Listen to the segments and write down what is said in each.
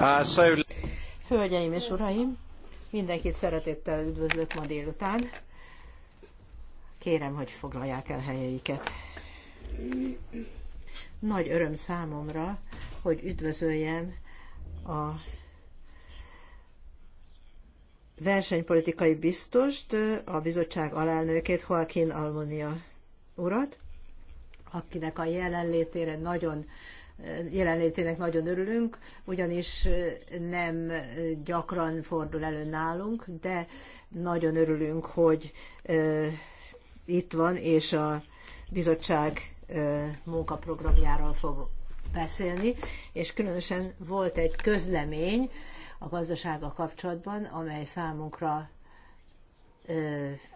Uh, Hölgyeim és uraim, mindenkit szeretettel üdvözlök ma délután. Kérem, hogy foglalják el helyeiket. Nagy öröm számomra, hogy üdvözöljem a versenypolitikai biztost, a bizottság alelnökét, Joaquin Almonia urat, akinek a jelenlétére nagyon jelenlétének nagyon örülünk, ugyanis nem gyakran fordul elő nálunk, de nagyon örülünk, hogy itt van, és a bizottság munkaprogramjáról fog beszélni, és különösen volt egy közlemény a gazdasággal kapcsolatban, amely számunkra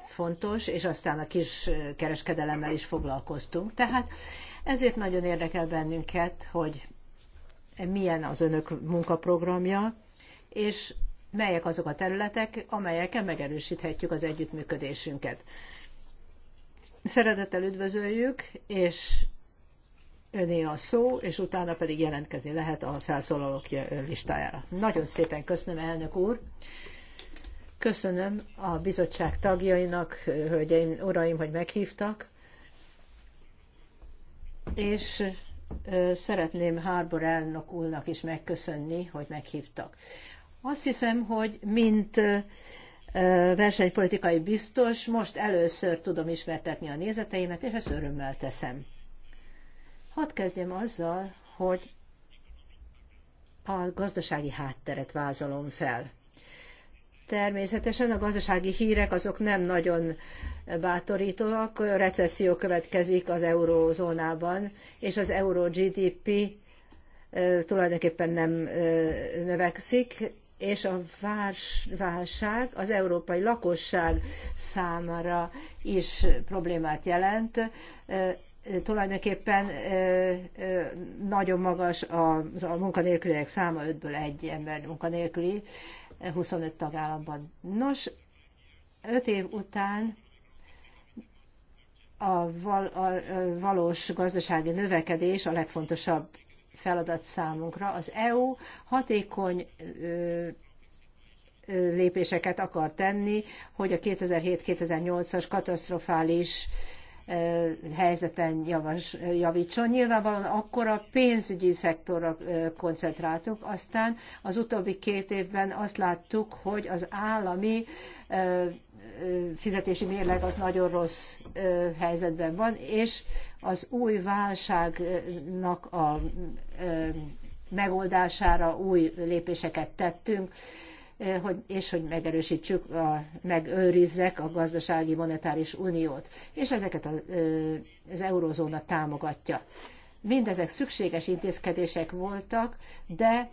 fontos, és aztán a kis kereskedelemmel is foglalkoztunk. Tehát ezért nagyon érdekel bennünket, hogy milyen az önök munkaprogramja, és melyek azok a területek, amelyeken megerősíthetjük az együttműködésünket. Szeretettel üdvözöljük, és öné a szó, és utána pedig jelentkezni lehet a felszólalók listájára. Nagyon szépen köszönöm, elnök úr! Köszönöm a bizottság tagjainak, hölgyeim, uraim, hogy meghívtak, és szeretném Harbor elnök úrnak is megköszönni, hogy meghívtak. Azt hiszem, hogy mint versenypolitikai biztos, most először tudom ismertetni a nézeteimet, és ezt örömmel teszem. Hadd kezdjem azzal, hogy a gazdasági hátteret vázolom fel. Természetesen a gazdasági hírek azok nem nagyon bátorítóak, recesszió következik az eurózónában, és az euró GDP tulajdonképpen nem növekszik, és a válság az európai lakosság számára is problémát jelent. Tulajdonképpen nagyon magas a, a munkanélküliek száma, 5-ből egy ember munkanélküli, 25 tagállamban. Nos, 5 év után a, val, a valós gazdasági növekedés a legfontosabb feladat számunkra. Az EU hatékony ö, lépéseket akar tenni, hogy a 2007-2008-as katasztrofális helyzeten javas, javítson. Nyilvánvalóan akkor a pénzügyi szektorra koncentráltuk aztán az utóbbi két évben azt láttuk, hogy az állami fizetési mérleg az nagyon rossz helyzetben van, és az új válságnak a megoldására új lépéseket tettünk Eh, hogy, és hogy megerősítsük, a, megőrizzek a gazdasági monetáris uniót. És ezeket eh, az, az eurozóna támogatja. Mindezek szükséges intézkedések voltak, de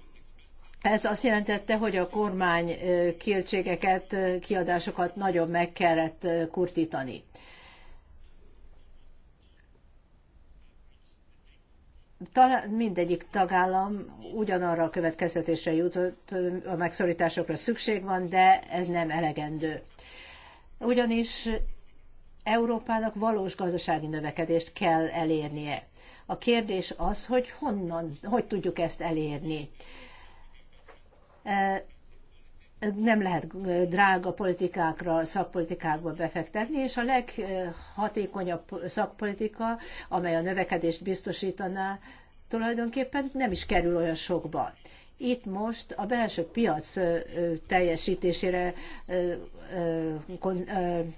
ez azt jelentette, hogy a kormány eh, kiadásokat nagyon meg kellett kurtítani. talán mindegyik tagállam ugyanarra a következtetésre jutott, a megszorításokra szükség van, de ez nem elegendő. Ugyanis Európának valós gazdasági növekedést kell elérnie. A kérdés az, hogy honnan, hogy tudjuk ezt elérni nem lehet drága politikákra, szakpolitikákba befektetni, és a leghatékonyabb szakpolitika, amely a növekedést biztosítaná, tulajdonképpen nem is kerül olyan sokba. Itt most a belső piac teljesítésére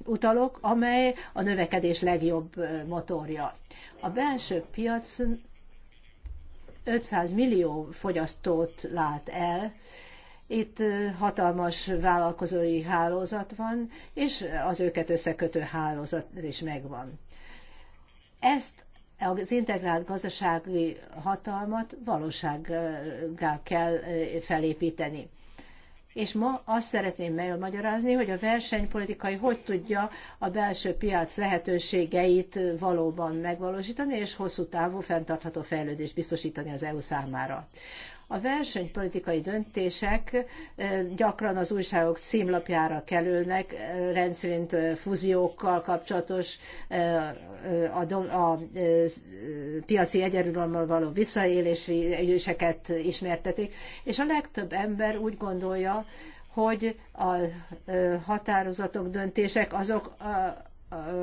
utalok, amely a növekedés legjobb motorja. A belső piac 500 millió fogyasztót lát el, itt hatalmas vállalkozói hálózat van, és az őket összekötő hálózat is megvan. Ezt az integrált gazdasági hatalmat valósággá kell felépíteni. És ma azt szeretném megmagyarázni, hogy a versenypolitikai hogy tudja a belső piac lehetőségeit valóban megvalósítani, és hosszú távú fenntartható fejlődést biztosítani az EU számára. A versenypolitikai döntések gyakran az újságok címlapjára kerülnek, rendszerint fúziókkal kapcsolatos, a, a piaci egyenrulalmal való ügyéseket ismertetik, és a legtöbb ember úgy gondolja, hogy a határozatok, döntések azok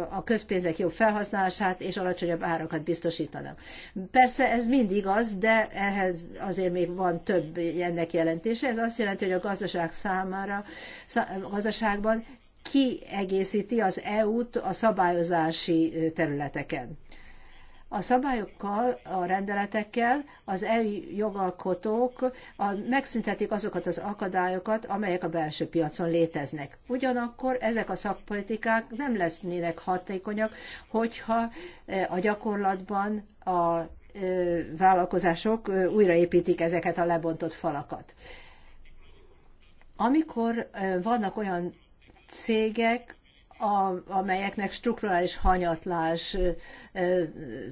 a közpénzek jobb felhasználását és alacsonyabb árakat biztosítanak. Persze ez mind igaz, de ehhez azért még van több ennek jelentése. Ez azt jelenti, hogy a gazdaság számára, a gazdaságban kiegészíti az EU-t a szabályozási területeken. A szabályokkal, a rendeletekkel az EU jogalkotók megszüntetik azokat az akadályokat, amelyek a belső piacon léteznek. Ugyanakkor ezek a szakpolitikák nem lesznének hatékonyak, hogyha e, a gyakorlatban a e, vállalkozások e, újraépítik ezeket a lebontott falakat. Amikor vannak olyan cégek, a, amelyeknek strukturális hanyatlás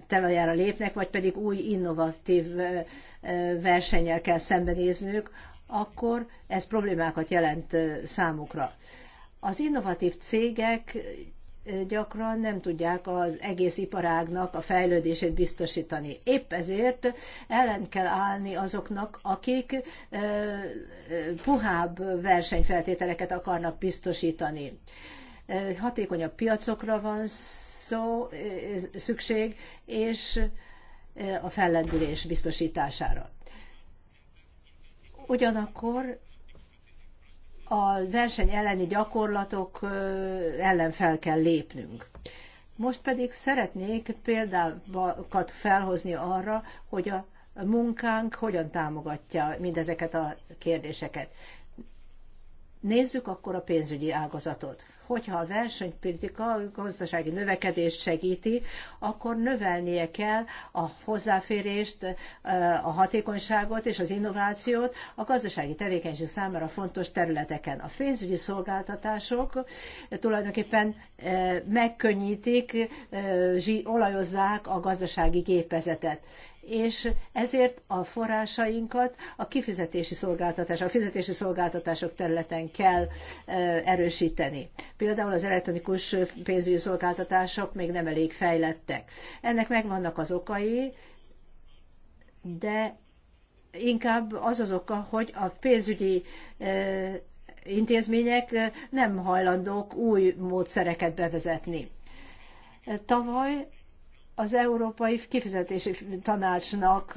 telajára lépnek, vagy pedig új innovatív versennyel kell szembenéznünk, akkor ez problémákat jelent számukra. Az innovatív cégek gyakran nem tudják az egész iparágnak a fejlődését biztosítani. Épp ezért ellen kell állni azoknak, akik puhább versenyfeltételeket akarnak biztosítani hatékonyabb piacokra van szó, szükség, és a fellendülés biztosítására. Ugyanakkor a verseny elleni gyakorlatok ellen fel kell lépnünk. Most pedig szeretnék példákat felhozni arra, hogy a munkánk hogyan támogatja mindezeket a kérdéseket. Nézzük akkor a pénzügyi ágazatot hogyha a versenypolitika a gazdasági növekedést segíti, akkor növelnie kell a hozzáférést, a hatékonyságot és az innovációt a gazdasági tevékenység számára fontos területeken. A pénzügyi szolgáltatások tulajdonképpen megkönnyítik, olajozzák a gazdasági gépezetet és ezért a forrásainkat a kifizetési szolgáltatás, a fizetési szolgáltatások területen kell erősíteni. Például az elektronikus pénzügyi szolgáltatások még nem elég fejlettek. Ennek megvannak az okai, de inkább az az oka, hogy a pénzügyi intézmények nem hajlandók új módszereket bevezetni. Tavaly az Európai Kifizetési Tanácsnak,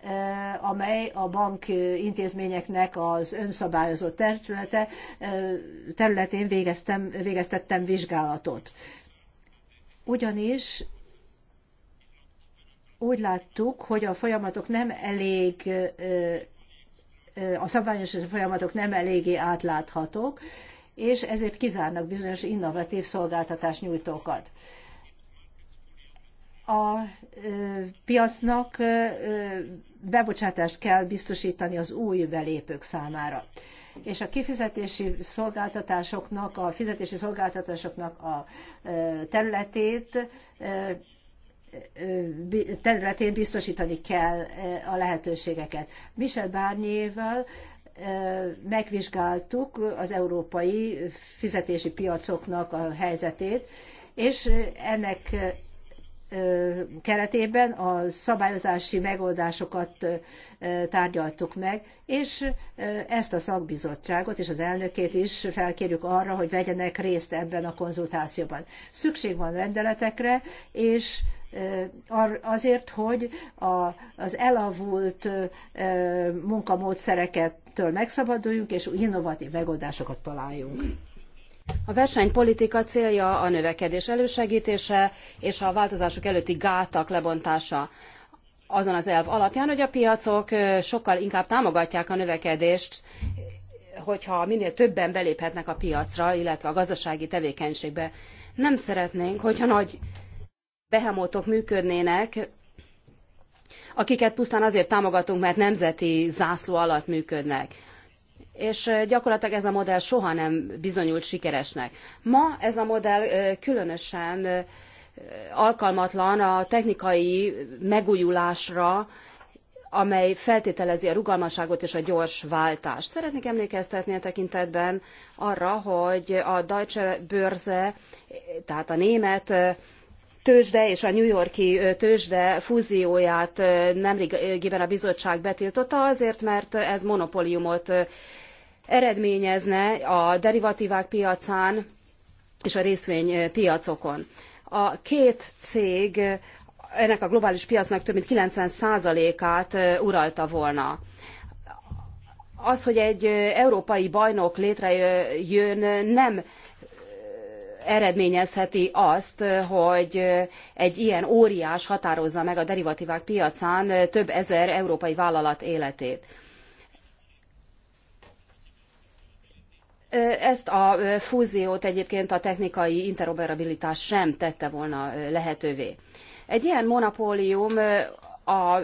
eh, amely a bank intézményeknek az önszabályozó területe, eh, területén végeztem, végeztettem vizsgálatot. Ugyanis úgy láttuk, hogy a folyamatok nem elég eh, a szabályos folyamatok nem eléggé átláthatók, és ezért kizárnak bizonyos innovatív szolgáltatás nyújtókat a piacnak bebocsátást kell biztosítani az új belépők számára. És a kifizetési szolgáltatásoknak, a fizetési szolgáltatásoknak a területét területén biztosítani kell a lehetőségeket. Michel Barnier-vel megvizsgáltuk az európai fizetési piacoknak a helyzetét, és ennek keretében a szabályozási megoldásokat tárgyaltuk meg, és ezt a szakbizottságot és az elnökét is felkérjük arra, hogy vegyenek részt ebben a konzultációban. Szükség van rendeletekre, és azért, hogy az elavult munkamódszereket megszabaduljunk, és innovatív megoldásokat találjunk. A versenypolitika célja a növekedés elősegítése és a változások előtti gátak lebontása azon az elv alapján, hogy a piacok sokkal inkább támogatják a növekedést, hogyha minél többen beléphetnek a piacra, illetve a gazdasági tevékenységbe. Nem szeretnénk, hogyha nagy behemótok működnének, akiket pusztán azért támogatunk, mert nemzeti zászló alatt működnek és gyakorlatilag ez a modell soha nem bizonyult sikeresnek. Ma ez a modell különösen alkalmatlan a technikai megújulásra, amely feltételezi a rugalmasságot és a gyors váltást. Szeretnék emlékeztetni a tekintetben arra, hogy a Deutsche Börse, tehát a német tőzsde és a New Yorki tőzsde fúzióját nemrégiben a bizottság betiltotta azért, mert ez monopóliumot eredményezne a derivatívák piacán és a részvénypiacokon. Eh, a két cég eh, ennek a globális piacnak több mint 90%-át eh, uralta volna. Az, hogy egy európai bajnok létrejön, nem eredményezheti azt, hogy egy ilyen óriás határozza meg a derivatívák piacán több ezer európai vállalat életét. Ezt a fúziót egyébként a technikai interoperabilitás sem tette volna lehetővé. Egy ilyen monopólium a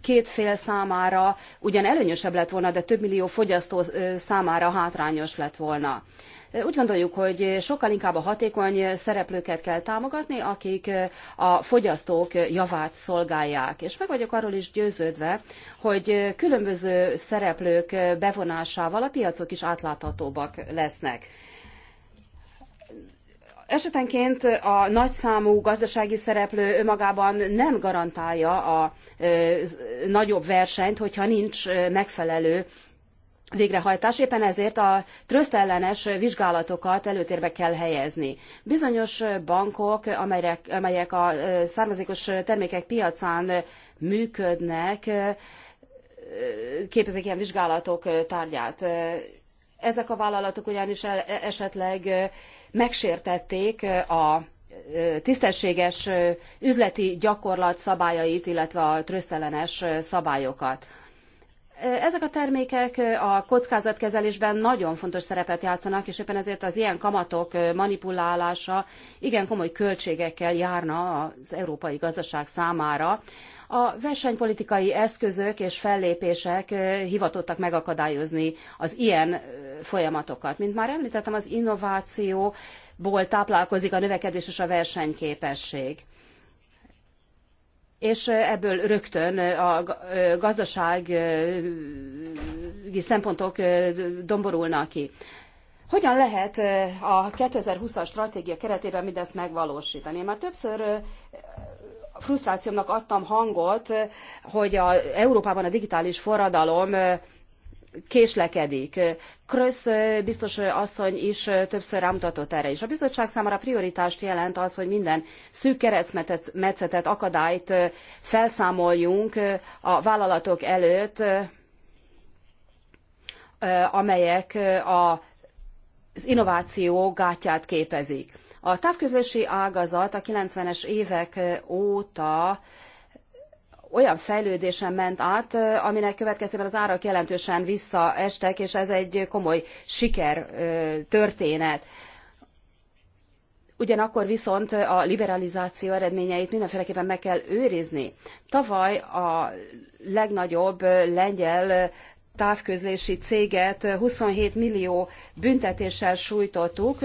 két fél számára ugyan előnyösebb lett volna, de több millió fogyasztó számára hátrányos lett volna. Úgy gondoljuk, hogy sokkal inkább a hatékony szereplőket kell támogatni, akik a fogyasztók javát szolgálják. És meg vagyok arról is győződve, hogy különböző szereplők bevonásával a piacok is átláthatóbbak lesznek. Esetenként a nagyszámú gazdasági szereplő önmagában nem garantálja a nagyobb versenyt, hogyha nincs megfelelő végrehajtás. Éppen ezért a ellenes vizsgálatokat előtérbe kell helyezni. Bizonyos bankok, amelyek, amelyek a származékos termékek piacán működnek, képezik ilyen vizsgálatok tárgyát. Ezek a vállalatok ugyanis e, esetleg megsértették a tisztességes üzleti gyakorlat szabályait, illetve a trösztellenes szabályokat. Ezek a termékek a kockázatkezelésben nagyon fontos szerepet játszanak, és éppen ezért az ilyen kamatok manipulálása igen komoly költségekkel járna az európai gazdaság számára. A versenypolitikai eszközök és fellépések hivatottak megakadályozni az ilyen folyamatokat. Mint már említettem, az innovációból táplálkozik a növekedés és a versenyképesség és ebből rögtön a gazdasági szempontok domborulnak ki. Hogyan lehet a 2020-as stratégia keretében mindezt megvalósítani? Én már többször frusztrációmnak adtam hangot, hogy a, Európában a digitális forradalom késlekedik. Krösz biztos asszony is többször rámutatott erre is. A bizottság számára prioritást jelent az, hogy minden szűk keresztmetszetet, akadályt felszámoljunk a vállalatok előtt, amelyek az innováció gátját képezik. A távközlési ágazat a 90-es évek óta olyan fejlődésen ment át, aminek következtében az árak jelentősen visszaestek, és ez egy komoly siker történet. Ugyanakkor viszont a liberalizáció eredményeit mindenféleképpen meg kell őrizni. Tavaly a legnagyobb lengyel távközlési céget 27 millió büntetéssel sújtottuk,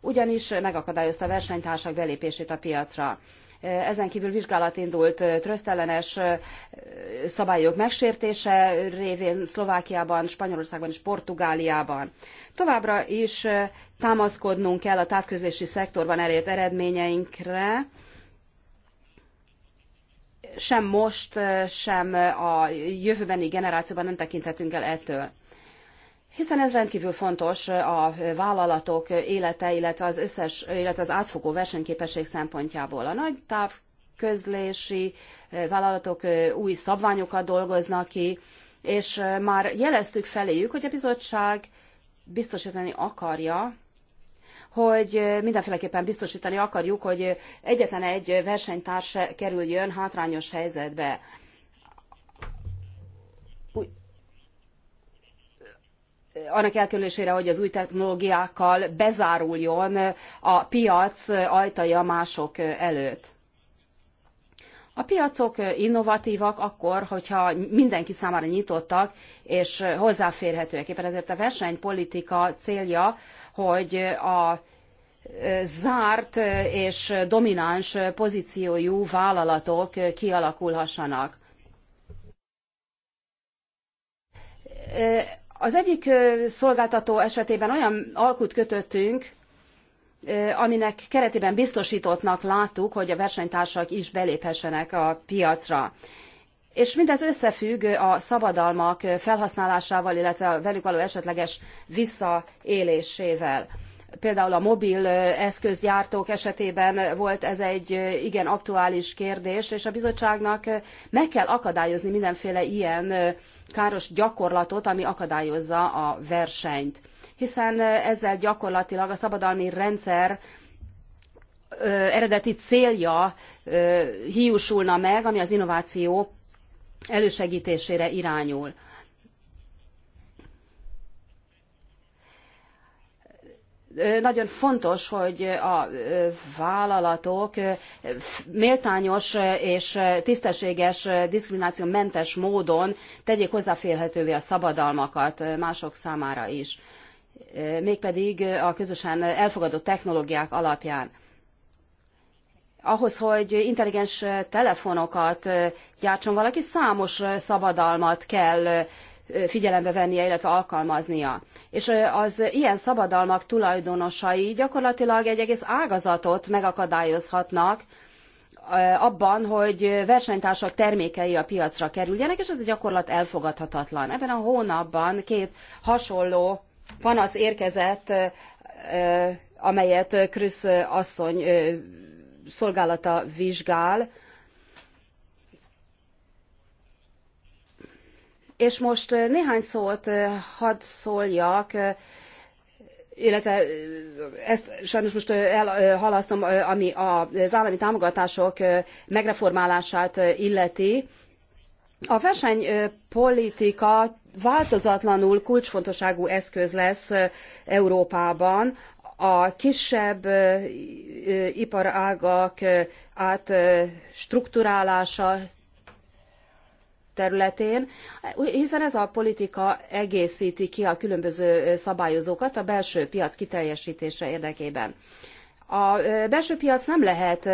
ugyanis megakadályozta a versenytársak belépését a piacra. Ezen kívül vizsgálat indult trösztellenes szabályok megsértése révén Szlovákiában, Spanyolországban és Portugáliában. Továbbra is támaszkodnunk kell a távközlési szektorban elért eredményeinkre, sem most, sem a jövőbeni generációban nem tekinthetünk el ettől hiszen ez rendkívül fontos a vállalatok élete, illetve az összes, illetve az átfogó versenyképesség szempontjából. A nagy távközlési vállalatok új szabványokat dolgoznak ki, és már jeleztük feléjük, hogy a bizottság biztosítani akarja, hogy mindenféleképpen biztosítani akarjuk, hogy egyetlen egy versenytárs kerüljön hátrányos helyzetbe. annak elkerülésére, hogy az új technológiákkal bezáruljon a piac ajtaja mások előtt. A piacok innovatívak akkor, hogyha mindenki számára nyitottak és hozzáférhetőek. Éppen ezért a versenypolitika célja, hogy a zárt és domináns pozíciójú vállalatok kialakulhassanak az egyik szolgáltató esetében olyan alkut kötöttünk, aminek keretében biztosítottnak láttuk, hogy a versenytársak is beléphessenek a piacra. És mindez összefügg a szabadalmak felhasználásával, illetve a velük való esetleges visszaélésével. Például a mobil eszközgyártók esetében volt ez egy igen aktuális kérdés, és a bizottságnak meg kell akadályozni mindenféle ilyen káros gyakorlatot, ami akadályozza a versenyt. Hiszen ezzel gyakorlatilag a szabadalmi rendszer ö, eredeti célja ö, hiúsulna meg, ami az innováció elősegítésére irányul. nagyon fontos, hogy a vállalatok méltányos és tisztességes, diszkriminációmentes módon tegyék hozzáférhetővé a szabadalmakat mások számára is. Mégpedig a közösen elfogadott technológiák alapján. Ahhoz, hogy intelligens telefonokat gyártson valaki, számos szabadalmat kell figyelembe vennie, illetve alkalmaznia. És az ilyen szabadalmak tulajdonosai gyakorlatilag egy egész ágazatot megakadályozhatnak, abban, hogy versenytársak termékei a piacra kerüljenek, és ez a gyakorlat elfogadhatatlan. Ebben a hónapban két hasonló panasz érkezett, amelyet Krüsz asszony szolgálata vizsgál, És most néhány szót hadd szóljak, illetve ezt sajnos most elhalasztom, ami az állami támogatások megreformálását illeti. A versenypolitika változatlanul kulcsfontosságú eszköz lesz Európában. A kisebb iparágak átstrukturálása területén, hiszen ez a politika egészíti ki a különböző szabályozókat a belső piac kiteljesítése érdekében. A belső piac nem lehet,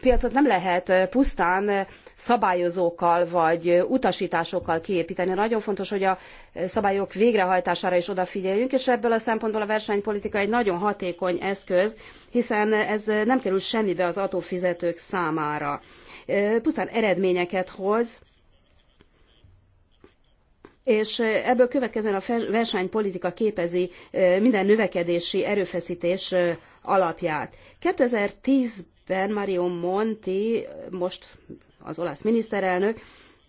piacot nem lehet pusztán szabályozókkal vagy utasításokkal kiépíteni. Nagyon fontos, hogy a szabályok végrehajtására is odafigyeljünk, és ebből a szempontból a versenypolitika egy nagyon hatékony eszköz, hiszen ez nem kerül semmibe az adófizetők számára. Pusztán eredményeket hoz, és ebből következően a versenypolitika képezi minden növekedési erőfeszítés alapját. 2010-ben Mario Monti, most az olasz miniszterelnök,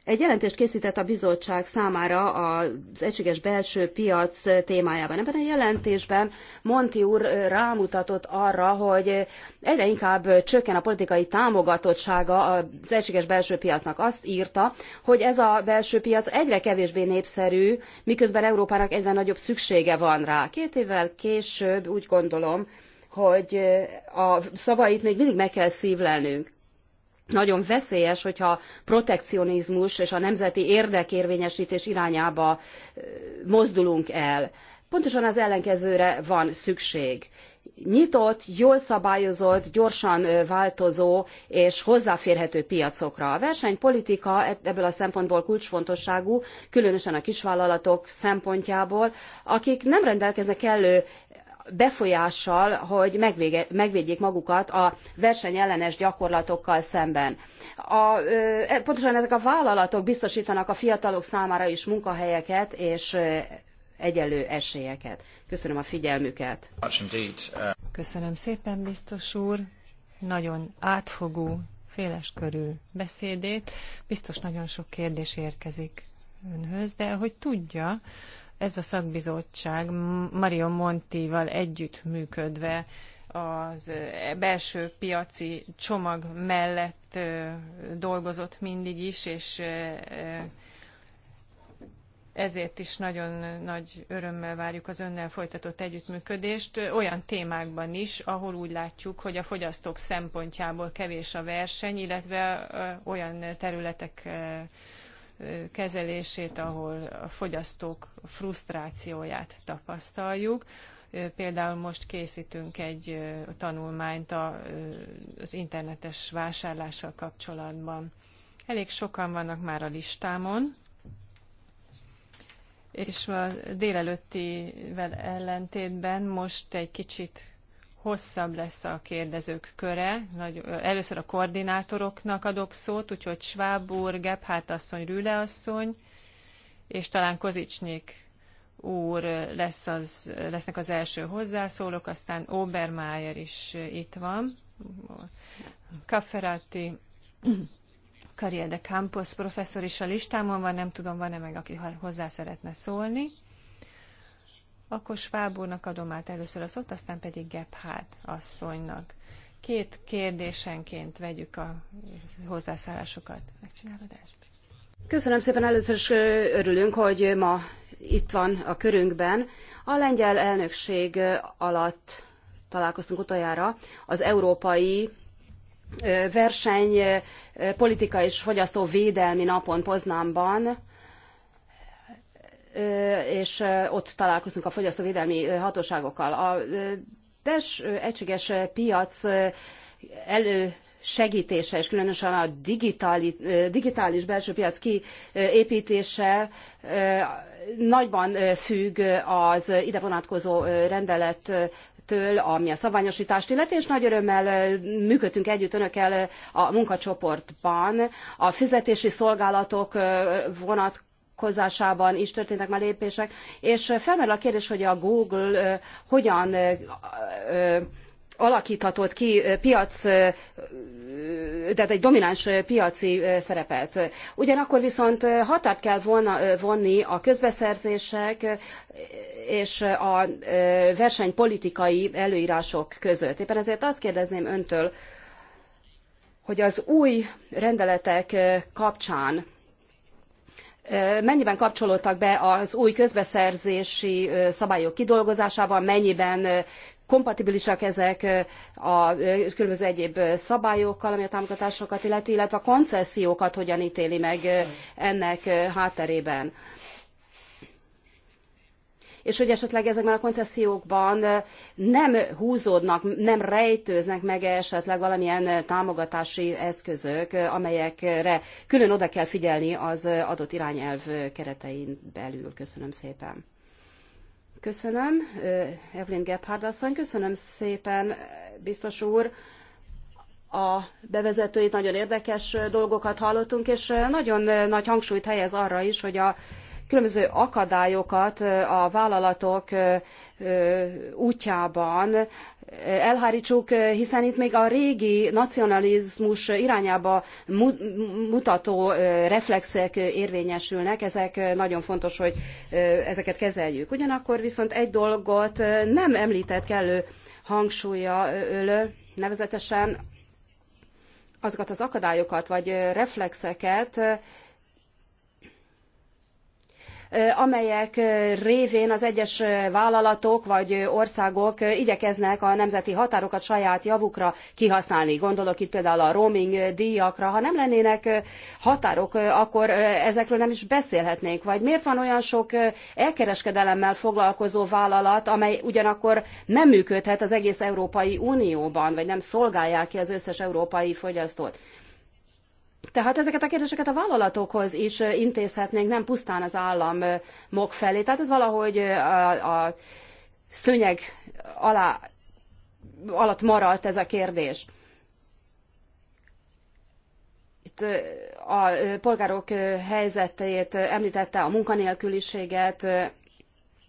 egy jelentést készített a bizottság számára az egységes belső piac témájában. Ebben a jelentésben Monti úr rámutatott arra, hogy egyre inkább csökken a politikai támogatottsága az egységes belső piacnak. Azt írta, hogy ez a belső piac egyre kevésbé népszerű, miközben Európának egyre nagyobb szüksége van rá. Két évvel később úgy gondolom, hogy a szavait még mindig meg kell szívlelnünk nagyon veszélyes, hogyha protekcionizmus és a nemzeti érdekérvényesítés irányába mozdulunk el. Pontosan az ellenkezőre van szükség. Nyitott, jól szabályozott, gyorsan változó és hozzáférhető piacokra. A versenypolitika e-, ebből a szempontból kulcsfontosságú, különösen a kisvállalatok szempontjából, akik nem rendelkeznek elő befolyással, hogy megvége, megvédjék magukat a versenyellenes gyakorlatokkal szemben. A, e, pontosan ezek a vállalatok biztosítanak a fiatalok számára is munkahelyeket és egyenlő esélyeket. Köszönöm a figyelmüket. Uh, Köszönöm szépen, biztos úr. Nagyon átfogó, széleskörű beszédét. Biztos nagyon sok kérdés érkezik önhöz, de hogy tudja, ez a szakbizottság Mario Montival együttműködve az belső piaci csomag mellett dolgozott mindig is, és ezért is nagyon nagy örömmel várjuk az önnel folytatott együttműködést olyan témákban is, ahol úgy látjuk, hogy a fogyasztók szempontjából kevés a verseny, illetve olyan területek kezelését, ahol a fogyasztók frusztrációját tapasztaljuk. Például most készítünk egy tanulmányt az internetes vásárlással kapcsolatban. Elég sokan vannak már a listámon, és a délelőttivel ellentétben most egy kicsit hosszabb lesz a kérdezők köre. Nagy, először a koordinátoroknak adok szót, úgyhogy Schwab úr, Gebhardt asszony, Rüle asszony, és talán Kozicsnyik úr lesz az, lesznek az első hozzászólók, aztán Obermeier is itt van, Kafferati, Carriere de Campos professzor is a listámon van, nem tudom, van-e meg, aki hozzá szeretne szólni. Akkor Schwab úrnak adom át először a szót, aztán pedig Gebhardt asszonynak. Két kérdésenként vegyük a hozzászállásokat. Megcsinálod ezt? Köszönöm szépen, először is örülünk, hogy ma itt van a körünkben. A lengyel elnökség alatt találkoztunk utoljára az európai verseny politika és védelmi napon Poznámban és ott találkozunk a fogyasztóvédelmi hatóságokkal. A des egységes piac elő segítése, és különösen a digitális, digitális belső piac kiépítése nagyban függ az ide vonatkozó rendelet től, ami a szabványosítást illeti, és nagy örömmel működtünk együtt önökkel a munkacsoportban. A fizetési szolgálatok vonat vonatkozásában is történtek már lépések, és felmerül a kérdés, hogy a Google hogyan alakíthatott ki piac, tehát egy domináns piaci szerepet. Ugyanakkor viszont határt kell volna vonni a közbeszerzések és a versenypolitikai előírások között. Éppen ezért azt kérdezném öntől, hogy az új rendeletek kapcsán mennyiben kapcsolódtak be az új közbeszerzési szabályok kidolgozásába, mennyiben kompatibilisek ezek a különböző egyéb szabályokkal, ami a támogatásokat illeti, illetve a koncesziókat hogyan ítéli meg ennek hátterében és hogy esetleg ezekben a koncesziókban nem húzódnak, nem rejtőznek meg esetleg valamilyen támogatási eszközök, amelyekre külön oda kell figyelni az adott irányelv keretein belül. Köszönöm szépen. Köszönöm, Evelyn Gebhard asszony, köszönöm szépen, biztos úr a bevezetőit, nagyon érdekes dolgokat hallottunk, és nagyon nagy hangsúlyt helyez arra is, hogy a különböző akadályokat a vállalatok útjában elhárítsuk, hiszen itt még a régi nacionalizmus irányába mutató reflexek érvényesülnek, ezek nagyon fontos, hogy ezeket kezeljük. Ugyanakkor viszont egy dolgot nem említett kellő hangsúlya ölő, nevezetesen azokat az akadályokat vagy reflexeket, Eh, amelyek eh, révén az egyes eh, vállalatok vagy országok igyekeznek a nemzeti határokat saját javukra kihasználni. Gondolok itt például a roaming díjakra. Ha nem lennének határok, akkor ezekről nem is beszélhetnénk. Vagy miért van olyan sok elkereskedelemmel foglalkozó vállalat, amely ugyanakkor nem működhet az egész Európai Unióban, vagy nem szolgálják ki az összes európai fogyasztót? Tehát ezeket a kérdéseket a vállalatokhoz is intézhetnénk, nem pusztán az államok felé. Tehát ez valahogy a, a szőnyeg alá, alatt maradt ez a kérdés. Itt a polgárok helyzetét említette, a munkanélküliséget,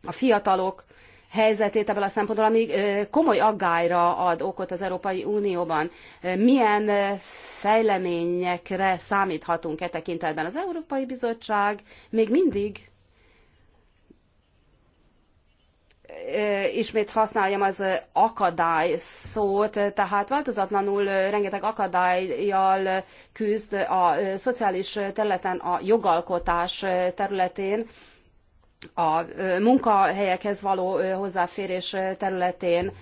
a fiatalok helyzetét ebből a szempontból, ami komoly aggályra ad okot az Európai Unióban. Milyen fejleményekre számíthatunk e tekintetben? Az Európai Bizottság még mindig ismét használjam az akadály szót, tehát változatlanul rengeteg akadályjal küzd a szociális területen, a jogalkotás területén, a munkahelyekhez való hozzáférés területén,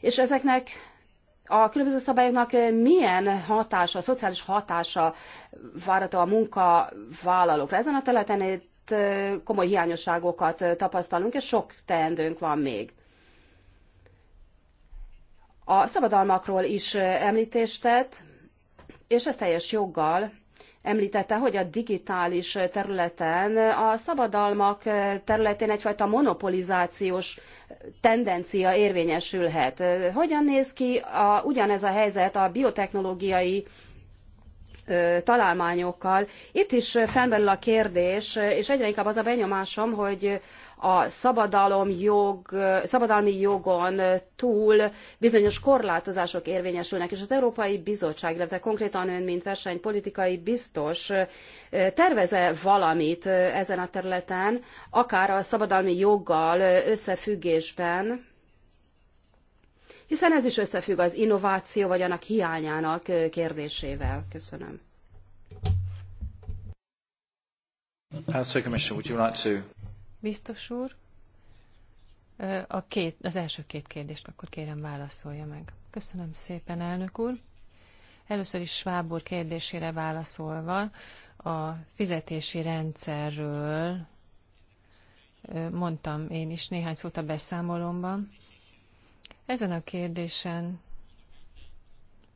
és ezeknek a különböző szabályoknak milyen hatása, szociális hatása várható a munkavállalókra? Ezen a területen itt komoly hiányosságokat tapasztalunk, és sok teendőnk van még. A szabadalmakról is említést tett, és ez teljes joggal említette, hogy a digitális területen a szabadalmak területén egyfajta monopolizációs tendencia érvényesülhet. Hogyan néz ki a, ugyanez a helyzet a biotechnológiai találmányokkal. Itt is felmerül a kérdés, és egyre inkább az a benyomásom, hogy a szabadalom jog, szabadalmi jogon túl bizonyos korlátozások érvényesülnek, és az Európai Bizottság, illetve konkrétan ön, mint versenypolitikai biztos, terveze valamit ezen a területen, akár a szabadalmi joggal összefüggésben, hiszen ez is összefügg az innováció vagy annak hiányának kérdésével. Köszönöm. Uh, Biztos úr, a két, az első két kérdést akkor kérem válaszolja meg. Köszönöm szépen, elnök úr. Először is Schwab úr kérdésére válaszolva, a fizetési rendszerről mondtam én is néhány szót a beszámolomban. Ezen a kérdésen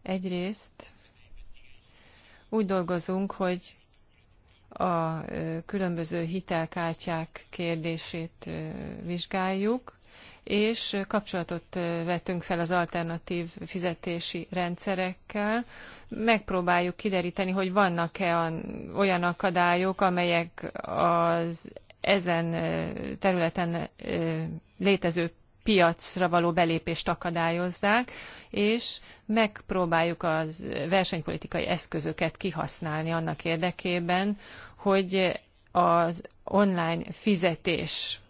egyrészt úgy dolgozunk, hogy a különböző hitelkártyák kérdését vizsgáljuk, és kapcsolatot vettünk fel az alternatív fizetési rendszerekkel. Megpróbáljuk kideríteni, hogy vannak-e olyan akadályok, amelyek az ezen területen létező piacra való belépést akadályozzák, és megpróbáljuk a versenypolitikai eszközöket kihasználni annak érdekében, hogy az online fizetés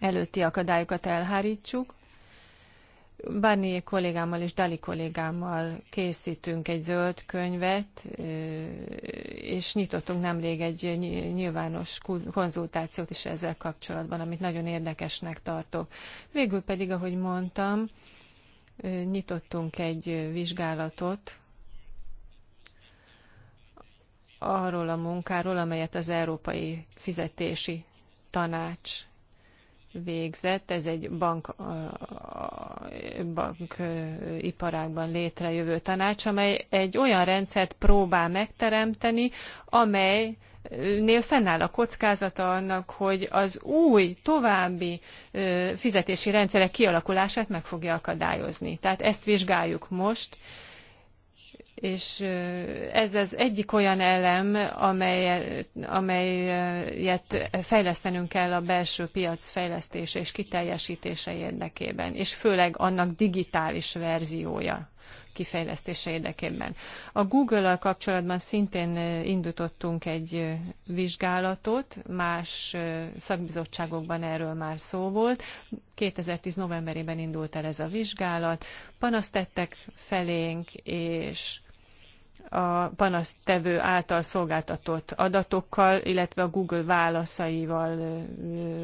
előtti akadályokat elhárítsuk, Barnier kollégámmal és Dali kollégámmal készítünk egy zöld könyvet, és nyitottunk nemrég egy nyilvános konzultációt is ezzel kapcsolatban, amit nagyon érdekesnek tartok. Végül pedig, ahogy mondtam, nyitottunk egy vizsgálatot arról a munkáról, amelyet az Európai Fizetési Tanács végzett, ez egy bank, bank iparágban létrejövő tanács, amely egy olyan rendszert próbál megteremteni, amely nél fennáll a kockázata annak, hogy az új, további fizetési rendszerek kialakulását meg fogja akadályozni. Tehát ezt vizsgáljuk most, és ez az egyik olyan elem, amelyet, amelyet fejlesztenünk kell a belső piac fejlesztése és kiteljesítése érdekében, és főleg annak digitális verziója kifejlesztése érdekében. A Google-al kapcsolatban szintén indítottunk egy vizsgálatot, más szakbizottságokban erről már szó volt. 2010 novemberében indult el ez a vizsgálat. Panaszt tettek felénk, és a panasztevő által szolgáltatott adatokkal, illetve a Google válaszaival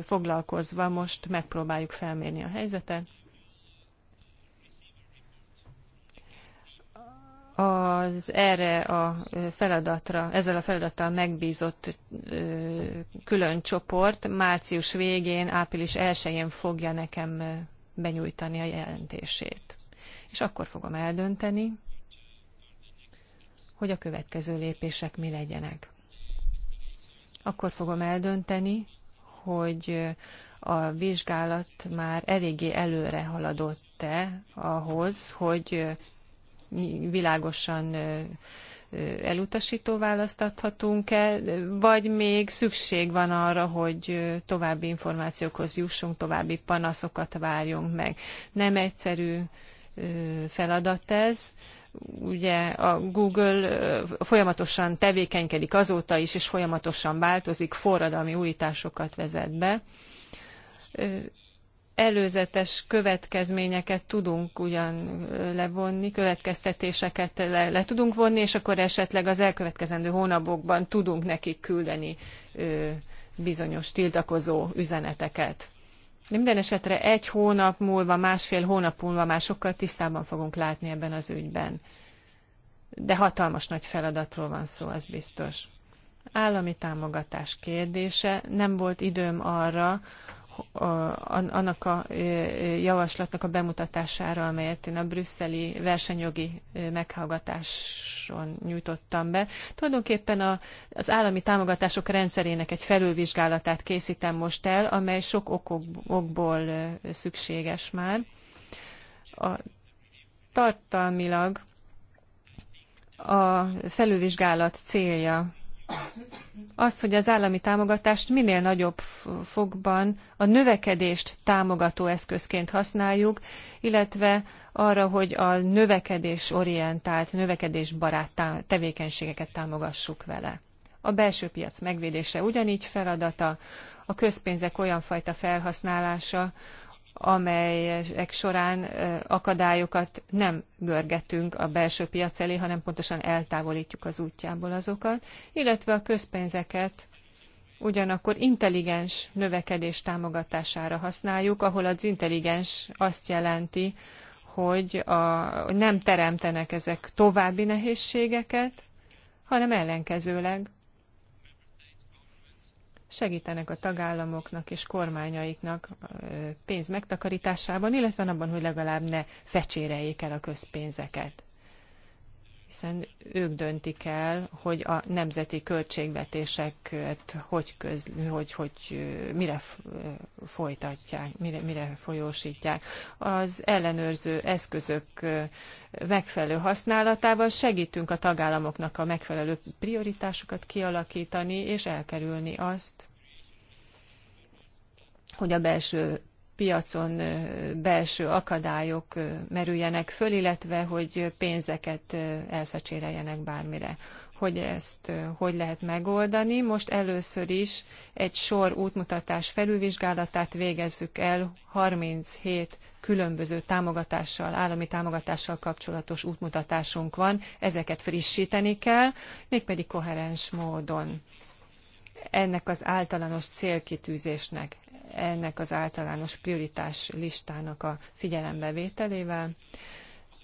foglalkozva most megpróbáljuk felmérni a helyzetet. az erre a feladatra, ezzel a feladattal megbízott külön csoport március végén, április 1-én fogja nekem benyújtani a jelentését. És akkor fogom eldönteni, hogy a következő lépések mi legyenek. Akkor fogom eldönteni, hogy a vizsgálat már eléggé előre haladott-e ahhoz, hogy világosan elutasító választ adhatunk-e, vagy még szükség van arra, hogy további információkhoz jussunk, további panaszokat várjunk meg. Nem egyszerű feladat ez, ugye a Google folyamatosan tevékenykedik azóta is, és folyamatosan változik, forradalmi újításokat vezet be. Előzetes következményeket tudunk ugyan levonni, következtetéseket le, le tudunk vonni, és akkor esetleg az elkövetkezendő hónapokban tudunk nekik küldeni bizonyos tiltakozó üzeneteket de minden esetre egy hónap múlva, másfél hónap múlva már sokkal tisztában fogunk látni ebben az ügyben. De hatalmas nagy feladatról van szó, az biztos. Állami támogatás kérdése. Nem volt időm arra, annak a javaslatnak a bemutatására, amelyet én a brüsszeli versenyjogi meghallgatáson nyújtottam be. Tulajdonképpen a, az állami támogatások rendszerének egy felülvizsgálatát készítem most el, amely sok okok, okból szükséges már. A, tartalmilag a felülvizsgálat célja az, hogy az állami támogatást minél nagyobb fogban a növekedést támogató eszközként használjuk, illetve arra, hogy a növekedés orientált, növekedésbarát tevékenységeket támogassuk vele. A belső piac megvédése ugyanígy feladata, a közpénzek olyan fajta felhasználása, amelyek során akadályokat nem görgetünk a belső piac elé, hanem pontosan eltávolítjuk az útjából azokat, illetve a közpénzeket ugyanakkor intelligens növekedés támogatására használjuk, ahol az intelligens azt jelenti, hogy a, nem teremtenek ezek további nehézségeket, hanem ellenkezőleg segítenek a tagállamoknak és kormányaiknak pénz megtakarításában, illetve abban, hogy legalább ne fecséreljék el a közpénzeket hiszen ők döntik el, hogy a nemzeti költségvetéseket hogy, köz, hogy, hogy mire folytatják, mire, mire folyósítják. Az ellenőrző eszközök megfelelő használatával segítünk a tagállamoknak a megfelelő prioritásokat kialakítani és elkerülni azt, hogy a belső piacon belső akadályok merüljenek föl, illetve hogy pénzeket elfecséreljenek bármire. Hogy ezt hogy lehet megoldani? Most először is egy sor útmutatás felülvizsgálatát végezzük el 37 különböző támogatással, állami támogatással kapcsolatos útmutatásunk van, ezeket frissíteni kell, mégpedig koherens módon ennek az általános célkitűzésnek ennek az általános prioritás listának a figyelembevételével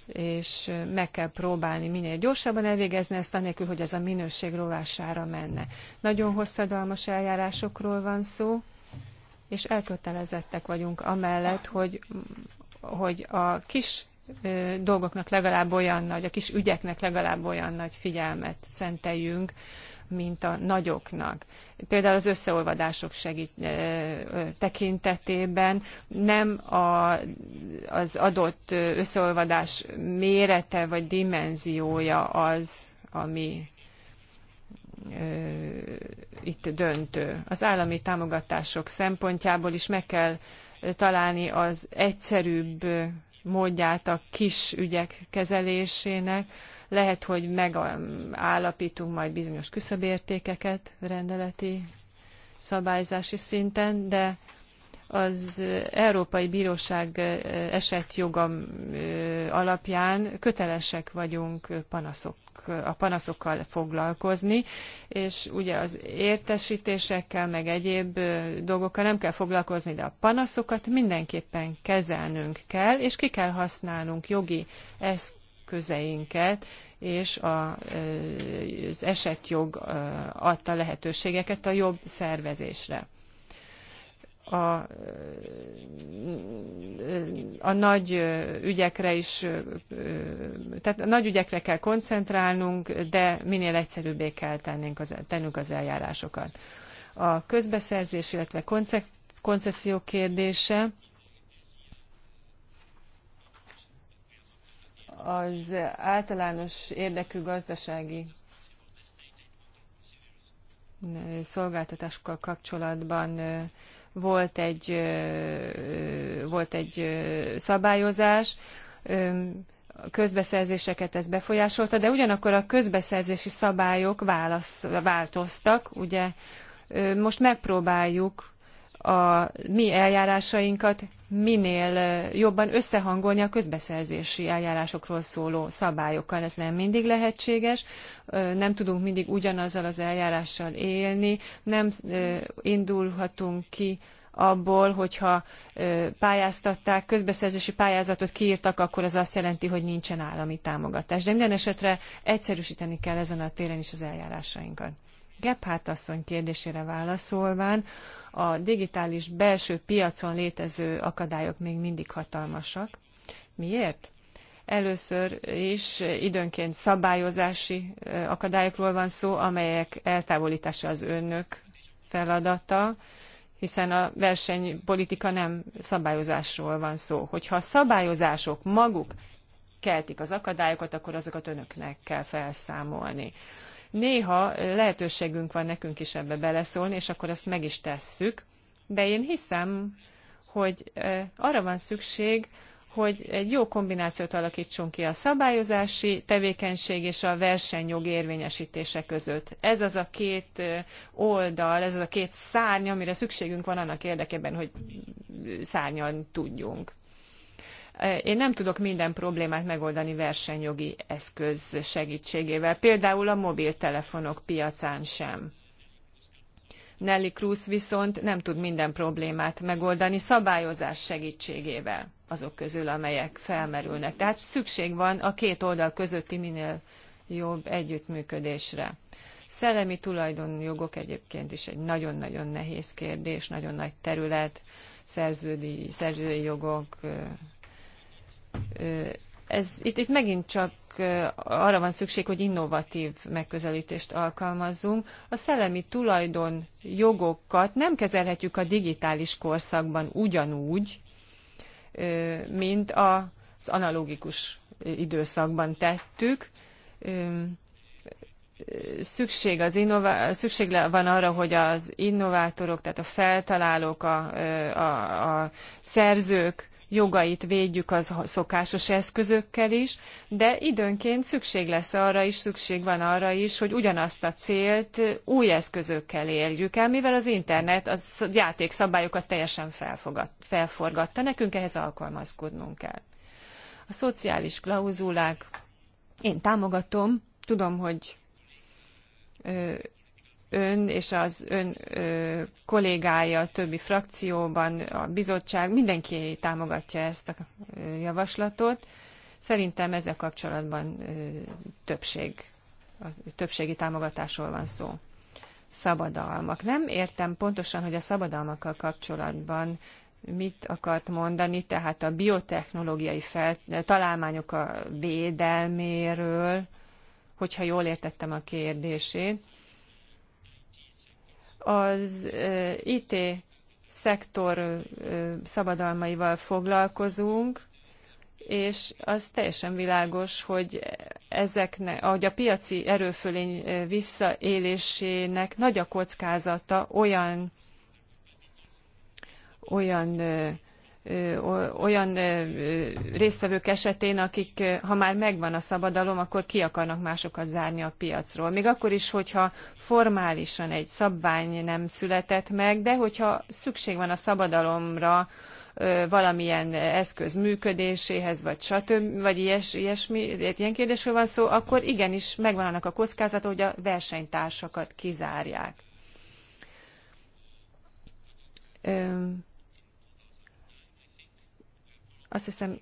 és meg kell próbálni minél gyorsabban elvégezni ezt, anélkül, hogy ez a minőség rovására menne. Nagyon hosszadalmas eljárásokról van szó, és elkötelezettek vagyunk amellett, hogy, hogy a kis dolgoknak legalább olyan nagy, a kis ügyeknek legalább olyan nagy figyelmet szenteljünk, mint a nagyoknak. Például az összeolvadások segít, tekintetében nem a, az adott összeolvadás mérete vagy dimenziója az, ami itt döntő. Az állami támogatások szempontjából is meg kell találni az egyszerűbb módját a kis ügyek kezelésének, lehet, hogy megállapítunk majd bizonyos küszöbértékeket rendeleti szabályzási szinten, de az Európai Bíróság joga alapján kötelesek vagyunk panaszok, a panaszokkal foglalkozni, és ugye az értesítésekkel, meg egyéb dolgokkal nem kell foglalkozni, de a panaszokat mindenképpen kezelnünk kell, és ki kell használnunk jogi eszközöket, közeinket, és a, az esetjog adta lehetőségeket a jobb szervezésre a, a nagy ügyekre is, tehát a nagy ügyekre kell koncentrálnunk, de minél egyszerűbbé kell tennünk az, tennünk az eljárásokat. A közbeszerzés, illetve konceszió kérdése, az általános érdekű gazdasági szolgáltatásokkal kapcsolatban volt egy, volt egy szabályozás, a közbeszerzéseket ez befolyásolta, de ugyanakkor a közbeszerzési szabályok válasz, változtak, ugye most megpróbáljuk a mi eljárásainkat minél jobban összehangolni a közbeszerzési eljárásokról szóló szabályokkal. Ez nem mindig lehetséges, nem tudunk mindig ugyanazzal az eljárással élni, nem indulhatunk ki abból, hogyha pályáztatták, közbeszerzési pályázatot kiírtak, akkor az azt jelenti, hogy nincsen állami támogatás. De minden esetre egyszerűsíteni kell ezen a téren is az eljárásainkat. Gebhardt asszony kérdésére válaszolván, a digitális belső piacon létező akadályok még mindig hatalmasak. Miért? Először is időnként szabályozási akadályokról van szó, amelyek eltávolítása az önök feladata, hiszen a versenypolitika nem szabályozásról van szó. Hogyha a szabályozások maguk keltik az akadályokat, akkor azokat önöknek kell felszámolni. Néha lehetőségünk van nekünk is ebbe beleszólni, és akkor azt meg is tesszük. De én hiszem, hogy arra van szükség, hogy egy jó kombinációt alakítsunk ki a szabályozási tevékenység és a versenyjog érvényesítése között. Ez az a két oldal, ez az a két szárny, amire szükségünk van annak érdekében, hogy szárnyan tudjunk. Eh, én nem tudok minden problémát megoldani versenyjogi eszköz segítségével, például a mobiltelefonok piacán sem. Nelly Cruz viszont nem tud minden problémát megoldani szabályozás segítségével azok közül, amelyek felmerülnek. Tehát szükség van a két oldal közötti minél jobb együttműködésre. Szellemi tulajdonjogok egyébként is egy nagyon-nagyon nehéz kérdés, nagyon nagy terület, szerződi, szerzői jogok, eh, ez, itt, itt megint csak arra van szükség, hogy innovatív megközelítést alkalmazzunk. A szellemi tulajdon jogokat nem kezelhetjük a digitális korszakban ugyanúgy, mint az analógikus időszakban tettük. Szükség, az innová- szükség van arra, hogy az innovátorok, tehát a feltalálók, a, a, a szerzők, jogait védjük az szokásos eszközökkel is, de időnként szükség lesz arra is, szükség van arra is, hogy ugyanazt a célt új eszközökkel érjük el, mivel az internet az játékszabályokat teljesen felforgatta, nekünk ehhez alkalmazkodnunk kell. A szociális klauzulák, én támogatom, tudom, hogy ön és az ön ö, kollégája a többi frakcióban, a bizottság, mindenki támogatja ezt a javaslatot. Szerintem ezzel kapcsolatban ö, többség, a többségi támogatásról van szó. Szabadalmak. Nem értem pontosan, hogy a szabadalmakkal kapcsolatban mit akart mondani, tehát a biotechnológiai fel, találmányok a védelméről, hogyha jól értettem a kérdését az IT szektor szabadalmaival foglalkozunk, és az teljesen világos, hogy ezeknek, ahogy a piaci erőfölény visszaélésének nagy a kockázata olyan olyan olyan résztvevők esetén, akik ha már megvan a szabadalom, akkor ki akarnak másokat zárni a piacról. Még akkor is, hogyha formálisan egy szabvány nem született meg, de hogyha szükség van a szabadalomra, valamilyen eszköz működéséhez, vagy stb., vagy ilyes, ilyesmi, ilyen kérdésről van szó, akkor igenis megvan annak a kockázata, hogy a versenytársakat kizárják. Azt hiszem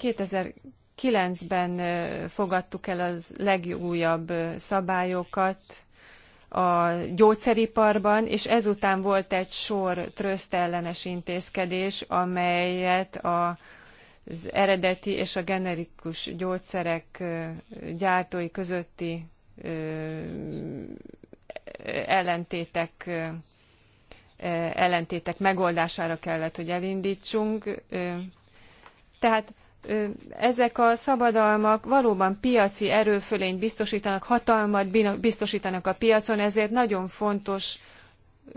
2009-ben fogadtuk el az legújabb szabályokat a gyógyszeriparban, és ezután volt egy sor trösztellenes intézkedés, amelyet a az eredeti és a generikus gyógyszerek gyártói közötti ellentétek, ellentétek megoldására kellett, hogy elindítsunk. Tehát ezek a szabadalmak valóban piaci erőfölényt biztosítanak, hatalmat biztosítanak a piacon, ezért nagyon fontos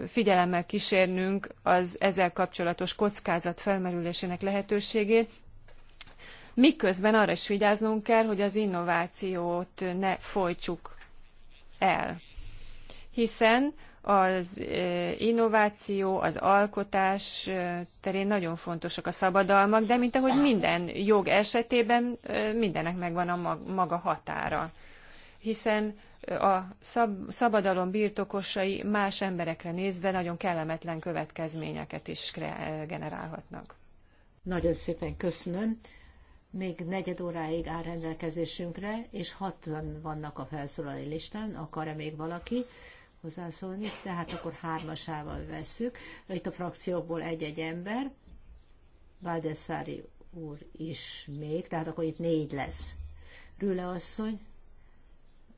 figyelemmel kísérnünk az ezzel kapcsolatos kockázat felmerülésének lehetőségét, miközben arra is vigyáznunk kell, hogy az innovációt ne folytsuk el. Hiszen az innováció, az alkotás terén nagyon fontosak a szabadalmak, de mint ahogy minden jog esetében mindennek megvan a maga határa. Hiszen a szab- szabadalom birtokosai más emberekre nézve nagyon kellemetlen következményeket is generálhatnak. Nagyon szépen köszönöm. Még negyed óráig áll rendelkezésünkre, és hatvan vannak a felszólalói listán. Akar-e még valaki? hozzászólni, tehát akkor hármasával vesszük. Itt a frakciókból egy-egy ember, Valdeszári úr is még, tehát akkor itt négy lesz. Rüle asszony,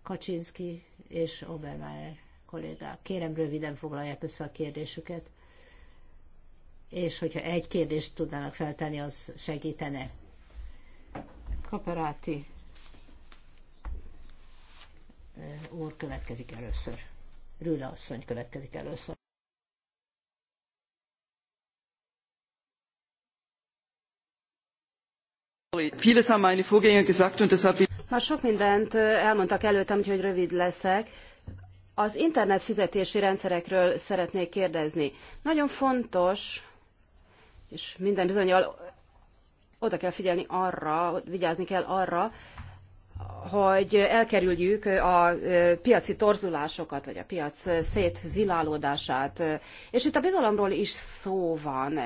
Kaczynski és Obermeier kollégák. Kérem, röviden foglalják össze a kérdésüket, és hogyha egy kérdést tudnának feltenni, az segítene. Kaperáti eh, úr következik először. Rüle asszony következik először. Már sok mindent elmondtak előttem, úgyhogy rövid leszek. Az internet fizetési rendszerekről szeretnék kérdezni. Nagyon fontos, és minden bizonyal oda kell figyelni arra, vigyázni kell arra, hogy elkerüljük a piaci torzulásokat, vagy a piac szétzilálódását. És itt a bizalomról is szó van.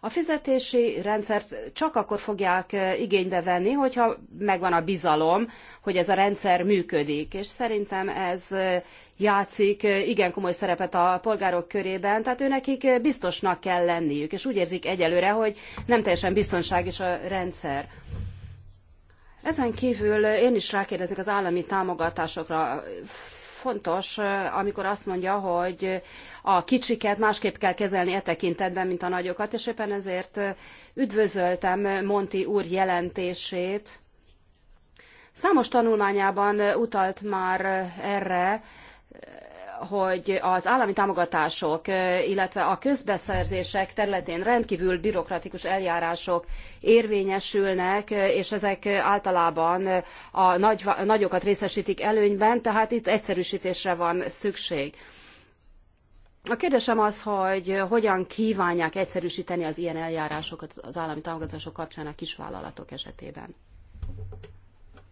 A fizetési rendszert csak akkor fogják igénybe venni, hogyha megvan a bizalom, hogy ez a rendszer működik. És szerintem ez játszik igen komoly szerepet a polgárok körében, tehát őnekik biztosnak kell lenniük, és úgy érzik egyelőre, hogy nem teljesen biztonságos a rendszer. Ezen kívül én is rákérdezek az állami támogatásokra. Fontos, amikor azt mondja, hogy a kicsiket másképp kell kezelni e tekintetben, mint a nagyokat, és éppen ezért üdvözöltem Monti úr jelentését. Számos tanulmányában utalt már erre, hogy az állami támogatások, illetve a közbeszerzések területén rendkívül bürokratikus eljárások érvényesülnek, és ezek általában a nagy, nagyokat részesítik előnyben, tehát itt egyszerűsítésre van szükség. A kérdésem az, hogy hogyan kívánják egyszerűsíteni az ilyen eljárásokat az állami támogatások kapcsán a kisvállalatok esetében.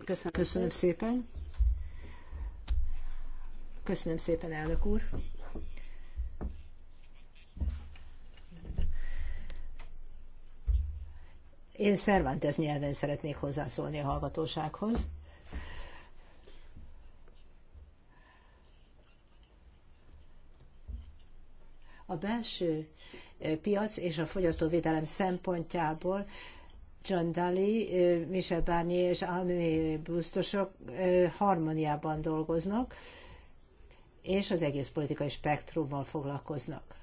Köszönöm, Köszönöm szépen. Köszönöm szépen, elnök úr. Én Cervantes nyelven szeretnék hozzászólni a hallgatósághoz. A belső eh, piac és a fogyasztóvédelem szempontjából John Daly, eh, Michel Barnier és Anne biztosok eh, harmóniában dolgoznak és az egész politikai spektrummal foglalkoznak.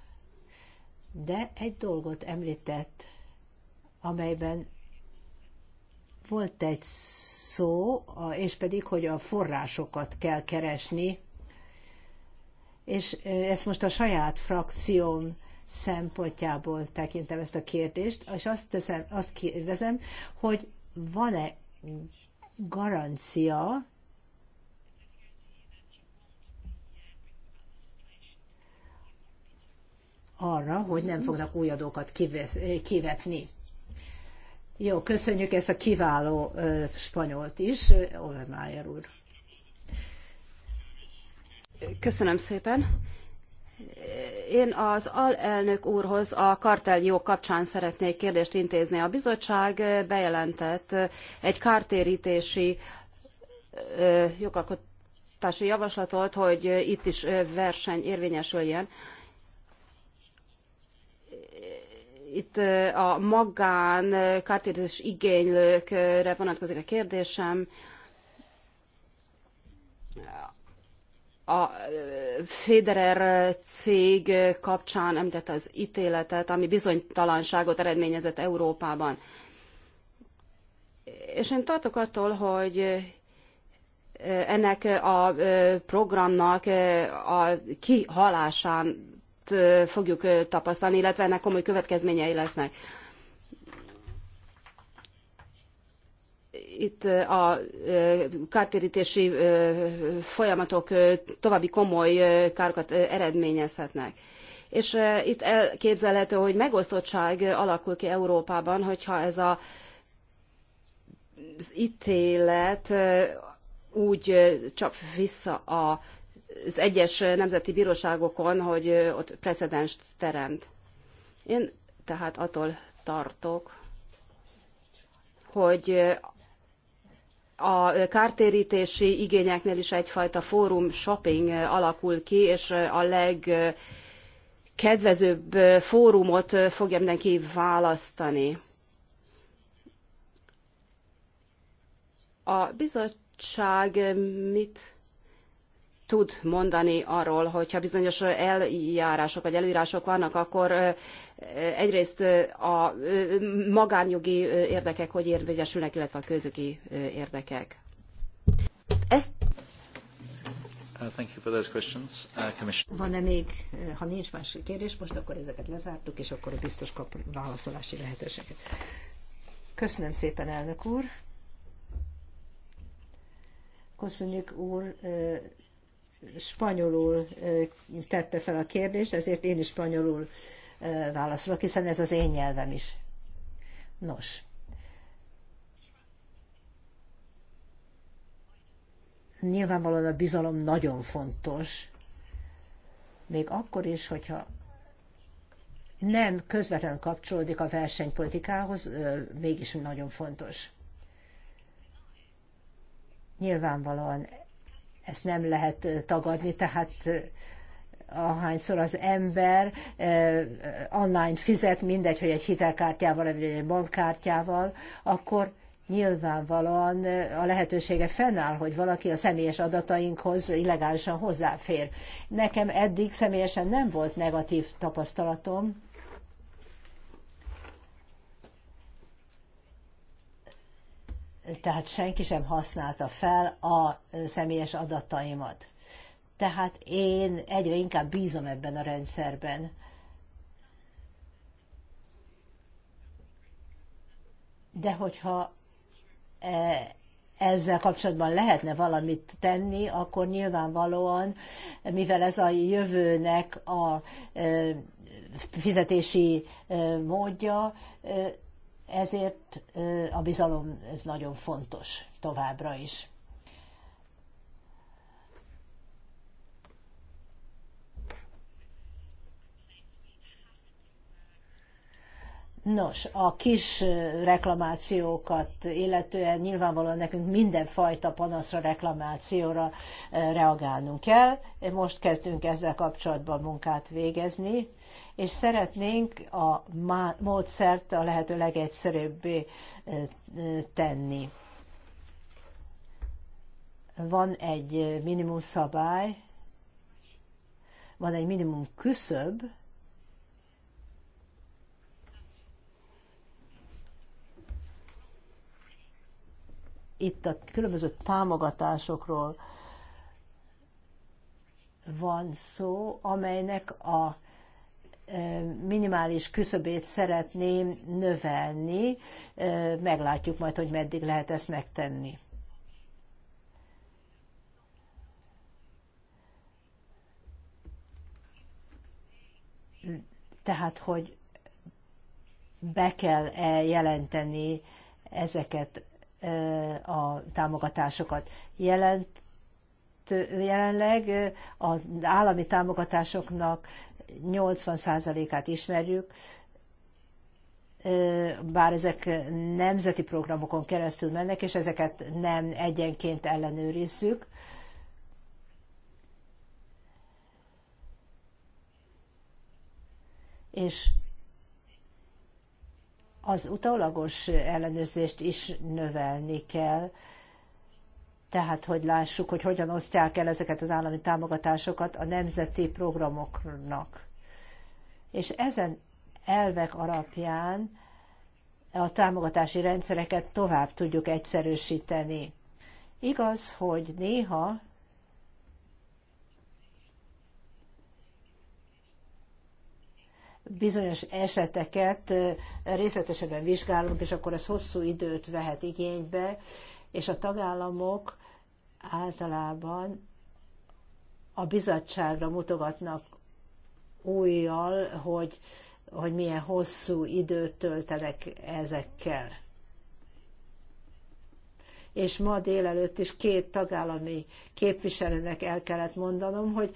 De egy dolgot említett, amelyben volt egy szó, és pedig, hogy a forrásokat kell keresni, és ezt most a saját frakcióm szempontjából tekintem ezt a kérdést, és azt, teszem, azt kérdezem, hogy van-e garancia, arra, hogy nem fognak új adókat eh, kivetni. Jó, köszönjük ezt a kiváló eh, spanyolt is, eh, Overmeyer úr. Köszönöm szépen. Én az alelnök úrhoz a karteljog kapcsán szeretnék kérdést intézni. A bizottság bejelentett egy kártérítési jogalkotási javaslatot, hogy itt is verseny érvényesüljen. Itt a magán kártérítés igénylőkre vonatkozik a kérdésem. A Federer cég kapcsán említette az ítéletet, ami bizonytalanságot eredményezett Európában. És én tartok attól, hogy ennek a programnak a kihalásán fogjuk tapasztalni, illetve ennek komoly következményei lesznek. Itt a kártérítési folyamatok további komoly károkat eredményezhetnek. És itt elképzelhető, hogy megosztottság alakul ki Európában, hogyha ez a, az ítélet úgy csap vissza a az egyes nemzeti bíróságokon, hogy ott precedenst teremt. Én tehát attól tartok, hogy a kártérítési igényeknél is egyfajta fórum shopping alakul ki, és a legkedvezőbb fórumot fogja mindenki választani. A bizottság mit tud mondani arról, hogyha bizonyos eljárások vagy előírások vannak, akkor egyrészt a magánjogi érdekek hogy érvényesülnek, illetve a közögi érdekek. Ezt uh, uh, van-e még, uh, ha nincs más kérdés, most akkor ezeket lezártuk, és akkor biztos kap válaszolási lehetőséget. Köszönöm szépen, elnök úr! Köszönjük úr spanyolul tette fel a kérdést, ezért én is spanyolul válaszolok, hiszen ez az én nyelvem is. Nos. Nyilvánvalóan a bizalom nagyon fontos, még akkor is, hogyha nem közvetlen kapcsolódik a versenypolitikához, mégis nagyon fontos. Nyilvánvalóan ezt nem lehet tagadni, tehát ahányszor az ember online fizet, mindegy, hogy egy hitelkártyával, vagy egy bankkártyával, akkor nyilvánvalóan a lehetősége fennáll, hogy valaki a személyes adatainkhoz illegálisan hozzáfér. Nekem eddig személyesen nem volt negatív tapasztalatom, tehát senki sem használta fel a személyes adataimat. Tehát én egyre inkább bízom ebben a rendszerben. De hogyha e, ezzel kapcsolatban lehetne valamit tenni, akkor nyilvánvalóan, mivel ez a jövőnek a e, fizetési e, módja, ezért a bizalom nagyon fontos továbbra is. Nos, a kis reklamációkat illetően nyilvánvalóan nekünk mindenfajta panaszra, reklamációra reagálnunk kell. Most kezdünk ezzel kapcsolatban munkát végezni, és szeretnénk a módszert a lehető legegyszerűbbé tenni. Van egy minimum szabály, van egy minimum küszöb, itt a különböző támogatásokról van szó, amelynek a minimális küszöbét szeretném növelni, meglátjuk majd, hogy meddig lehet ezt megtenni. Tehát, hogy be kell -e jelenteni ezeket a támogatásokat. Jelent, jelenleg az állami támogatásoknak 80%-át ismerjük, bár ezek nemzeti programokon keresztül mennek, és ezeket nem egyenként ellenőrizzük. És az utólagos ellenőrzést is növelni kell, tehát hogy lássuk, hogy hogyan osztják el ezeket az állami támogatásokat a nemzeti programoknak. És ezen elvek alapján a támogatási rendszereket tovább tudjuk egyszerűsíteni. Igaz, hogy néha bizonyos eseteket részletesebben vizsgálunk, és akkor ez hosszú időt vehet igénybe, és a tagállamok általában a bizottságra mutogatnak újjal, hogy, hogy milyen hosszú időt töltenek ezekkel. És ma délelőtt is két tagállami képviselőnek el kellett mondanom, hogy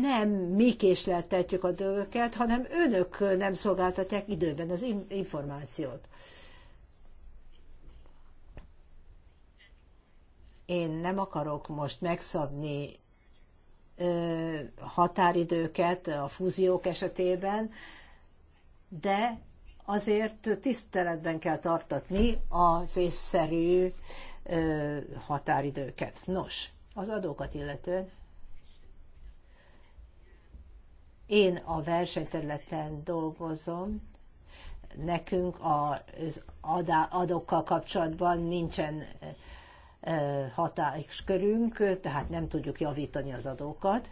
nem mi késleltetjük a dolgokat, hanem önök nem szolgáltatják időben az információt. Én nem akarok most megszabni határidőket a fúziók esetében, de azért tiszteletben kell tartatni az észszerű határidőket. Nos, az adókat illetően Én a versenyterületen dolgozom, nekünk az adókkal kapcsolatban nincsen hatáskörünk, tehát nem tudjuk javítani az adókat.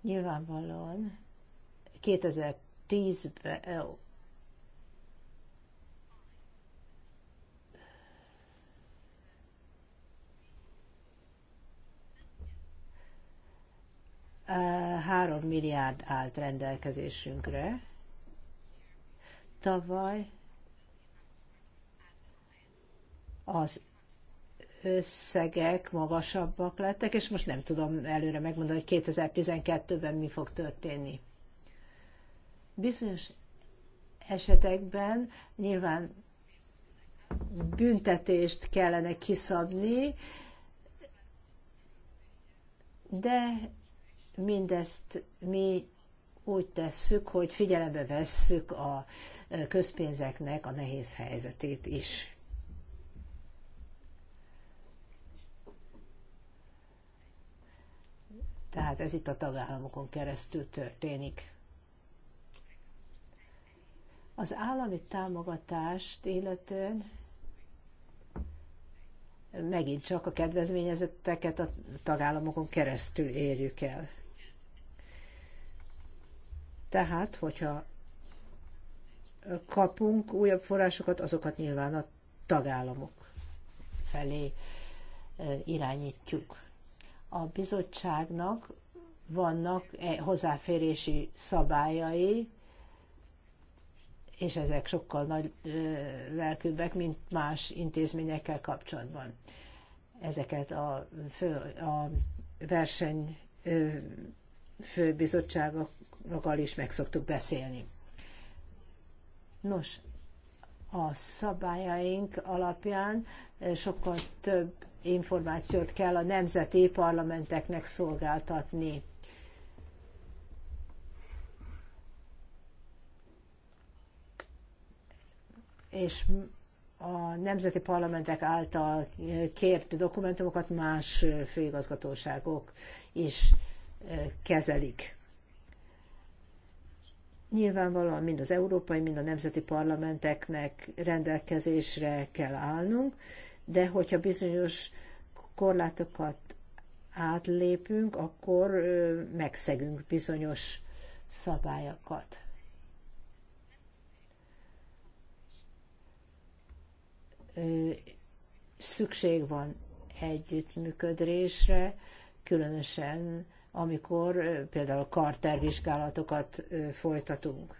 Nyilvánvalóan 2010 3 milliárd állt rendelkezésünkre. Tavaly az összegek magasabbak lettek, és most nem tudom előre megmondani, hogy 2012-ben mi fog történni. Bizonyos esetekben nyilván büntetést kellene kiszabni, de mindezt mi úgy tesszük, hogy figyelembe vesszük a közpénzeknek a nehéz helyzetét is. Tehát ez itt a tagállamokon keresztül történik. Az állami támogatást illetően megint csak a kedvezményezetteket a tagállamokon keresztül érjük el. Tehát, hogyha kapunk újabb forrásokat, azokat nyilván a tagállamok felé irányítjuk. A bizottságnak vannak eh, hozzáférési szabályai, és ezek sokkal nagy lelkűbbek, mint más intézményekkel kapcsolatban. Ezeket a, fő, a verseny főbizottságok kollégákkal is meg szoktuk beszélni. Nos, a szabályaink alapján eh, sokkal több információt kell a nemzeti parlamenteknek szolgáltatni. És a nemzeti parlamentek által eh, kért dokumentumokat más eh, főigazgatóságok is kezelik. Nyilvánvalóan mind az európai, mind a nemzeti parlamenteknek rendelkezésre kell állnunk, de hogyha bizonyos korlátokat átlépünk, akkor megszegünk bizonyos szabályokat. Szükség van együttműködésre, különösen amikor például kartervizsgálatokat folytatunk.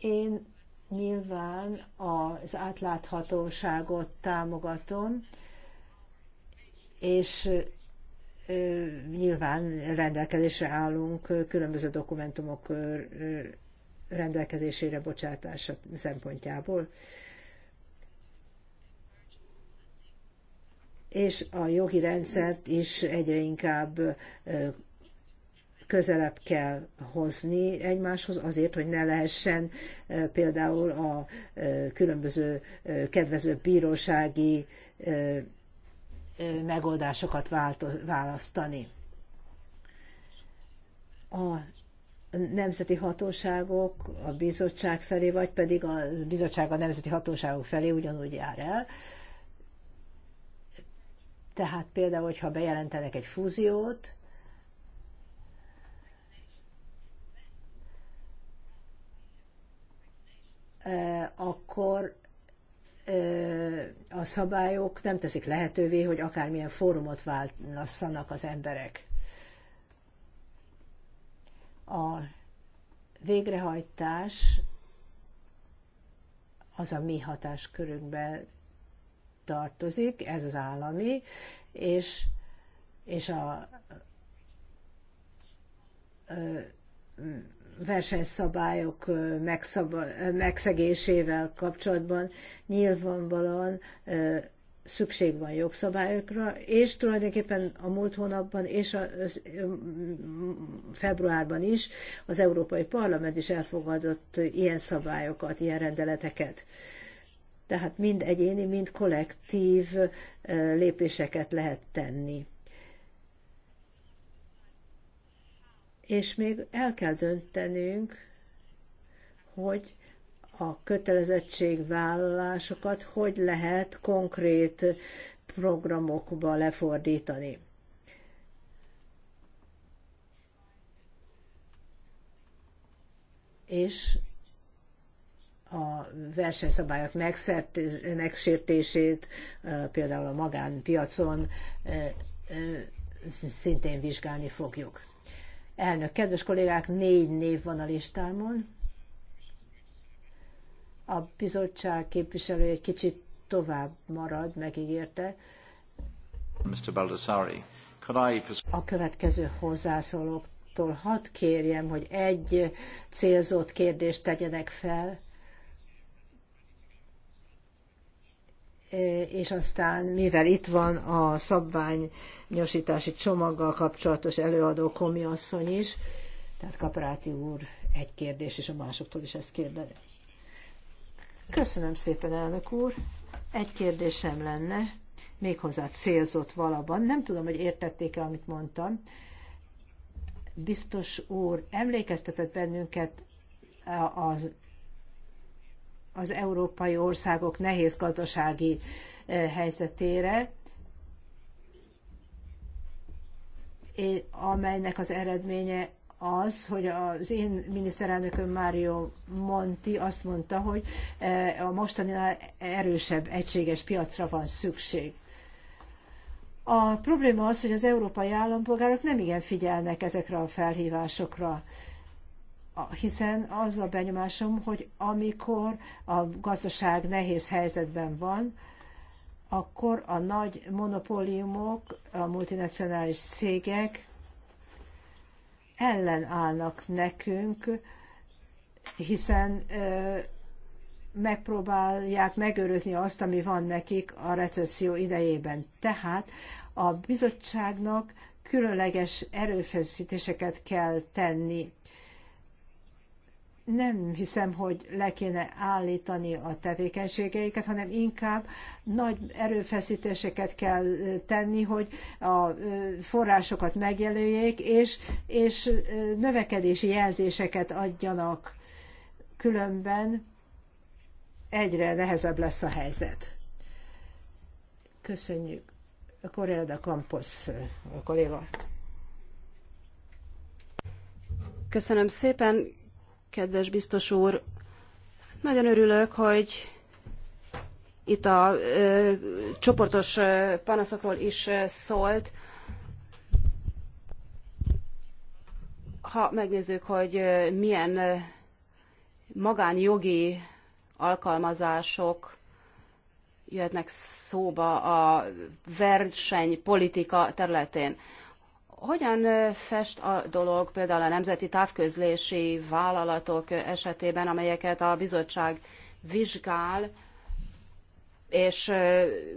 Én nyilván az átláthatóságot támogatom, és nyilván rendelkezésre állunk különböző dokumentumok rendelkezésére bocsátása szempontjából. és a jogi rendszert is egyre inkább közelebb kell hozni egymáshoz azért, hogy ne lehessen például a különböző kedvező bírósági megoldásokat választani. A nemzeti hatóságok a bizottság felé, vagy pedig a bizottság a nemzeti hatóságok felé ugyanúgy jár el, tehát például, hogyha bejelentenek egy fúziót, akkor a szabályok nem teszik lehetővé, hogy akármilyen fórumot válasszanak az emberek. A végrehajtás az a mi hatáskörünkben tartozik, ez az állami, és, és a versenyszabályok megszaba, megszegésével kapcsolatban nyilvánvalóan szükség van jogszabályokra, és tulajdonképpen a múlt hónapban és a februárban is az Európai Parlament is elfogadott ilyen szabályokat, ilyen rendeleteket. Tehát mind egyéni, mind kollektív lépéseket lehet tenni. És még el kell döntenünk, hogy a kötelezettségvállalásokat hogy lehet konkrét programokba lefordítani. És a versenyszabályok megsértését, például a magánpiacon szintén vizsgálni fogjuk. Elnök, kedves kollégák, négy név van a listámon. A bizottság képviselő egy kicsit tovább marad, megígérte. Mr. Baldassari, could I... A következő hozzászólóktól hadd kérjem, hogy egy célzott kérdést tegyenek fel, és aztán mivel itt van a szabványosítási csomaggal kapcsolatos előadó Komi asszony is, tehát Kaparáti úr egy kérdés, és a másoktól is ezt kérdezi. Köszönöm szépen, elnök úr. Egy kérdésem lenne, méghozzá célzott valaban. Nem tudom, hogy értették-e, amit mondtam. Biztos úr emlékeztetett bennünket az az európai országok nehéz gazdasági helyzetére, amelynek az eredménye az, hogy az én miniszterelnököm Mário Monti azt mondta, hogy a mostaninál erősebb egységes piacra van szükség. A probléma az, hogy az európai állampolgárok nem igen figyelnek ezekre a felhívásokra hiszen az a benyomásom, hogy amikor a gazdaság nehéz helyzetben van, akkor a nagy monopóliumok, a multinacionális cégek ellenállnak nekünk, hiszen megpróbálják megőrözni azt, ami van nekik a recesszió idejében. Tehát a bizottságnak különleges erőfeszítéseket kell tenni nem hiszem, hogy le kéne állítani a tevékenységeiket, hanem inkább nagy erőfeszítéseket kell tenni, hogy a forrásokat megjelöljék, és, és növekedési jelzéseket adjanak. Különben egyre nehezebb lesz a helyzet. Köszönjük. Correa Campos kolléga. Köszönöm szépen kedves biztos úr! Nagyon örülök, hogy itt a ö, csoportos ö, panaszokról is ö, szólt. Ha megnézzük, hogy ö, milyen ö, magánjogi alkalmazások jöhetnek szóba a versenypolitika területén. Hogyan fest a dolog például a nemzeti távközlési vállalatok esetében, amelyeket a bizottság vizsgál, és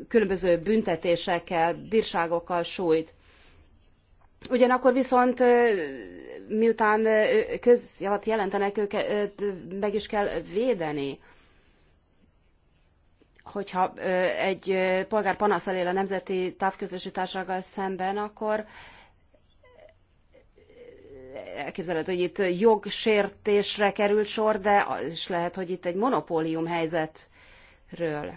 különböző büntetésekkel, bírságokkal sújt? Ugyanakkor viszont miután közjavat jelentenek, őket meg is kell védeni. Hogyha egy polgár panaszal él a Nemzeti Távközlési Társasággal szemben, akkor elképzelhető, hogy itt jogsértésre került sor, de az is lehet, hogy itt egy monopólium helyzetről.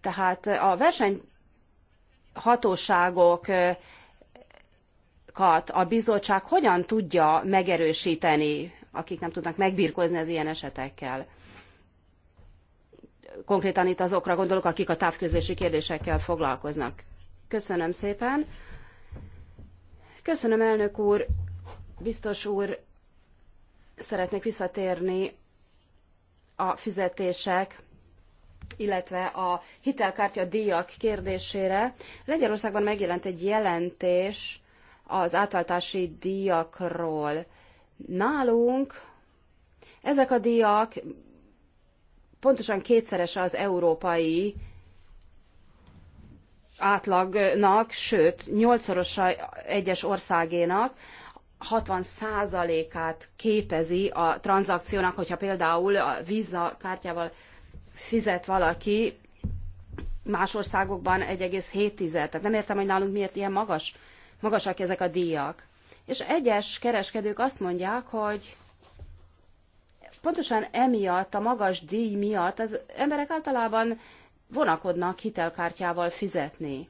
Tehát a versenyhatóságokat a bizottság hogyan tudja megerősíteni, akik nem tudnak megbírkozni az ilyen esetekkel? Konkrétan itt azokra gondolok, akik a távközlési kérdésekkel foglalkoznak. Köszönöm szépen. Köszönöm, elnök úr. Biztos úr, szeretnék visszatérni a fizetések, illetve a hitelkártya díjak kérdésére. Lengyelországban megjelent egy jelentés az átváltási díjakról. Nálunk ezek a díjak pontosan kétszeres az európai átlagnak, sőt, nyolcszorosa egyes országénak. 60%-át képezi a tranzakciónak, hogyha például a Visa kártyával fizet valaki, más országokban 1,7, tehát nem értem, hogy nálunk miért ilyen magas, magasak ezek a díjak. És egyes kereskedők azt mondják, hogy pontosan emiatt, a magas díj miatt az emberek általában vonakodnak hitelkártyával fizetni.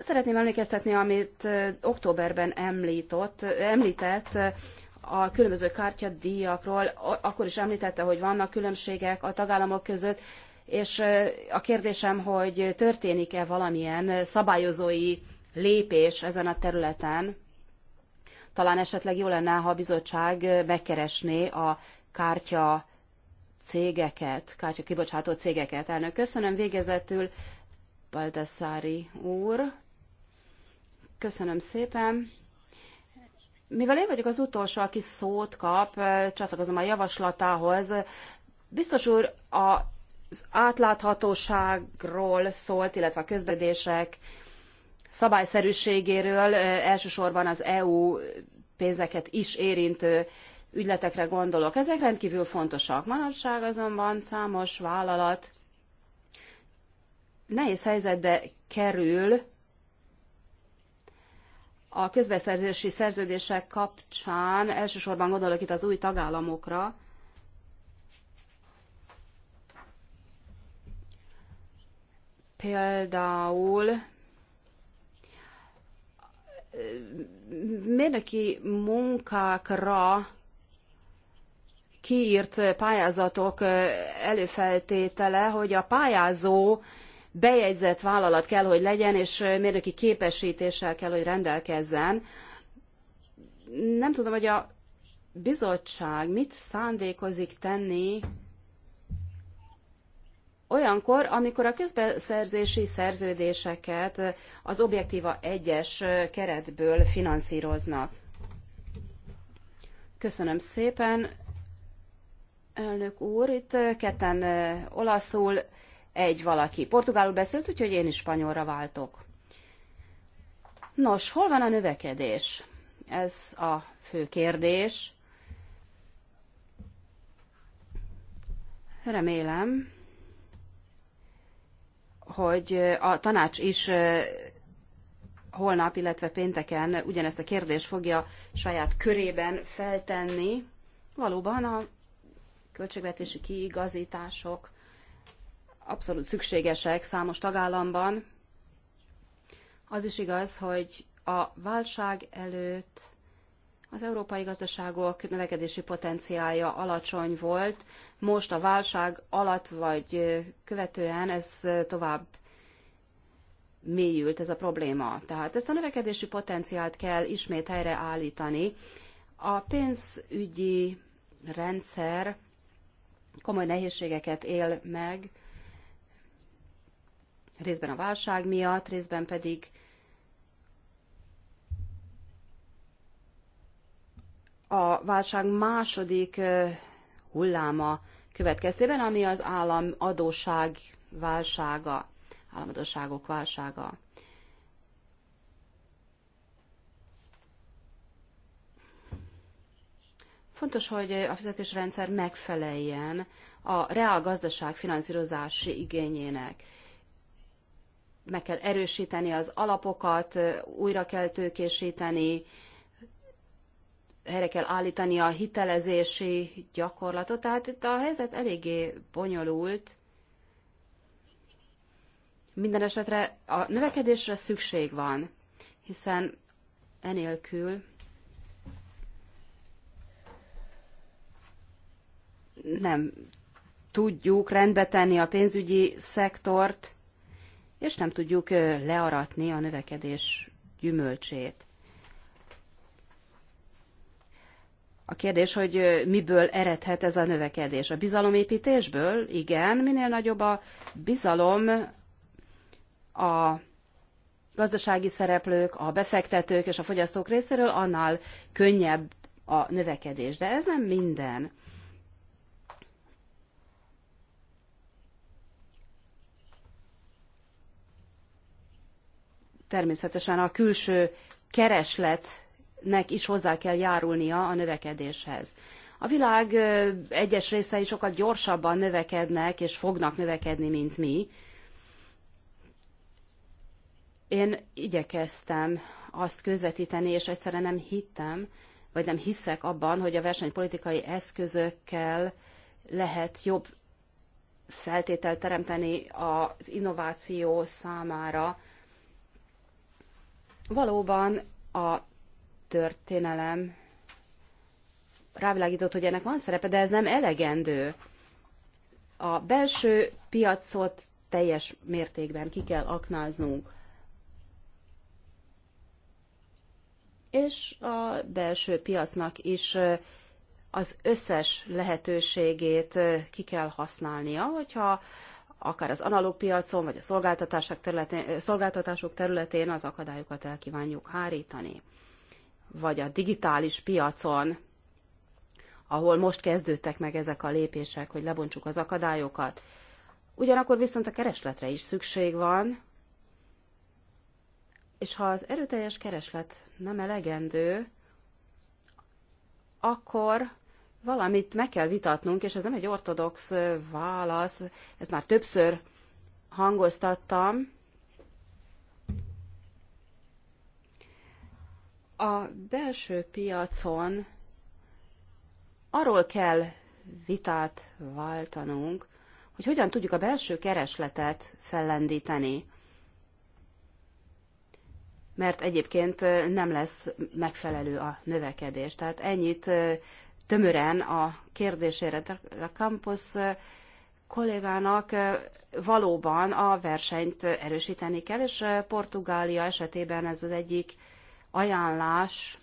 Szeretném emlékeztetni, amit októberben említott, említett, a különböző kártyadíjakról, akkor is említette, hogy vannak különbségek a tagállamok között, és a kérdésem, hogy történik-e valamilyen szabályozói lépés ezen a területen. Talán esetleg jó lenne, ha a bizottság megkeresné a kártya cégeket, kártya kibocsátó cégeket. Elnök, köszönöm végezetül, Baldassari úr. Köszönöm szépen. Mivel én vagyok az utolsó, aki szót kap, csatlakozom a javaslatához. Biztos úr, az átláthatóságról szólt, illetve a közbedések szabályszerűségéről elsősorban az EU pénzeket is érintő ügyletekre gondolok. Ezek rendkívül fontosak. Manapság azonban számos vállalat nehéz helyzetbe kerül, a közbeszerzési szerződések kapcsán elsősorban gondolok itt az új tagállamokra, például mérnöki munkákra kiírt pályázatok előfeltétele, hogy a pályázó bejegyzett vállalat kell, hogy legyen, és mérnöki képesítéssel kell, hogy rendelkezzen. Nem tudom, hogy a bizottság mit szándékozik tenni olyankor, amikor a közbeszerzési szerződéseket az objektíva egyes keretből finanszíroznak. Köszönöm szépen, elnök úr. Itt ketten olaszul egy valaki portugálul beszélt, úgyhogy én is spanyolra váltok. Nos, hol van a növekedés? Ez a fő kérdés. Remélem, hogy a tanács is holnap, illetve pénteken ugyanezt a kérdést fogja saját körében feltenni. Valóban a költségvetési kiigazítások abszolút szükségesek számos tagállamban. Az is igaz, hogy a válság előtt az európai gazdaságok növekedési potenciálja alacsony volt, most a válság alatt vagy követően ez tovább mélyült ez a probléma. Tehát ezt a növekedési potenciált kell ismét helyreállítani. A pénzügyi rendszer komoly nehézségeket él meg, részben a válság miatt, részben pedig a válság második hulláma következtében, ami az állam adóság válsága, államadóságok válsága. Fontos, hogy a fizetésrendszer megfeleljen a reál gazdaság finanszírozási igényének meg kell erősíteni az alapokat, újra kell tőkésíteni, erre kell állítani a hitelezési gyakorlatot. Tehát itt a helyzet eléggé bonyolult. Minden esetre a növekedésre szükség van, hiszen enélkül nem tudjuk rendbe tenni a pénzügyi szektort, és nem tudjuk learatni a növekedés gyümölcsét. A kérdés, hogy miből eredhet ez a növekedés? A bizalomépítésből? Igen, minél nagyobb a bizalom a gazdasági szereplők, a befektetők és a fogyasztók részéről, annál könnyebb a növekedés. De ez nem minden. természetesen a külső keresletnek is hozzá kell járulnia a növekedéshez. A világ egyes részei sokkal gyorsabban növekednek és fognak növekedni, mint mi. Én igyekeztem azt közvetíteni, és egyszerűen nem hittem, vagy nem hiszek abban, hogy a versenypolitikai eszközökkel lehet jobb feltételt teremteni az innováció számára, Valóban a történelem rávilágított, hogy ennek van szerepe, de ez nem elegendő. A belső piacot teljes mértékben ki kell aknáznunk. És a belső piacnak is az összes lehetőségét ki kell használnia, hogyha akár az analóg piacon, vagy a szolgáltatások területén, szolgáltatások területén az akadályokat el kívánjuk hárítani. Vagy a digitális piacon, ahol most kezdődtek meg ezek a lépések, hogy lebontsuk az akadályokat. Ugyanakkor viszont a keresletre is szükség van, és ha az erőteljes kereslet nem elegendő, akkor valamit meg kell vitatnunk, és ez nem egy ortodox válasz, ezt már többször hangoztattam. A belső piacon arról kell vitát váltanunk, hogy hogyan tudjuk a belső keresletet fellendíteni. Mert egyébként nem lesz megfelelő a növekedés. Tehát ennyit tömören a kérdésére. De a Campus kollégának valóban a versenyt erősíteni kell, és Portugália esetében ez az egyik ajánlás,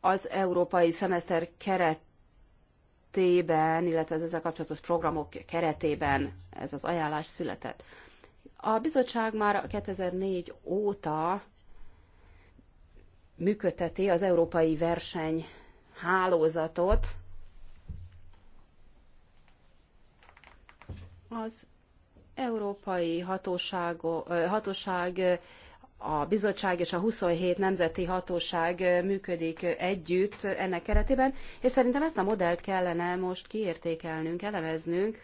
az európai szemeszter keret keretében, illetve az ezzel kapcsolatos programok keretében ez az ajánlás született. A bizottság már 2004 óta működteti az európai verseny hálózatot. Az európai hatóság, hatóság a bizottság és a 27 nemzeti hatóság működik együtt ennek keretében, és szerintem ezt a modellt kellene most kiértékelnünk, elemeznünk,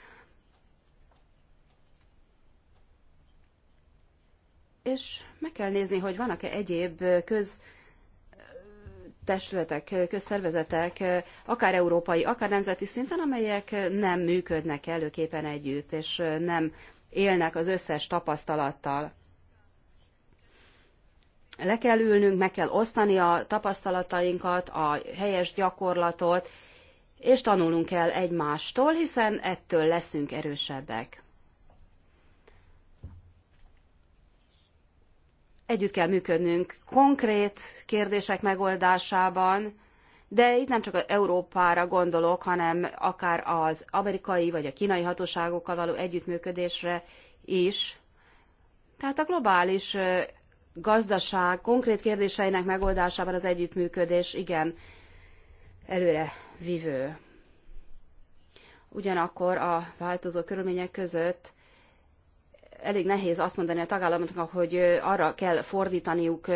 és meg kell nézni, hogy vannak-e egyéb köz testületek, közszervezetek, akár európai, akár nemzeti szinten, amelyek nem működnek előképpen együtt, és nem élnek az összes tapasztalattal le kell ülnünk, meg kell osztani a tapasztalatainkat, a helyes gyakorlatot, és tanulnunk kell egymástól, hiszen ettől leszünk erősebbek. Együtt kell működnünk konkrét kérdések megoldásában, de itt nem csak Európára gondolok, hanem akár az amerikai vagy a kínai hatóságokkal való együttműködésre is. Tehát a globális gazdaság konkrét kérdéseinek megoldásában az együttműködés igen előre vivő. Ugyanakkor a változó körülmények között elég nehéz azt mondani a tagállamoknak, hogy arra kell fordítaniuk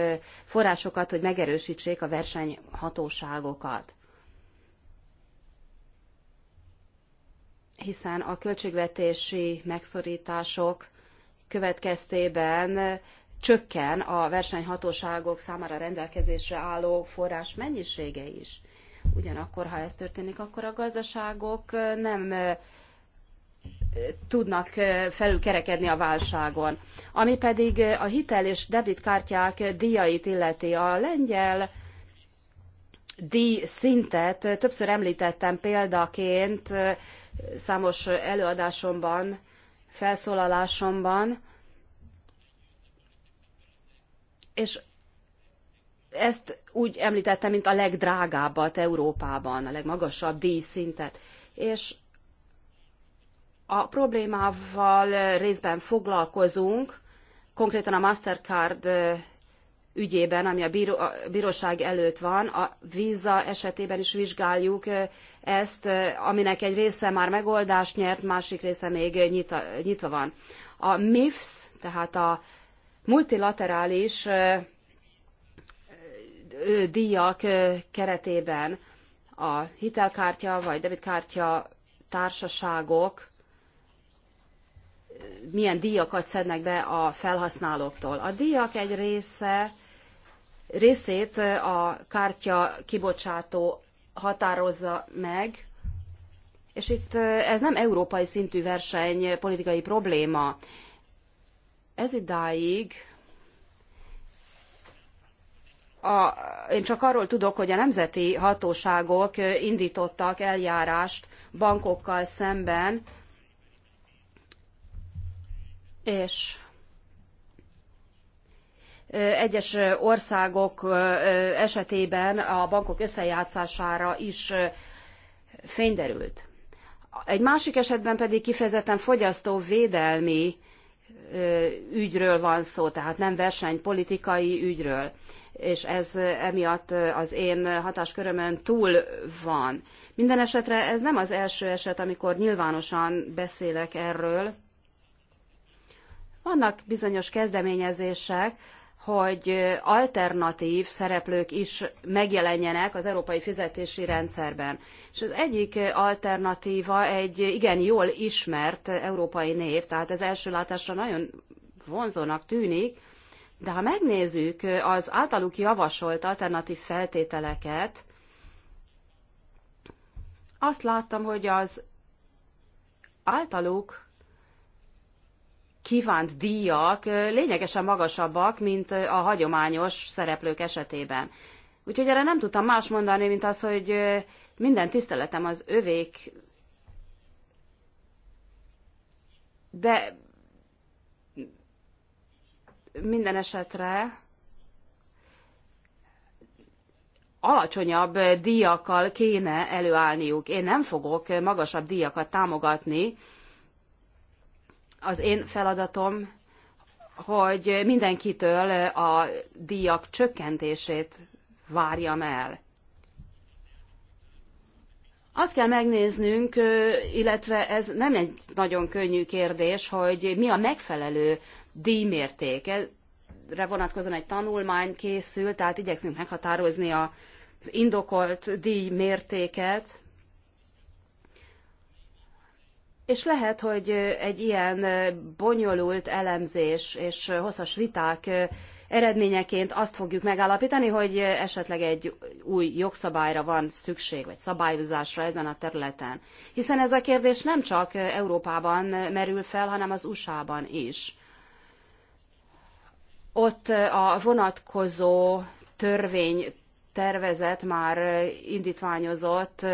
forrásokat, hogy megerősítsék a versenyhatóságokat. Hiszen a költségvetési megszorítások következtében csökken a versenyhatóságok számára rendelkezésre álló forrás mennyisége is. Ugyanakkor, ha ez történik, akkor a gazdaságok nem tudnak felülkerekedni a válságon. Ami pedig a hitel és debitkártyák díjait illeti a lengyel díj szintet többször említettem példaként számos előadásomban, felszólalásomban, és ezt úgy említettem, mint a legdrágábbat Európában, a legmagasabb díjszintet. És a problémával részben foglalkozunk, konkrétan a Mastercard ügyében, ami a, bíró, a bíróság előtt van, a víza esetében is vizsgáljuk ezt, aminek egy része már megoldást nyert, másik része még nyitva, nyitva van. A MIFS, tehát a multilaterális díjak keretében a hitelkártya vagy debitkártya társaságok milyen díjakat szednek be a felhasználóktól. A díjak egy része részét a kártya kibocsátó határozza meg, és itt ez nem európai szintű verseny politikai probléma. Ez idáig a, én csak arról tudok, hogy a nemzeti hatóságok indítottak eljárást bankokkal szemben, és egyes országok esetében a bankok összejátszására is fényderült. Egy másik esetben pedig kifejezetten fogyasztóvédelmi ügyről van szó, tehát nem versenypolitikai ügyről, és ez emiatt az én hatáskörömön túl van. Minden esetre ez nem az első eset, amikor nyilvánosan beszélek erről. Vannak bizonyos kezdeményezések, hogy alternatív szereplők is megjelenjenek az európai fizetési rendszerben. És az egyik alternatíva egy igen jól ismert európai név, tehát ez első látásra nagyon vonzónak tűnik, de ha megnézzük az általuk javasolt alternatív feltételeket, azt láttam, hogy az általuk kívánt díjak lényegesen magasabbak, mint a hagyományos szereplők esetében. Úgyhogy erre nem tudtam más mondani, mint az, hogy minden tiszteletem az övék, de minden esetre alacsonyabb díjakkal kéne előállniuk. Én nem fogok magasabb díjakat támogatni, az én feladatom, hogy mindenkitől a díjak csökkentését várjam el. Azt kell megnéznünk, illetve ez nem egy nagyon könnyű kérdés, hogy mi a megfelelő díjmérték. Erre vonatkozóan egy tanulmány készül, tehát igyekszünk meghatározni az indokolt díjmértéket, és lehet, hogy egy ilyen bonyolult elemzés és hosszas viták eredményeként azt fogjuk megállapítani, hogy esetleg egy új jogszabályra van szükség, vagy szabályozásra ezen a területen. Hiszen ez a kérdés nem csak Európában merül fel, hanem az USA-ban is. Ott a vonatkozó törvény tervezet már indítványozott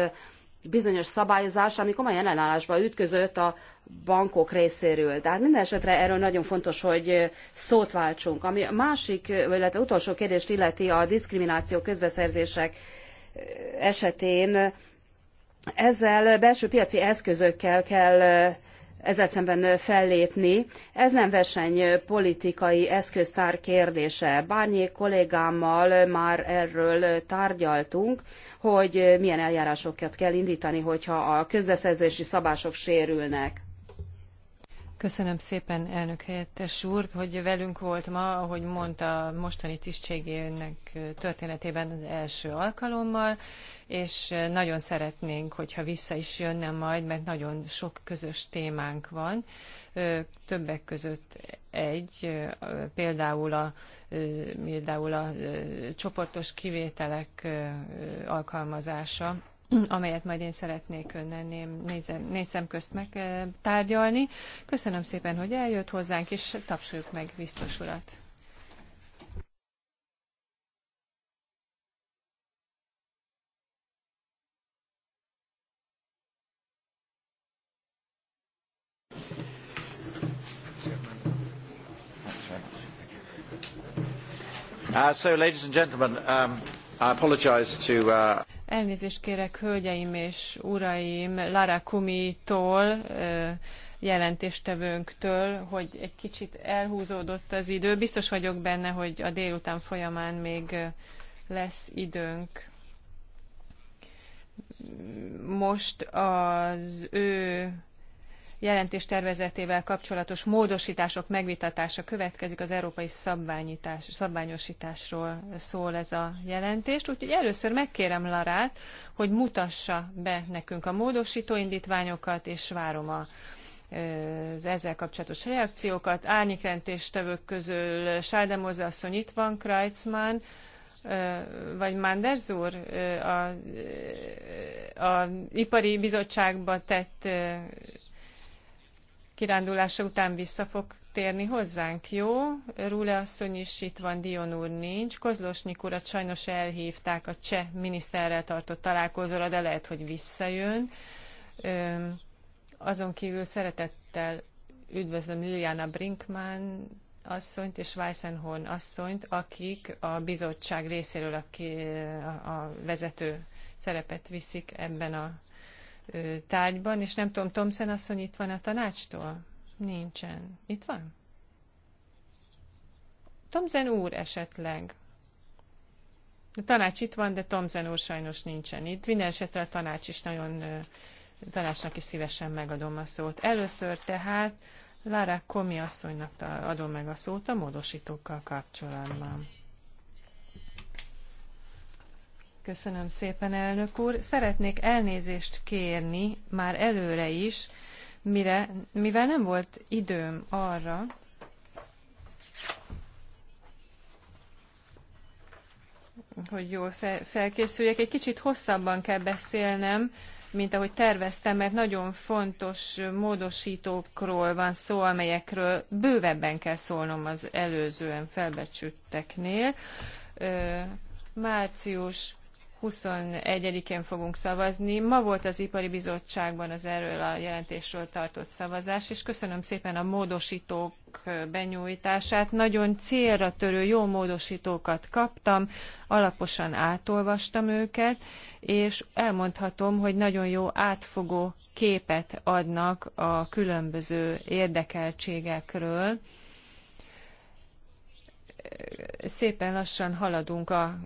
bizonyos szabályozás, ami komoly ellenállásba ütközött a bankok részéről. Tehát minden esetre erről nagyon fontos, hogy szót váltsunk. Ami a másik, illetve utolsó kérdést illeti a diszkrimináció közbeszerzések esetén, ezzel belső piaci eszközökkel kell ezzel szemben fellépni. Ez nem versenypolitikai eszköztár kérdése. Bárnyi kollégámmal már erről tárgyaltunk, hogy milyen eljárásokat kell indítani, hogyha a közbeszerzési szabások sérülnek. Köszönöm szépen, elnök helyettes úr, hogy velünk volt ma, ahogy mondta, mostani tisztségének történetében az első alkalommal, és nagyon szeretnénk, hogyha vissza is jönne majd, mert nagyon sok közös témánk van. Többek között egy, például a, például a csoportos kivételek alkalmazása amelyet majd én szeretnék önnel négy, négy szem közt megtárgyalni. Eh, Köszönöm szépen, hogy eljött hozzánk, és tapsoljuk meg biztos urat. Uh, so, ladies and gentlemen, um, I apologize to uh, Elnézést kérek hölgyeim és uraim Lara Kumi-tól, jelentéstevőnktől, hogy egy kicsit elhúzódott az idő. Biztos vagyok benne, hogy a délután folyamán még lesz időnk. Most az ő jelentés tervezetével kapcsolatos módosítások megvitatása következik, az európai szabványítás, szabványosításról szól ez a jelentés. Úgyhogy először megkérem Larát, hogy mutassa be nekünk a módosító indítványokat, és várom a az ezzel kapcsolatos reakciókat. tevők közül Sáldemoze asszony itt van, Kreitzmann, vagy Manders úr a, ipari bizottságba tett kirándulása után vissza fog térni hozzánk, jó? Rúle asszony is itt van, Dion úr nincs. Kozlosnyik urat sajnos elhívták a cseh miniszterrel tartott találkozóra, de lehet, hogy visszajön. azon kívül szeretettel üdvözlöm Liliana Brinkman asszonyt és Weissenhorn asszonyt, akik a bizottság részéről a, a vezető szerepet viszik ebben a tárgyban, és nem tudom, Tomszen asszony itt van a tanácstól? Nincsen. Itt van? Tomzen úr esetleg. A tanács itt van, de Tomzen úr sajnos nincsen itt. Minden esetre a tanács is nagyon, a tanácsnak is szívesen megadom a szót. Először tehát Lara Komi asszonynak adom meg a szót a módosítókkal kapcsolatban. Köszönöm szépen, elnök úr. Szeretnék elnézést kérni már előre is, mire, mivel nem volt időm arra, hogy jól felkészüljek. Egy kicsit hosszabban kell beszélnem, mint ahogy terveztem, mert nagyon fontos módosítókról van szó, amelyekről bővebben kell szólnom az előzően felbecsütteknél. Március 21-én fogunk szavazni. Ma volt az Ipari Bizottságban az erről a jelentésről tartott szavazás, és köszönöm szépen a módosítók benyújtását. Nagyon célra törő jó módosítókat kaptam, alaposan átolvastam őket, és elmondhatom, hogy nagyon jó átfogó képet adnak a különböző érdekeltségekről szépen lassan haladunk a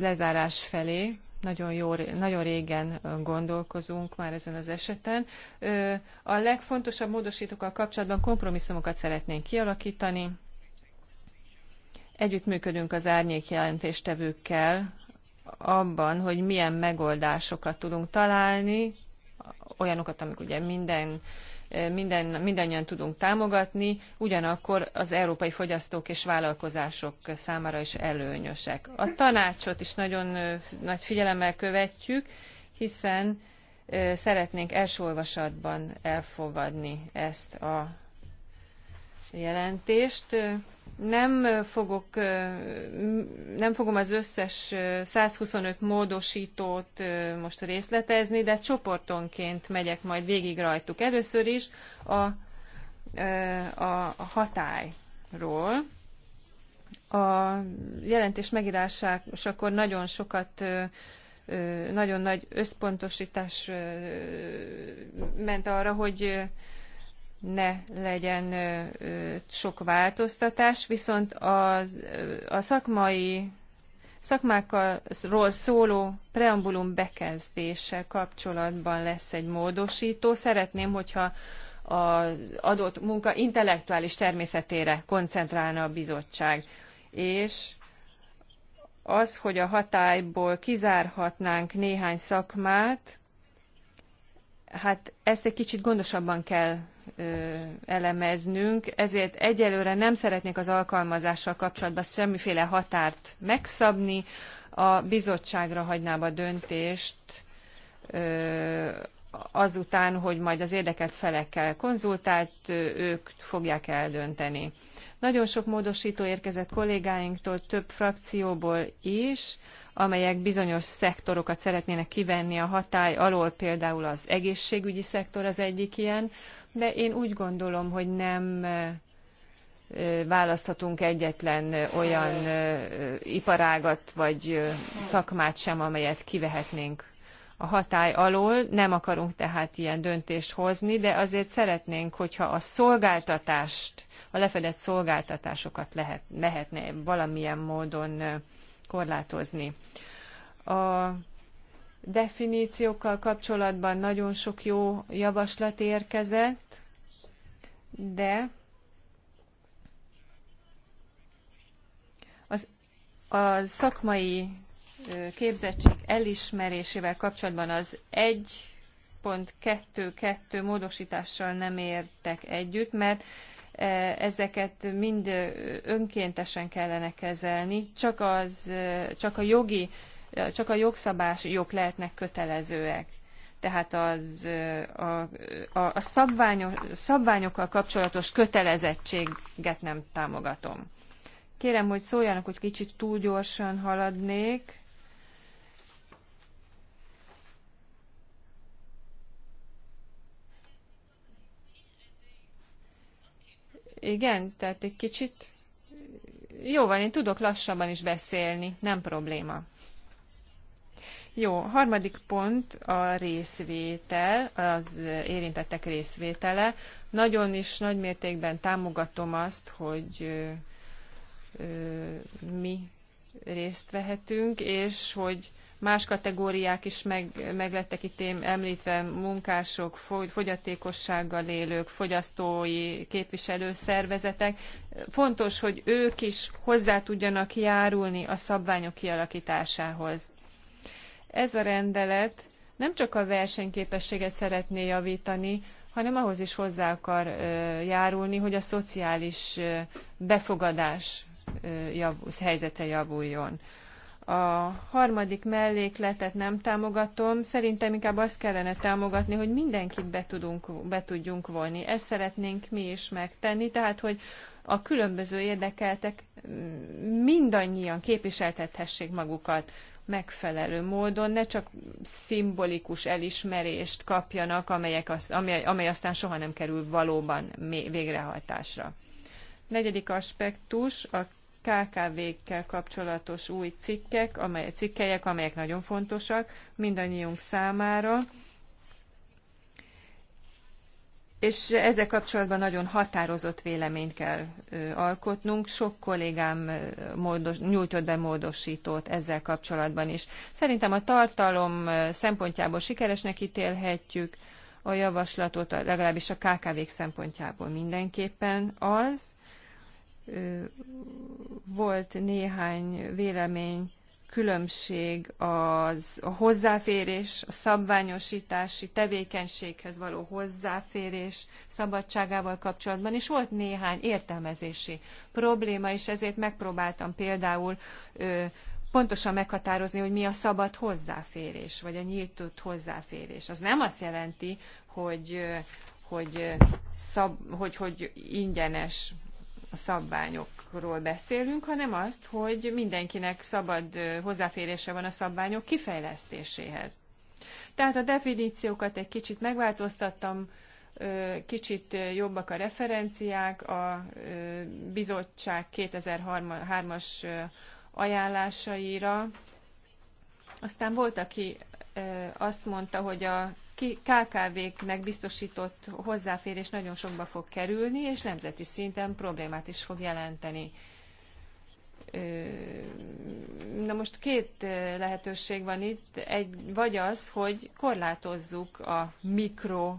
lezárás felé, nagyon, jó, nagyon régen gondolkozunk már ezen az eseten. A legfontosabb módosítókkal kapcsolatban kompromisszumokat szeretnénk kialakítani. Együttműködünk az árnyék jelentéstevőkkel abban, hogy milyen megoldásokat tudunk találni, olyanokat, amik ugye minden minden, mindannyian tudunk támogatni, ugyanakkor az európai fogyasztók és vállalkozások számára is előnyösek. A tanácsot is nagyon nagy figyelemmel követjük, hiszen szeretnénk első olvasatban elfogadni ezt a jelentést. Nem, fogok, nem fogom az összes 125 módosítót most részletezni, de csoportonként megyek majd végig rajtuk. Először is a, a, a hatályról. A jelentés megírásakor nagyon sokat nagyon nagy összpontosítás ment arra, hogy ne legyen sok változtatás, viszont a, a szakmai szakmákról szóló preambulum bekezdése kapcsolatban lesz egy módosító. Szeretném, hogyha az adott munka intellektuális természetére koncentrálna a bizottság. És az, hogy a hatályból kizárhatnánk néhány szakmát, hát ezt egy kicsit gondosabban kell ö, elemeznünk, ezért egyelőre nem szeretnék az alkalmazással kapcsolatban semmiféle határt megszabni, a bizottságra hagynám a döntést ö, azután, hogy majd az érdekelt felekkel konzultált, ők fogják eldönteni. Nagyon sok módosító érkezett kollégáinktól, több frakcióból is, amelyek bizonyos szektorokat szeretnének kivenni a hatály alól, például az egészségügyi szektor az egyik ilyen, de én úgy gondolom, hogy nem választhatunk egyetlen olyan iparágat vagy szakmát sem, amelyet kivehetnénk a hatály alól, nem akarunk tehát ilyen döntést hozni, de azért szeretnénk, hogyha a szolgáltatást, a lefedett szolgáltatásokat lehet, lehetne valamilyen módon korlátozni. A definíciókkal kapcsolatban nagyon sok jó javaslat érkezett, de az, a szakmai képzettség elismerésével kapcsolatban az 1.2.2 módosítással nem értek együtt, mert E, ezeket mind önkéntesen kellene kezelni, csak, az, csak a jogi, csak a jogszabályok lehetnek kötelezőek. Tehát az, a, a, a szabványok, szabványokkal kapcsolatos kötelezettséget nem támogatom. Kérem, hogy szóljanak, hogy kicsit túl gyorsan haladnék. Igen, tehát egy kicsit... Jó van, én tudok lassabban is beszélni, nem probléma. Jó, harmadik pont a részvétel, az érintettek részvétele. Nagyon is nagy mértékben támogatom azt, hogy ö, ö, mi részt vehetünk, és hogy Más kategóriák is meg, meglettek itt említve, munkások, fogyatékossággal élők, fogyasztói képviselő szervezetek. Fontos, hogy ők is hozzá tudjanak járulni a szabványok kialakításához. Ez a rendelet nem csak a versenyképességet szeretné javítani, hanem ahhoz is hozzá akar járulni, hogy a szociális befogadás helyzete javuljon. A harmadik mellékletet nem támogatom. Szerintem inkább azt kellene támogatni, hogy mindenkit be, tudunk, be tudjunk vonni. Ezt szeretnénk mi is megtenni, tehát hogy a különböző érdekeltek mm, mindannyian képviseltethessék magukat megfelelő módon, ne csak szimbolikus elismerést kapjanak, amelyek az, amely, amely aztán soha nem kerül valóban végrehajtásra. Negyedik aspektus a KKV-kkel kapcsolatos új cikkek, amely, cikkelyek, amelyek nagyon fontosak mindannyiunk számára. És ezzel kapcsolatban nagyon határozott véleményt kell ö, alkotnunk. Sok kollégám módos, nyújtott be módosítót ezzel kapcsolatban is. Szerintem a tartalom szempontjából sikeresnek ítélhetjük a javaslatot, legalábbis a KKV-k szempontjából mindenképpen az, volt néhány vélemény különbség az, a hozzáférés, a szabványosítási tevékenységhez való hozzáférés szabadságával kapcsolatban, és volt néhány értelmezési probléma, és ezért megpróbáltam például ö, pontosan meghatározni, hogy mi a szabad hozzáférés, vagy a nyíltott hozzáférés. Az nem azt jelenti, hogy, hogy, szab, hogy, hogy ingyenes a szabványokról beszélünk, hanem azt, hogy mindenkinek szabad hozzáférése van a szabványok kifejlesztéséhez. Tehát a definíciókat egy kicsit megváltoztattam, kicsit jobbak a referenciák, a bizottság 2003-as ajánlásaira. Aztán volt, aki azt mondta, hogy a KKV-knek biztosított hozzáférés nagyon sokba fog kerülni, és nemzeti szinten problémát is fog jelenteni. Na most két lehetőség van itt. Egy, vagy az, hogy korlátozzuk a mikro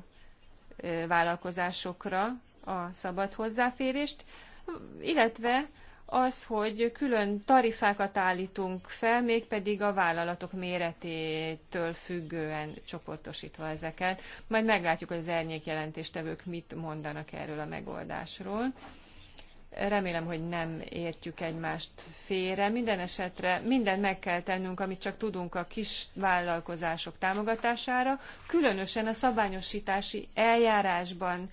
vállalkozásokra a szabad hozzáférést, illetve az, hogy külön tarifákat állítunk fel, mégpedig a vállalatok méretétől függően csoportosítva ezeket. Majd meglátjuk, hogy az árnyékjelentéstevők mit mondanak erről a megoldásról. Remélem, hogy nem értjük egymást félre. Minden esetre mindent meg kell tennünk, amit csak tudunk a kis vállalkozások támogatására, különösen a szabályosítási eljárásban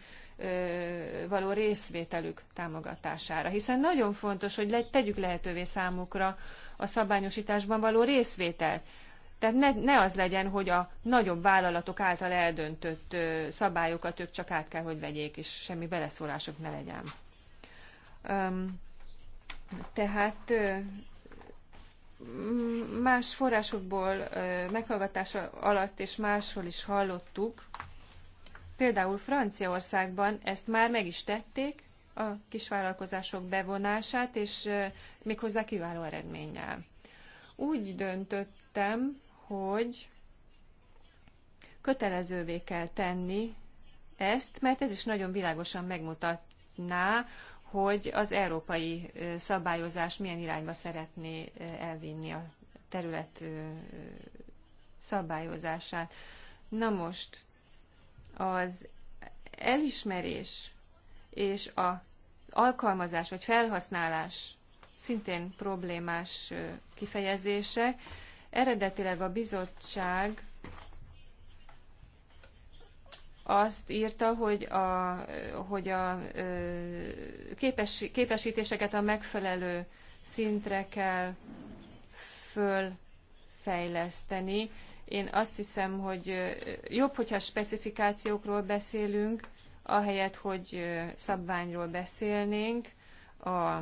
való részvételük támogatására. Hiszen nagyon fontos, hogy tegyük lehetővé számukra a szabályosításban való részvételt. Tehát ne, ne az legyen, hogy a nagyobb vállalatok által eldöntött szabályokat ők csak át kell, hogy vegyék, és semmi beleszólások ne legyen. tehát más forrásokból meghallgatása alatt és máshol is hallottuk, Például Franciaországban ezt már meg is tették, a kisvállalkozások bevonását, és méghozzá kiváló eredménnyel. Úgy döntöttem, hogy kötelezővé kell tenni ezt, mert ez is nagyon világosan megmutatná, hogy az európai szabályozás milyen irányba szeretné elvinni a terület szabályozását. Na most, az elismerés és a alkalmazás vagy felhasználás szintén problémás kifejezése Eredetileg a bizottság azt írta, hogy a, hogy a képes, képesítéseket a megfelelő szintre kell fölfejleszteni, én azt hiszem, hogy jobb, hogyha specifikációkról beszélünk, ahelyett, hogy szabványról beszélnénk, a,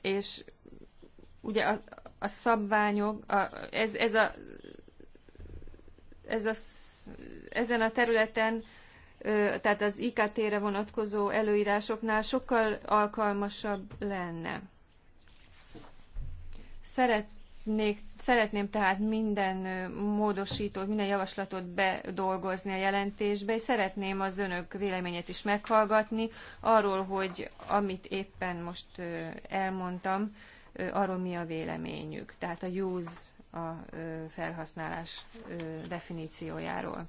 és ugye a, a szabványok, a, ez, ez a, ez a, ezen a területen, tehát az IKT-re vonatkozó előírásoknál sokkal alkalmasabb lenne. Szeretnék Szeretném tehát minden módosítót, minden javaslatot bedolgozni a jelentésbe, és szeretném az önök véleményét is meghallgatni arról, hogy amit éppen most elmondtam, arról mi a véleményük. Tehát a use a felhasználás definíciójáról.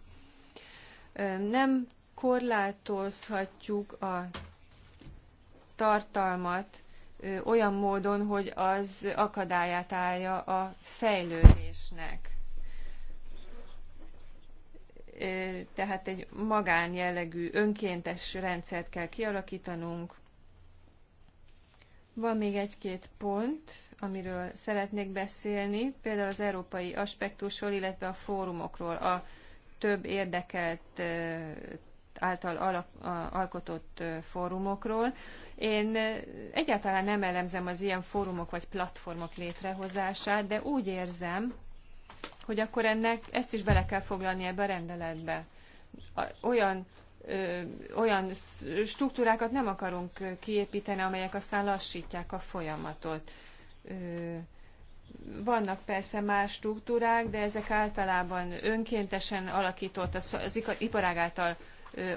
Nem korlátozhatjuk a tartalmat olyan módon, hogy az akadályát állja a fejlődésnek. Tehát egy magánjellegű, önkéntes rendszert kell kialakítanunk. Van még egy-két pont, amiről szeretnék beszélni, például az európai aspektusról, illetve a fórumokról, a több érdekelt által alap, alkotott fórumokról. Én egyáltalán nem elemzem az ilyen fórumok vagy platformok létrehozását, de úgy érzem, hogy akkor ennek ezt is bele kell foglalni ebbe a rendeletbe. Olyan ö, olyan struktúrákat nem akarunk kiépíteni, amelyek aztán lassítják a folyamatot. Ö, vannak persze más struktúrák, de ezek általában önkéntesen alakított, az, az iparág által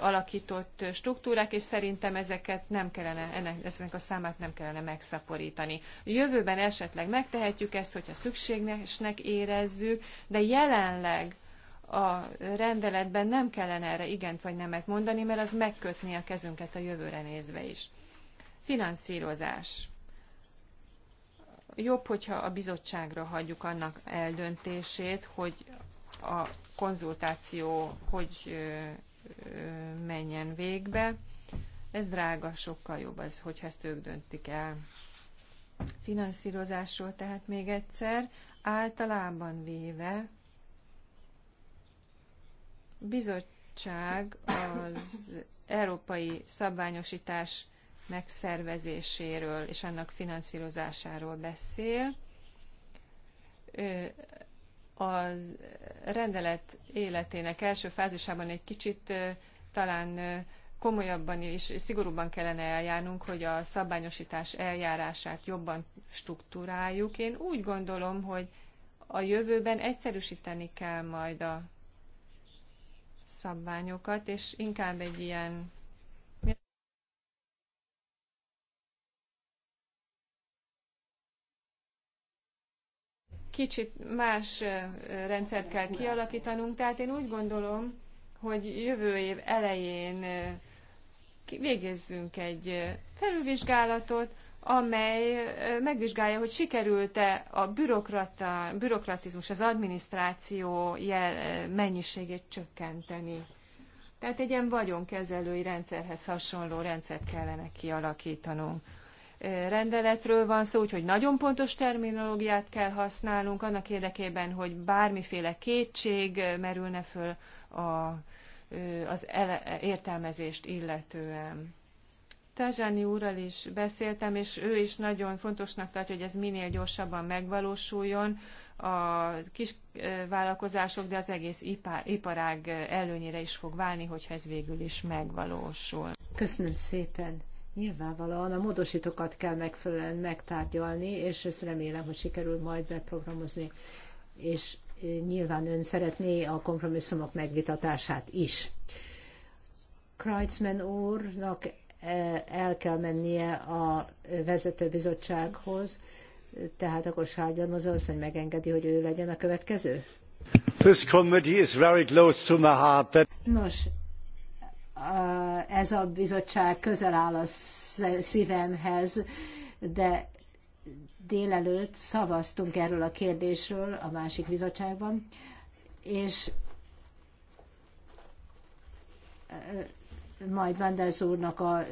alakított struktúrák, és szerintem ezeket nem kellene, ennek, ezeknek a számát nem kellene megszaporítani. Jövőben esetleg megtehetjük ezt, hogyha szükségesnek érezzük, de jelenleg a rendeletben nem kellene erre igent vagy nemet mondani, mert az megkötné a kezünket a jövőre nézve is. Finanszírozás. Jobb, hogyha a bizottságra hagyjuk annak eldöntését, hogy a konzultáció hogy menjen végbe. Ez drága, sokkal jobb az, hogyha ezt ők döntik el. Finanszírozásról tehát még egyszer, általában véve bizottság az európai szabványosítás megszervezéséről és annak finanszírozásáról beszél az rendelet életének első fázisában egy kicsit talán komolyabban és szigorúbban kellene eljárnunk, hogy a szabványosítás eljárását jobban struktúráljuk. Én úgy gondolom, hogy a jövőben egyszerűsíteni kell majd a szabványokat, és inkább egy ilyen kicsit más rendszert kell kialakítanunk, tehát én úgy gondolom, hogy jövő év elején végezzünk egy felülvizsgálatot, amely megvizsgálja, hogy sikerült-e a bürokratizmus, az adminisztráció jel, mennyiségét csökkenteni. Tehát egy ilyen vagyonkezelői rendszerhez hasonló rendszert kellene kialakítanunk rendeletről van szó, úgyhogy nagyon pontos terminológiát kell használnunk annak érdekében, hogy bármiféle kétség merülne föl a, az ele, értelmezést illetően. Tazsáni úrral is beszéltem, és ő is nagyon fontosnak tartja, hogy ez minél gyorsabban megvalósuljon a kis vállalkozások, de az egész ipar, iparág előnyére is fog válni, hogyha ez végül is megvalósul. Köszönöm szépen! Nyilvánvalóan a módosítókat kell megfelelően megtárgyalni, és ezt remélem, hogy sikerül majd beprogramozni. És eh, nyilván ön szeretné a kompromisszumok megvitatását is. Kreitzmann úrnak eh, el kell mennie a vezetőbizottsághoz, tehát akkor Sáldjan az hogy megengedi, hogy ő legyen a következő? This committee is very close to my heart. Nos, ez a bizottság közel áll a szívemhez, de délelőtt szavaztunk erről a kérdésről a másik bizottságban, és majd Wenders úrnak a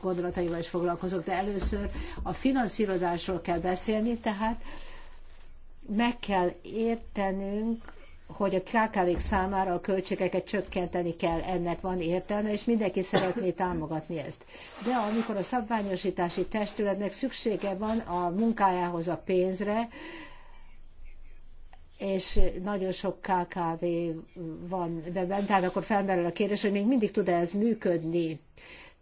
gondolataival is foglalkozok, de először a finanszírozásról kell beszélni, tehát meg kell értenünk, hogy a kkv számára a költségeket csökkenteni kell, ennek van értelme, és mindenki szeretné támogatni ezt. De amikor a szabványosítási testületnek szüksége van a munkájához a pénzre, és nagyon sok KKV van benne, tehát akkor felmerül a kérdés, hogy még mindig tud-e ez működni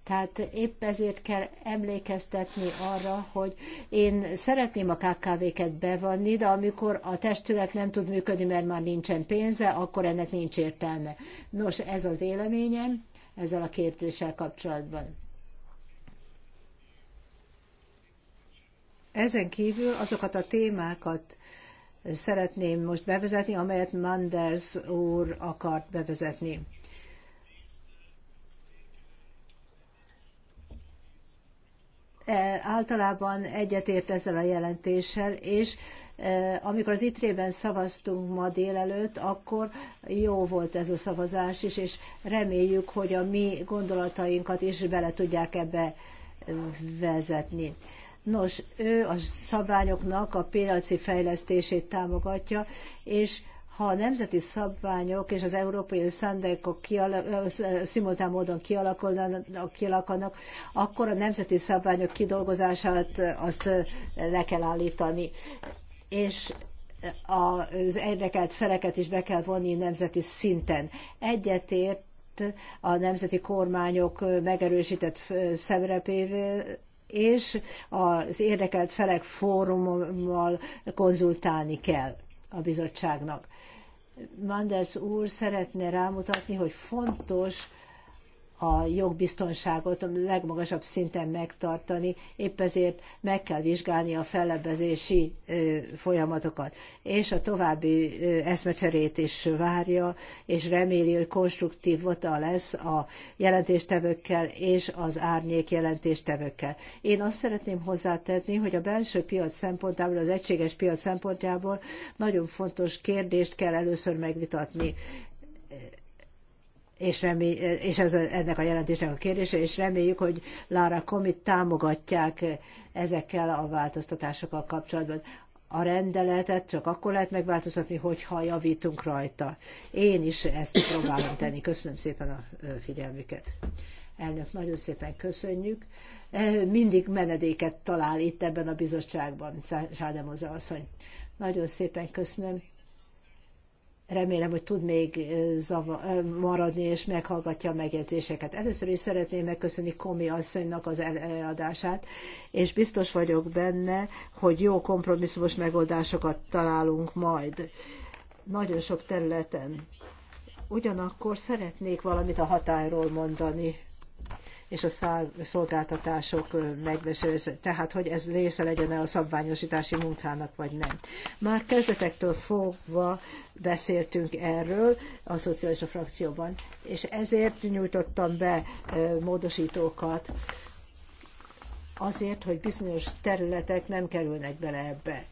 tehát épp ezért kell emlékeztetni arra, hogy én szeretném a KKV-ket bevonni, de amikor a testület nem tud működni, mert már nincsen pénze, akkor ennek nincs értelme. Nos, ez a véleményem ezzel a kérdéssel kapcsolatban. Ezen kívül azokat a témákat szeretném most bevezetni, amelyet Manders úr akart bevezetni E, általában egyetért ezzel a jelentéssel, és e, amikor az ITRE-ben szavaztunk ma délelőtt, akkor jó volt ez a szavazás is, és reméljük, hogy a mi gondolatainkat is bele tudják ebbe e, vezetni. Nos, ő a szabályoknak a piaci fejlesztését támogatja, és ha a nemzeti szabványok és az európai szándékok kialak, szimultán módon kialakulnak, akkor a nemzeti szabványok kidolgozását azt le kell állítani. És az érdekelt feleket is be kell vonni nemzeti szinten. Egyetért a nemzeti kormányok megerősített szerepével és az érdekelt felek fórummal konzultálni kell a bizottságnak. Manders úr szeretne rámutatni, hogy fontos a jogbiztonságot a legmagasabb szinten megtartani, épp ezért meg kell vizsgálni a fellebezési folyamatokat. És a további eszmecserét is várja, és reméli, hogy konstruktív vota lesz a jelentéstevőkkel és az árnyék jelentéstevőkkel. Én azt szeretném hozzátenni, hogy a belső piac szempontjából, az egységes piac szempontjából nagyon fontos kérdést kell először megvitatni és, remé, és ez ennek a jelentésnek a kérdése, és reméljük, hogy Lara Komit támogatják ezekkel a változtatásokkal kapcsolatban. A rendeletet csak akkor lehet megváltoztatni, hogyha javítunk rajta. Én is ezt próbálom tenni. Köszönöm szépen a figyelmüket. Elnök, nagyon szépen köszönjük. Mindig menedéket talál itt ebben a bizottságban, Sádemoza asszony. Nagyon szépen köszönöm remélem, hogy tud még maradni és meghallgatja a megjegyzéseket. Először is szeretném megköszönni Komi asszonynak az előadását, és biztos vagyok benne, hogy jó kompromisszumos megoldásokat találunk majd. Nagyon sok területen. Ugyanakkor szeretnék valamit a hatályról mondani és a szolgáltatások megvásárlása, tehát hogy ez része legyen -e a szabványosítási munkának, vagy nem. Már kezdetektől fogva beszéltünk erről a szocialista frakcióban, és ezért nyújtottam be módosítókat, azért, hogy bizonyos területek nem kerülnek bele ebbe.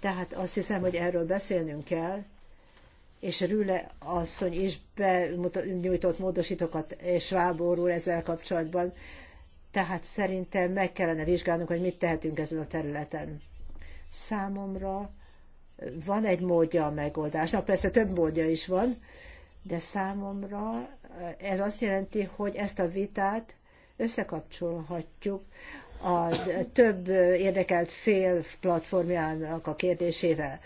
Tehát azt hiszem, hogy erről beszélnünk kell, és Rüle asszony is benyújtott módosítókat Schwab úr ezzel kapcsolatban. Tehát szerintem meg kellene vizsgálnunk, hogy mit tehetünk ezen a területen. Számomra van egy módja a megoldásnak, persze több módja is van, de számomra ez azt jelenti, hogy ezt a vitát összekapcsolhatjuk a több érdekelt fél platformjának a kérdésével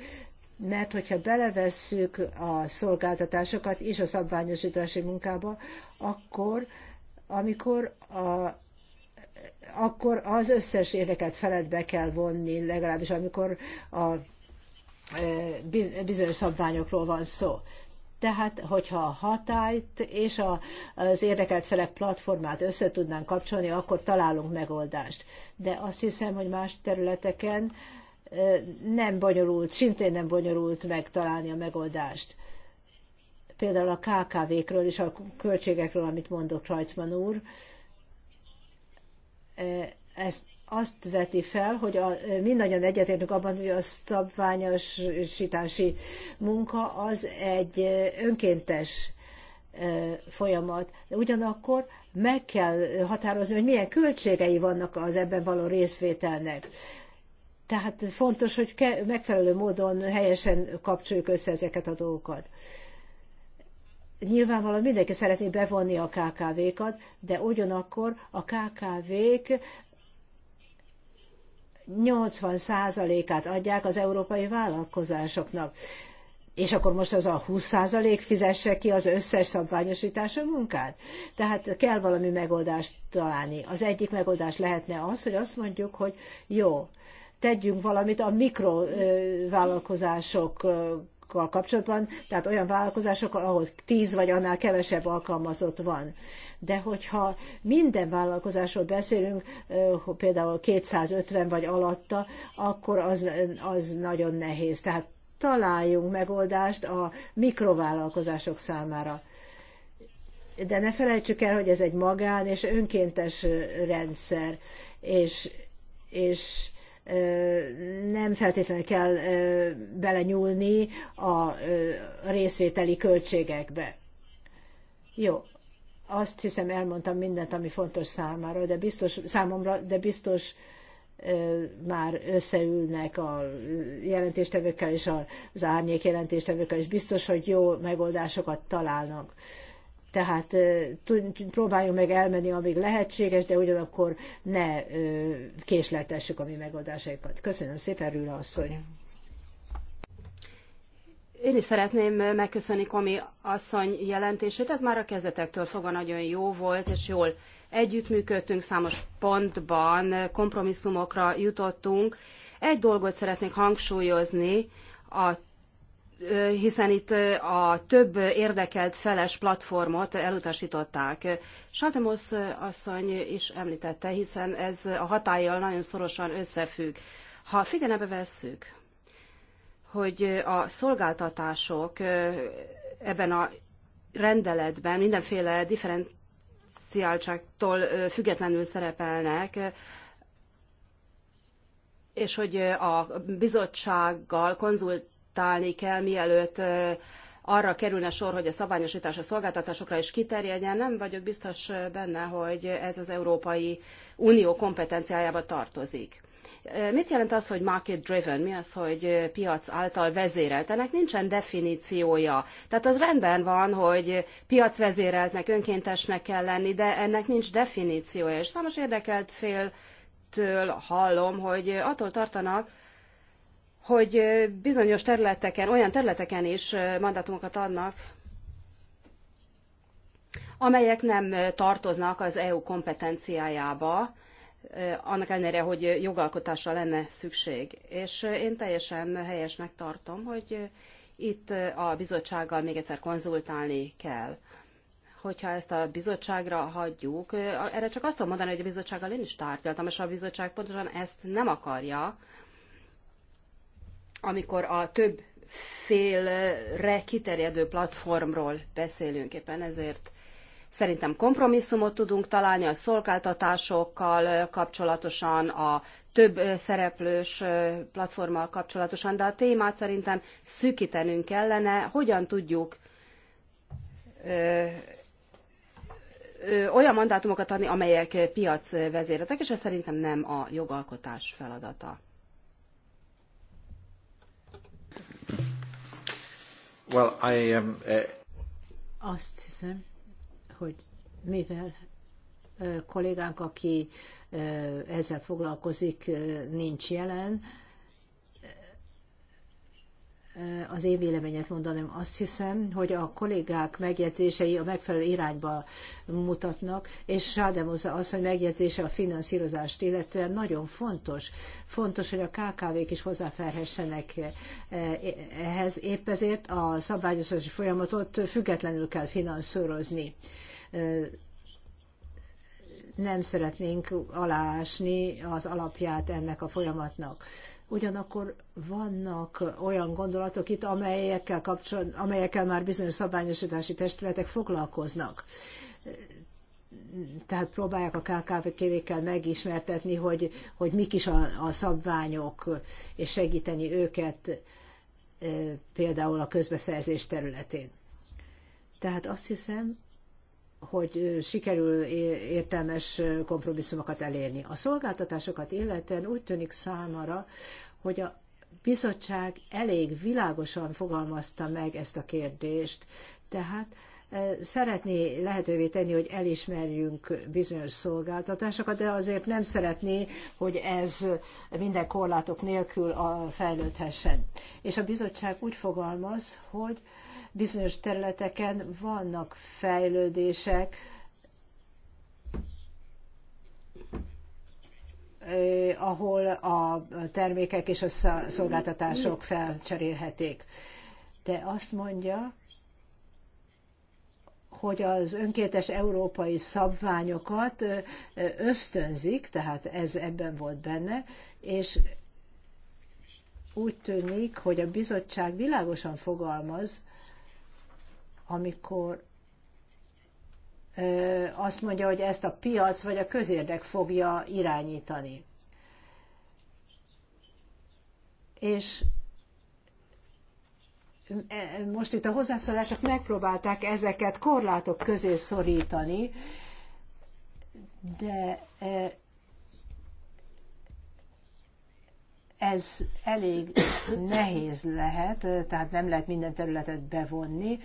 mert hogyha belevesszük a szolgáltatásokat és a szabványosítási munkába, akkor amikor a akkor az összes érdeket feledbe kell vonni, legalábbis amikor a e, bizonyos szabványokról van szó. Tehát, hogyha a hatályt és a, az érdekelt felek platformát össze tudnánk kapcsolni, akkor találunk megoldást. De azt hiszem, hogy más területeken nem bonyolult, szintén nem bonyolult megtalálni a megoldást. Például a KKV-kről és a költségekről, amit mondott Rajcman úr, ezt azt veti fel, hogy a, mindannyian egyetértünk abban, hogy a szabványosítási munka az egy önkéntes folyamat. De ugyanakkor meg kell határozni, hogy milyen költségei vannak az ebben való részvételnek tehát fontos, hogy megfelelő módon helyesen kapcsoljuk össze ezeket a dolgokat. Nyilvánvalóan mindenki szeretné bevonni a KKV-kat, de ugyanakkor a KKV-k 80%-át adják az európai vállalkozásoknak. És akkor most az a 20% fizesse ki az összes szabványosítása munkát? Tehát kell valami megoldást találni. Az egyik megoldás lehetne az, hogy azt mondjuk, hogy jó, tegyünk valamit a mikrovállalkozásokkal kapcsolatban, tehát olyan vállalkozásokkal, ahol tíz vagy annál kevesebb alkalmazott van. De hogyha minden vállalkozásról beszélünk, például 250 vagy alatta, akkor az, az nagyon nehéz. Tehát találjunk megoldást a mikrovállalkozások számára. De ne felejtsük el, hogy ez egy magán és önkéntes rendszer, és, és nem feltétlenül kell belenyúlni a részvételi költségekbe. Jó, azt hiszem elmondtam mindent, ami fontos számára, de biztos, számomra, de biztos már összeülnek a jelentéstevőkkel és az árnyék jelentéstevőkkel, és biztos, hogy jó megoldásokat találnak. Tehát próbáljunk meg elmenni, amíg lehetséges, de ugyanakkor ne késleltessük a mi megoldásaikat. Köszönöm szépen, Rüla asszony! Én is szeretném megköszönni Komi asszony jelentését. Ez már a kezdetektől fogva nagyon jó volt, és jól együttműködtünk, számos pontban kompromisszumokra jutottunk. Egy dolgot szeretnék hangsúlyozni, a hiszen itt a több érdekelt feles platformot elutasították. Saltemosz asszony is említette, hiszen ez a hatállyal nagyon szorosan összefügg. Ha figyelembe vesszük, hogy a szolgáltatások ebben a rendeletben mindenféle differenciáltságtól függetlenül szerepelnek, és hogy a bizottsággal konzult tálni kell, mielőtt arra kerülne sor, hogy a szabályosítás a szolgáltatásokra is kiterjedjen. Nem vagyok biztos benne, hogy ez az Európai Unió kompetenciájába tartozik. Mit jelent az, hogy market driven? Mi az, hogy piac által vezérelt? Ennek nincsen definíciója. Tehát az rendben van, hogy piac vezéreltnek önkéntesnek kell lenni, de ennek nincs definíciója. És számos érdekelt féltől hallom, hogy attól tartanak, hogy bizonyos területeken, olyan területeken is mandátumokat adnak, amelyek nem tartoznak az EU kompetenciájába, annak ellenére, hogy jogalkotásra lenne szükség. És én teljesen helyesnek tartom, hogy itt a bizottsággal még egyszer konzultálni kell. Hogyha ezt a bizottságra hagyjuk, erre csak azt tudom mondani, hogy a bizottsággal én is tárgyaltam, és a bizottság pontosan ezt nem akarja, amikor a több félre kiterjedő platformról beszélünk éppen ezért szerintem kompromisszumot tudunk találni a szolgáltatásokkal kapcsolatosan, a több szereplős platformmal kapcsolatosan, de a témát szerintem szűkítenünk kellene, hogyan tudjuk ö, ö, olyan mandátumokat adni, amelyek piacvezéretek, és ez szerintem nem a jogalkotás feladata. Well, I Um, uh... Azt hiszem, hogy mivel kollégánk, aki ezzel foglalkozik, nincs jelen, az én véleményet mondanám. Azt hiszem, hogy a kollégák megjegyzései a megfelelő irányba mutatnak, és Sádemoza az, hogy megjegyzése a finanszírozást illetően nagyon fontos. Fontos, hogy a KKV-k is hozzáférhessenek ehhez. Épp ezért a szabályozási folyamatot függetlenül kell finanszírozni nem szeretnénk aláásni az alapját ennek a folyamatnak. Ugyanakkor vannak olyan gondolatok itt, amelyekkel, kapcsol, amelyekkel már bizonyos szabályosítási testületek foglalkoznak tehát próbálják a KKV-kévékkel megismertetni, hogy, hogy mik is a, a szabványok, és segíteni őket e, például a közbeszerzés területén. Tehát azt hiszem, hogy sikerül értelmes kompromisszumokat elérni. A szolgáltatásokat illetően úgy tűnik számára, hogy a bizottság elég világosan fogalmazta meg ezt a kérdést, tehát szeretné lehetővé tenni, hogy elismerjünk bizonyos szolgáltatásokat, de azért nem szeretné, hogy ez minden korlátok nélkül fejlődhessen. És a bizottság úgy fogalmaz, hogy bizonyos területeken vannak fejlődések, ahol a termékek és a szolgáltatások felcserélhetik. De azt mondja, hogy az önkéntes európai szabványokat ösztönzik, tehát ez ebben volt benne, és úgy tűnik, hogy a bizottság világosan fogalmaz amikor azt mondja, hogy ezt a piac vagy a közérdek fogja irányítani. És most itt a hozzászólások megpróbálták ezeket korlátok közé szorítani, de ez elég nehéz lehet, tehát nem lehet minden területet bevonni,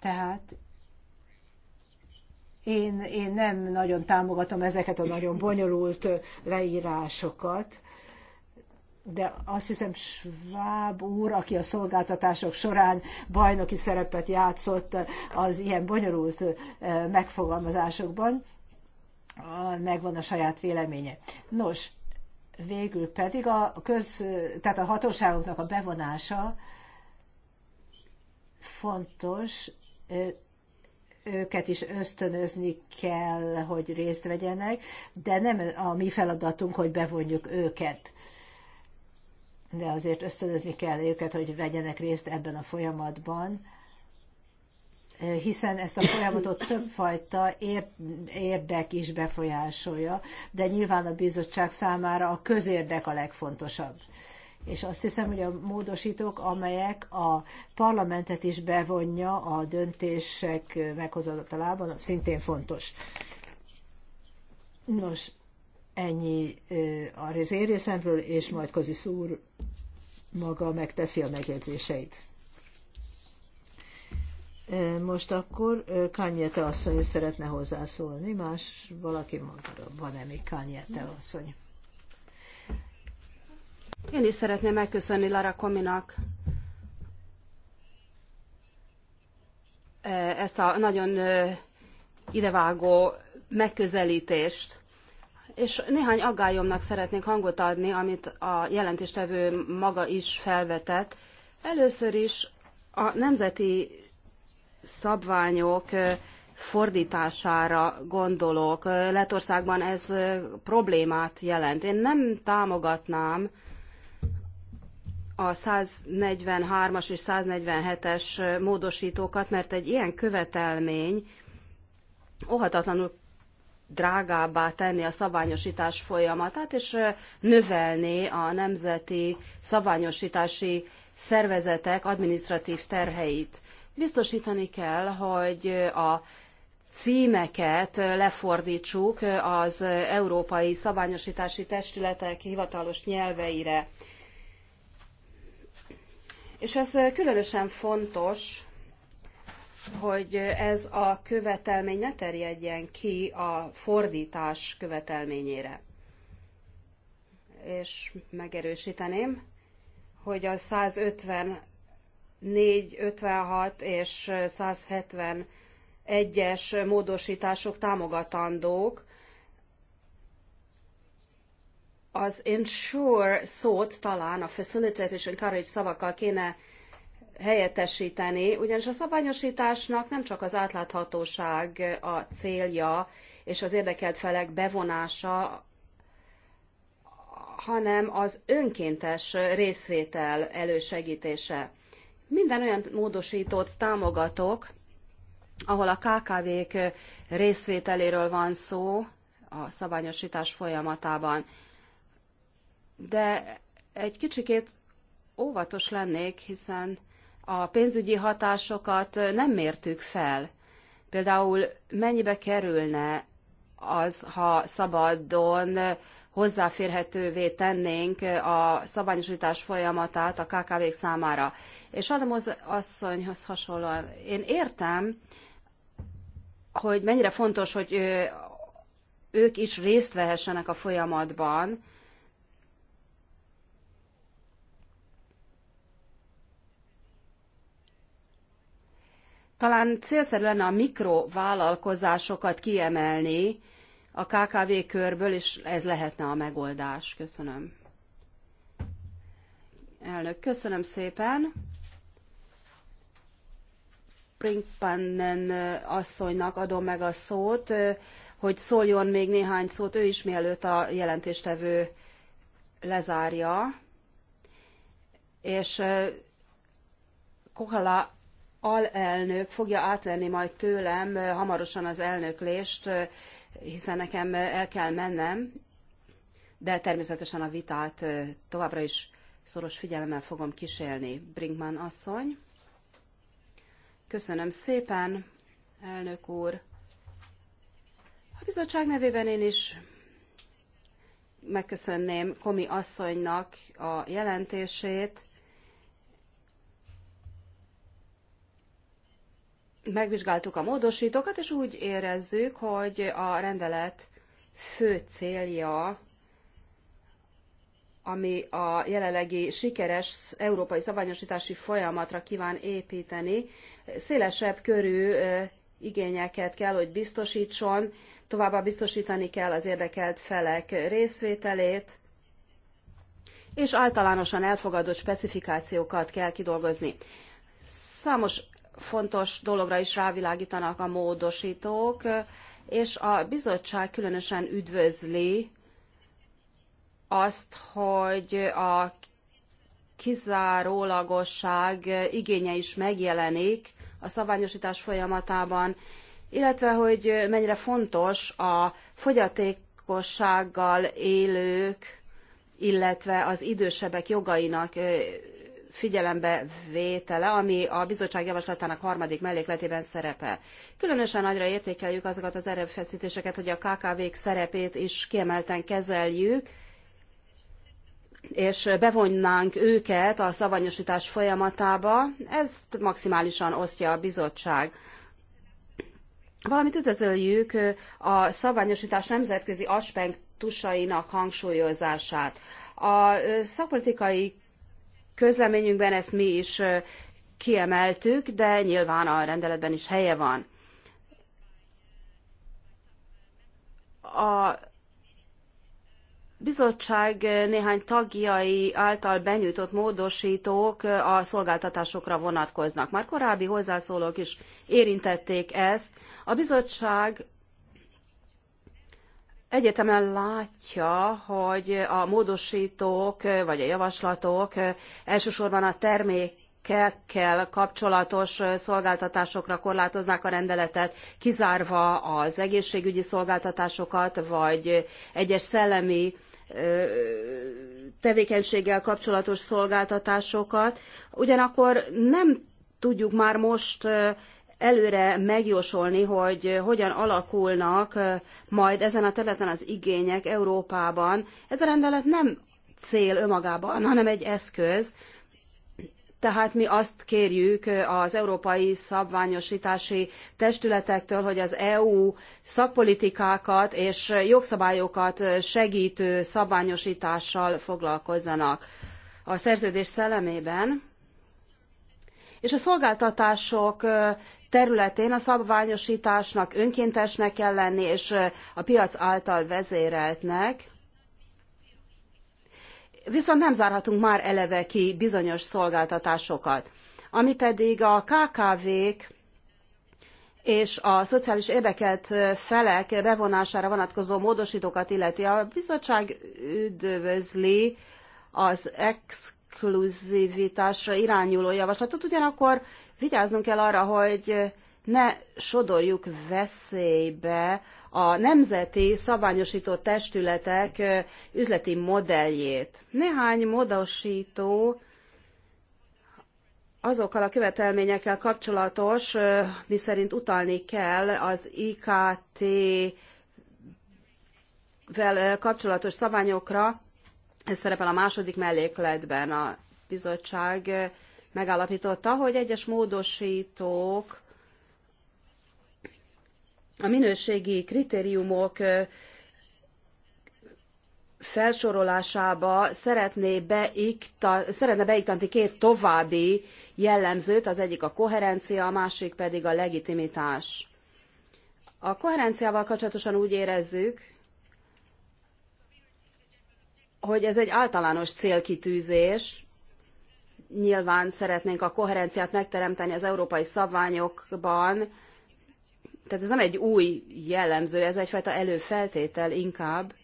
tehát én, én nem nagyon támogatom ezeket a nagyon bonyolult leírásokat, de azt hiszem Schwab úr, aki a szolgáltatások során bajnoki szerepet játszott az ilyen bonyolult megfogalmazásokban, megvan a saját véleménye. Nos, végül pedig a köz, tehát a hatóságoknak a bevonása fontos, őket is ösztönözni kell, hogy részt vegyenek, de nem a mi feladatunk, hogy bevonjuk őket. De azért ösztönözni kell őket, hogy vegyenek részt ebben a folyamatban, hiszen ezt a folyamatot többfajta érdek is befolyásolja, de nyilván a bizottság számára a közérdek a legfontosabb és azt hiszem, hogy a módosítók, amelyek a parlamentet is bevonja a döntések meghozatalában, szintén fontos. Nos, ennyi a részéről, és majd Kozi úr maga megteszi a megjegyzéseit. Most akkor Kányete asszony szeretne hozzászólni, más valaki mondta, van-e még Kányete asszony? Én is szeretném megköszönni Lara Kominak eh, ezt a nagyon eh, idevágó megközelítést. És néhány aggályomnak szeretnék hangot adni, amit a jelentéstevő maga is felvetett. Először is a nemzeti szabványok eh, fordítására gondolok. Letországban ez problémát jelent. Én nem támogatnám a 143-as és 147-es módosítókat, mert egy ilyen követelmény óhatatlanul drágábbá tenni a szabványosítás folyamatát, és növelni a nemzeti szabványosítási szervezetek administratív terheit. Biztosítani kell, hogy a címeket lefordítsuk az európai szabványosítási testületek hivatalos nyelveire. És ez különösen fontos, hogy ez a követelmény ne terjedjen ki a fordítás követelményére. És megerősíteném, hogy a 154, 56 és 171-es módosítások támogatandók, az ensure szót talán a facilitate és encourage szavakkal kéne helyettesíteni, ugyanis a szabványosításnak nem csak az átláthatóság a célja és az érdekelt felek bevonása, hanem az önkéntes részvétel elősegítése. Minden olyan módosítót támogatok, ahol a KKV-k részvételéről van szó a szabványosítás folyamatában de egy kicsikét óvatos lennék, hiszen a pénzügyi hatásokat nem mértük fel. Például mennyibe kerülne az, ha szabadon hozzáférhetővé tennénk a szabályosítás folyamatát a kkv számára. És Adamoz asszonyhoz hasonlóan én értem, hogy mennyire fontos, hogy ők is részt vehessenek a folyamatban, Talán célszerű lenne a mikrovállalkozásokat kiemelni a KKV körből, és ez lehetne a megoldás. Köszönöm. Elnök, köszönöm szépen. Brinkpannen asszonynak adom meg a szót, hogy szóljon még néhány szót, ő is mielőtt a jelentéstevő lezárja. És Kohala alelnök fogja átvenni majd tőlem hamarosan az elnöklést, hiszen nekem el kell mennem, de természetesen a vitát továbbra is szoros figyelemmel fogom kísélni. Brinkman asszony. Köszönöm szépen, elnök úr. A bizottság nevében én is megköszönném Komi asszonynak a jelentését. megvizsgáltuk a módosítókat, és úgy érezzük, hogy a rendelet fő célja, ami a jelenlegi sikeres európai szabványosítási folyamatra kíván építeni, szélesebb körű igényeket kell, hogy biztosítson, továbbá biztosítani kell az érdekelt felek részvételét, és általánosan elfogadott specifikációkat kell kidolgozni. Számos fontos dologra is rávilágítanak a módosítók, és a bizottság különösen üdvözli azt, hogy a kizárólagosság igénye is megjelenik a szabványosítás folyamatában, illetve hogy mennyire fontos a fogyatékossággal élők, illetve az idősebbek jogainak figyelembe vétele, ami a bizottság javaslatának harmadik mellékletében szerepel. Különösen nagyra értékeljük azokat az erőfeszítéseket, hogy a KKV-k szerepét is kiemelten kezeljük, és bevonnánk őket a szavanyosítás folyamatába. Ezt maximálisan osztja a bizottság. Valamint üdvözöljük a szabványosítás nemzetközi aspektusainak hangsúlyozását. A szakpolitikai közleményünkben ezt mi is kiemeltük, de nyilván a rendeletben is helye van. A bizottság néhány tagjai által benyújtott módosítók a szolgáltatásokra vonatkoznak. Már korábbi hozzászólók is érintették ezt. A bizottság egyetemen látja, hogy a módosítók vagy a javaslatok elsősorban a termékekkel kapcsolatos szolgáltatásokra korlátoznák a rendeletet, kizárva az egészségügyi szolgáltatásokat, vagy egyes szellemi tevékenységgel kapcsolatos szolgáltatásokat. Ugyanakkor nem tudjuk már most előre megjósolni, hogy hogyan alakulnak majd ezen a területen az igények Európában. Ez a rendelet nem cél önmagában, hanem egy eszköz. Tehát mi azt kérjük az európai szabványosítási testületektől, hogy az EU szakpolitikákat és jogszabályokat segítő szabványosítással foglalkozzanak a szerződés szellemében és a szolgáltatások területén a szabványosításnak önkéntesnek kell lenni, és a piac által vezéreltnek. Viszont nem zárhatunk már eleve ki bizonyos szolgáltatásokat. Ami pedig a KKV-k és a szociális érdekelt felek bevonására vonatkozó módosítókat illeti. A bizottság üdvözli az exkluzivitásra irányuló javaslatot, ugyanakkor Vigyáznunk kell arra, hogy ne sodorjuk veszélybe a nemzeti szabványosított testületek üzleti modelljét. Néhány modosító azokkal a követelményekkel kapcsolatos, miszerint utalni kell az IKT vel kapcsolatos szabályokra, ez szerepel a második mellékletben a bizottság megállapította, hogy egyes módosítók a minőségi kritériumok felsorolásába szeretné beikta, szeretne beiktatni két további jellemzőt, az egyik a koherencia, a másik pedig a legitimitás. A koherenciával kapcsolatosan úgy érezzük, hogy ez egy általános célkitűzés, nyilván szeretnénk a koherenciát megteremteni az európai szabványokban, tehát ez nem egy új jellemző, ez egyfajta előfeltétel inkább.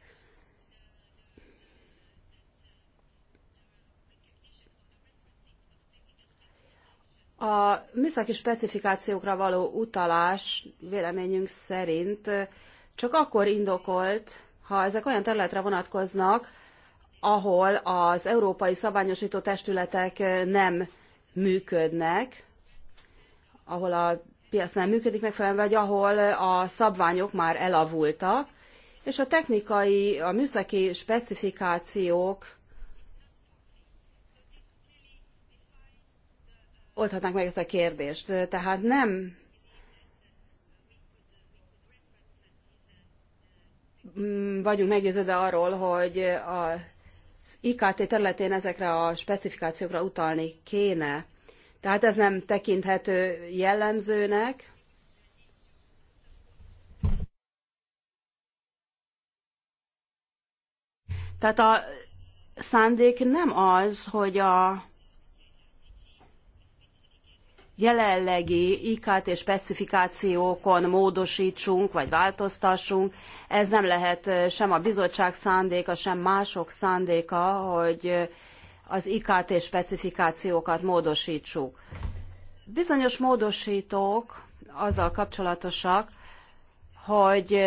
A műszaki specifikációkra való utalás véleményünk szerint csak akkor indokolt, ha ezek olyan területre vonatkoznak, ahol az európai szabványosító testületek nem működnek, ahol a piac nem működik megfelelően, vagy ahol a szabványok már elavultak, és a technikai, a műszaki specifikációk oldhatnák meg ezt a kérdést. Tehát nem vagyunk meggyőződve arról, hogy a IKT területén ezekre a specifikációkra utalni kéne. Tehát ez nem tekinthető jellemzőnek. Tehát a szándék nem az, hogy a jelenlegi IKT specifikációkon módosítsunk vagy változtassunk. Ez nem lehet sem a bizottság szándéka, sem mások szándéka, hogy az IKT specifikációkat módosítsuk. Bizonyos módosítók azzal kapcsolatosak, hogy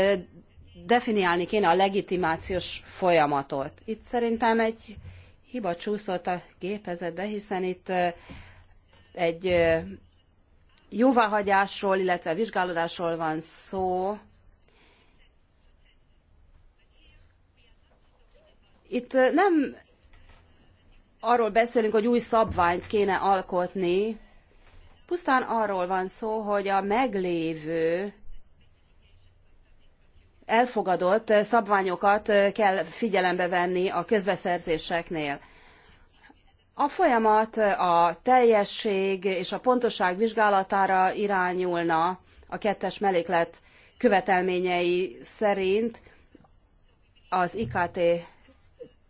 definiálni kéne a legitimációs folyamatot. Itt szerintem egy hiba csúszott a gépezetbe, hiszen itt egy jóváhagyásról, illetve vizsgálódásról van szó. Itt nem arról beszélünk, hogy új szabványt kéne alkotni, pusztán arról van szó, hogy a meglévő elfogadott szabványokat kell figyelembe venni a közbeszerzéseknél. A folyamat a teljesség és a pontosság vizsgálatára irányulna a kettes melléklet követelményei szerint az IKT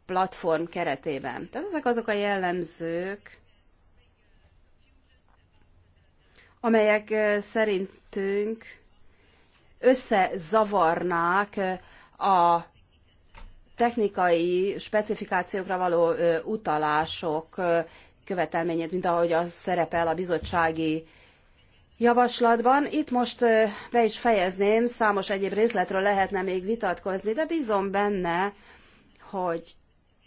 platform keretében. Tehát ezek azok a jellemzők, amelyek szerintünk összezavarnák a technikai specifikációkra való utalások követelményét, mint ahogy az szerepel a bizottsági javaslatban. Itt most be is fejezném, számos egyéb részletről lehetne még vitatkozni, de bízom benne, hogy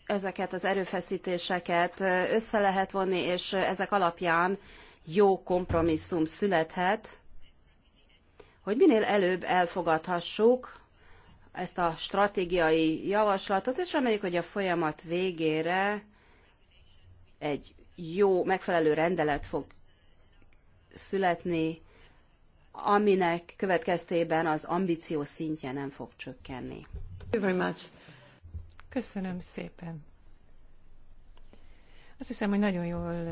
ezeket az erőfeszítéseket össze lehet vonni, és ezek alapján jó kompromisszum születhet, hogy minél előbb elfogadhassuk ezt a stratégiai javaslatot, és reméljük, hogy a folyamat végére egy jó, megfelelő rendelet fog születni, aminek következtében az ambíció szintje nem fog csökkenni. Köszönöm szépen. Azt hiszem, hogy nagyon jól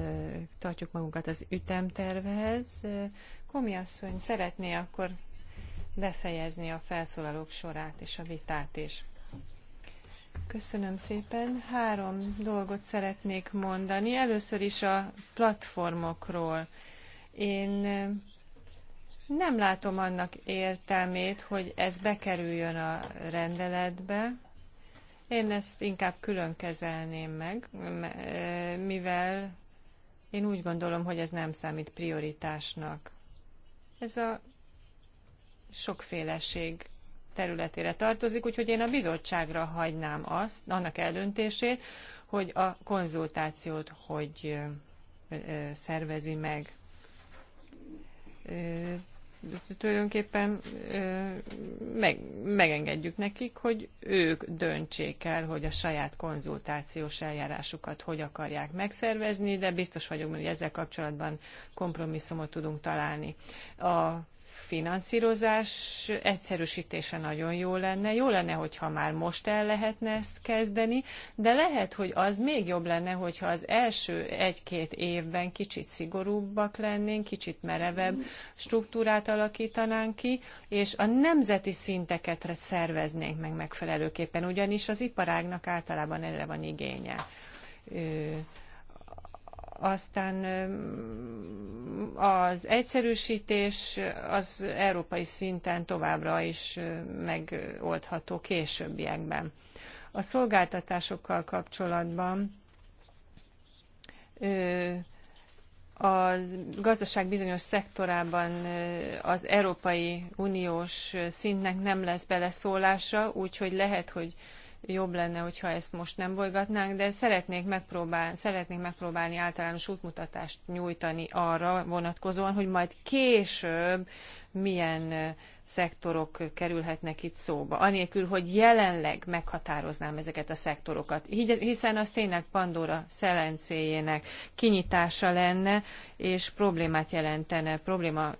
tartjuk magunkat az ütemtervehez. Komi asszony szeretné akkor befejezni a felszólalók sorát és a vitát is. Köszönöm szépen. Három dolgot szeretnék mondani. Először is a platformokról. Én eh, nem látom annak értelmét, hogy ez bekerüljön a rendeletbe. Én ezt inkább külön kezelném meg, eh, mivel én úgy gondolom, hogy ez nem számít prioritásnak. Ez a sokféleség területére tartozik, úgyhogy én a bizottságra hagynám azt, annak eldöntését, hogy a konzultációt hogy szervezi meg. Tulajdonképpen meg, megengedjük nekik, hogy ők döntsék el, hogy a saját konzultációs eljárásukat hogy akarják megszervezni, de biztos vagyok, hogy ezzel kapcsolatban kompromisszumot tudunk találni. A finanszírozás egyszerűsítése nagyon jó lenne. Jó lenne, hogyha már most el lehetne ezt kezdeni, de lehet, hogy az még jobb lenne, hogyha az első egy-két évben kicsit szigorúbbak lennénk, kicsit merevebb struktúrát alakítanánk ki, és a nemzeti szinteket szerveznénk meg megfelelőképpen, ugyanis az iparágnak általában erre van igénye aztán az egyszerűsítés az európai szinten továbbra is megoldható későbbiekben. A szolgáltatásokkal kapcsolatban a gazdaság bizonyos szektorában az Európai Uniós szintnek nem lesz beleszólása, úgyhogy lehet, hogy jobb lenne, hogyha ezt most nem bolygatnánk, de szeretnék, megpróbálni, szeretnék megpróbálni általános útmutatást nyújtani arra vonatkozóan, hogy majd később milyen szektorok kerülhetnek itt szóba, anélkül, hogy jelenleg meghatároznám ezeket a szektorokat, hiszen az tényleg Pandora szelencéjének kinyitása lenne, és problémát jelentene, probléma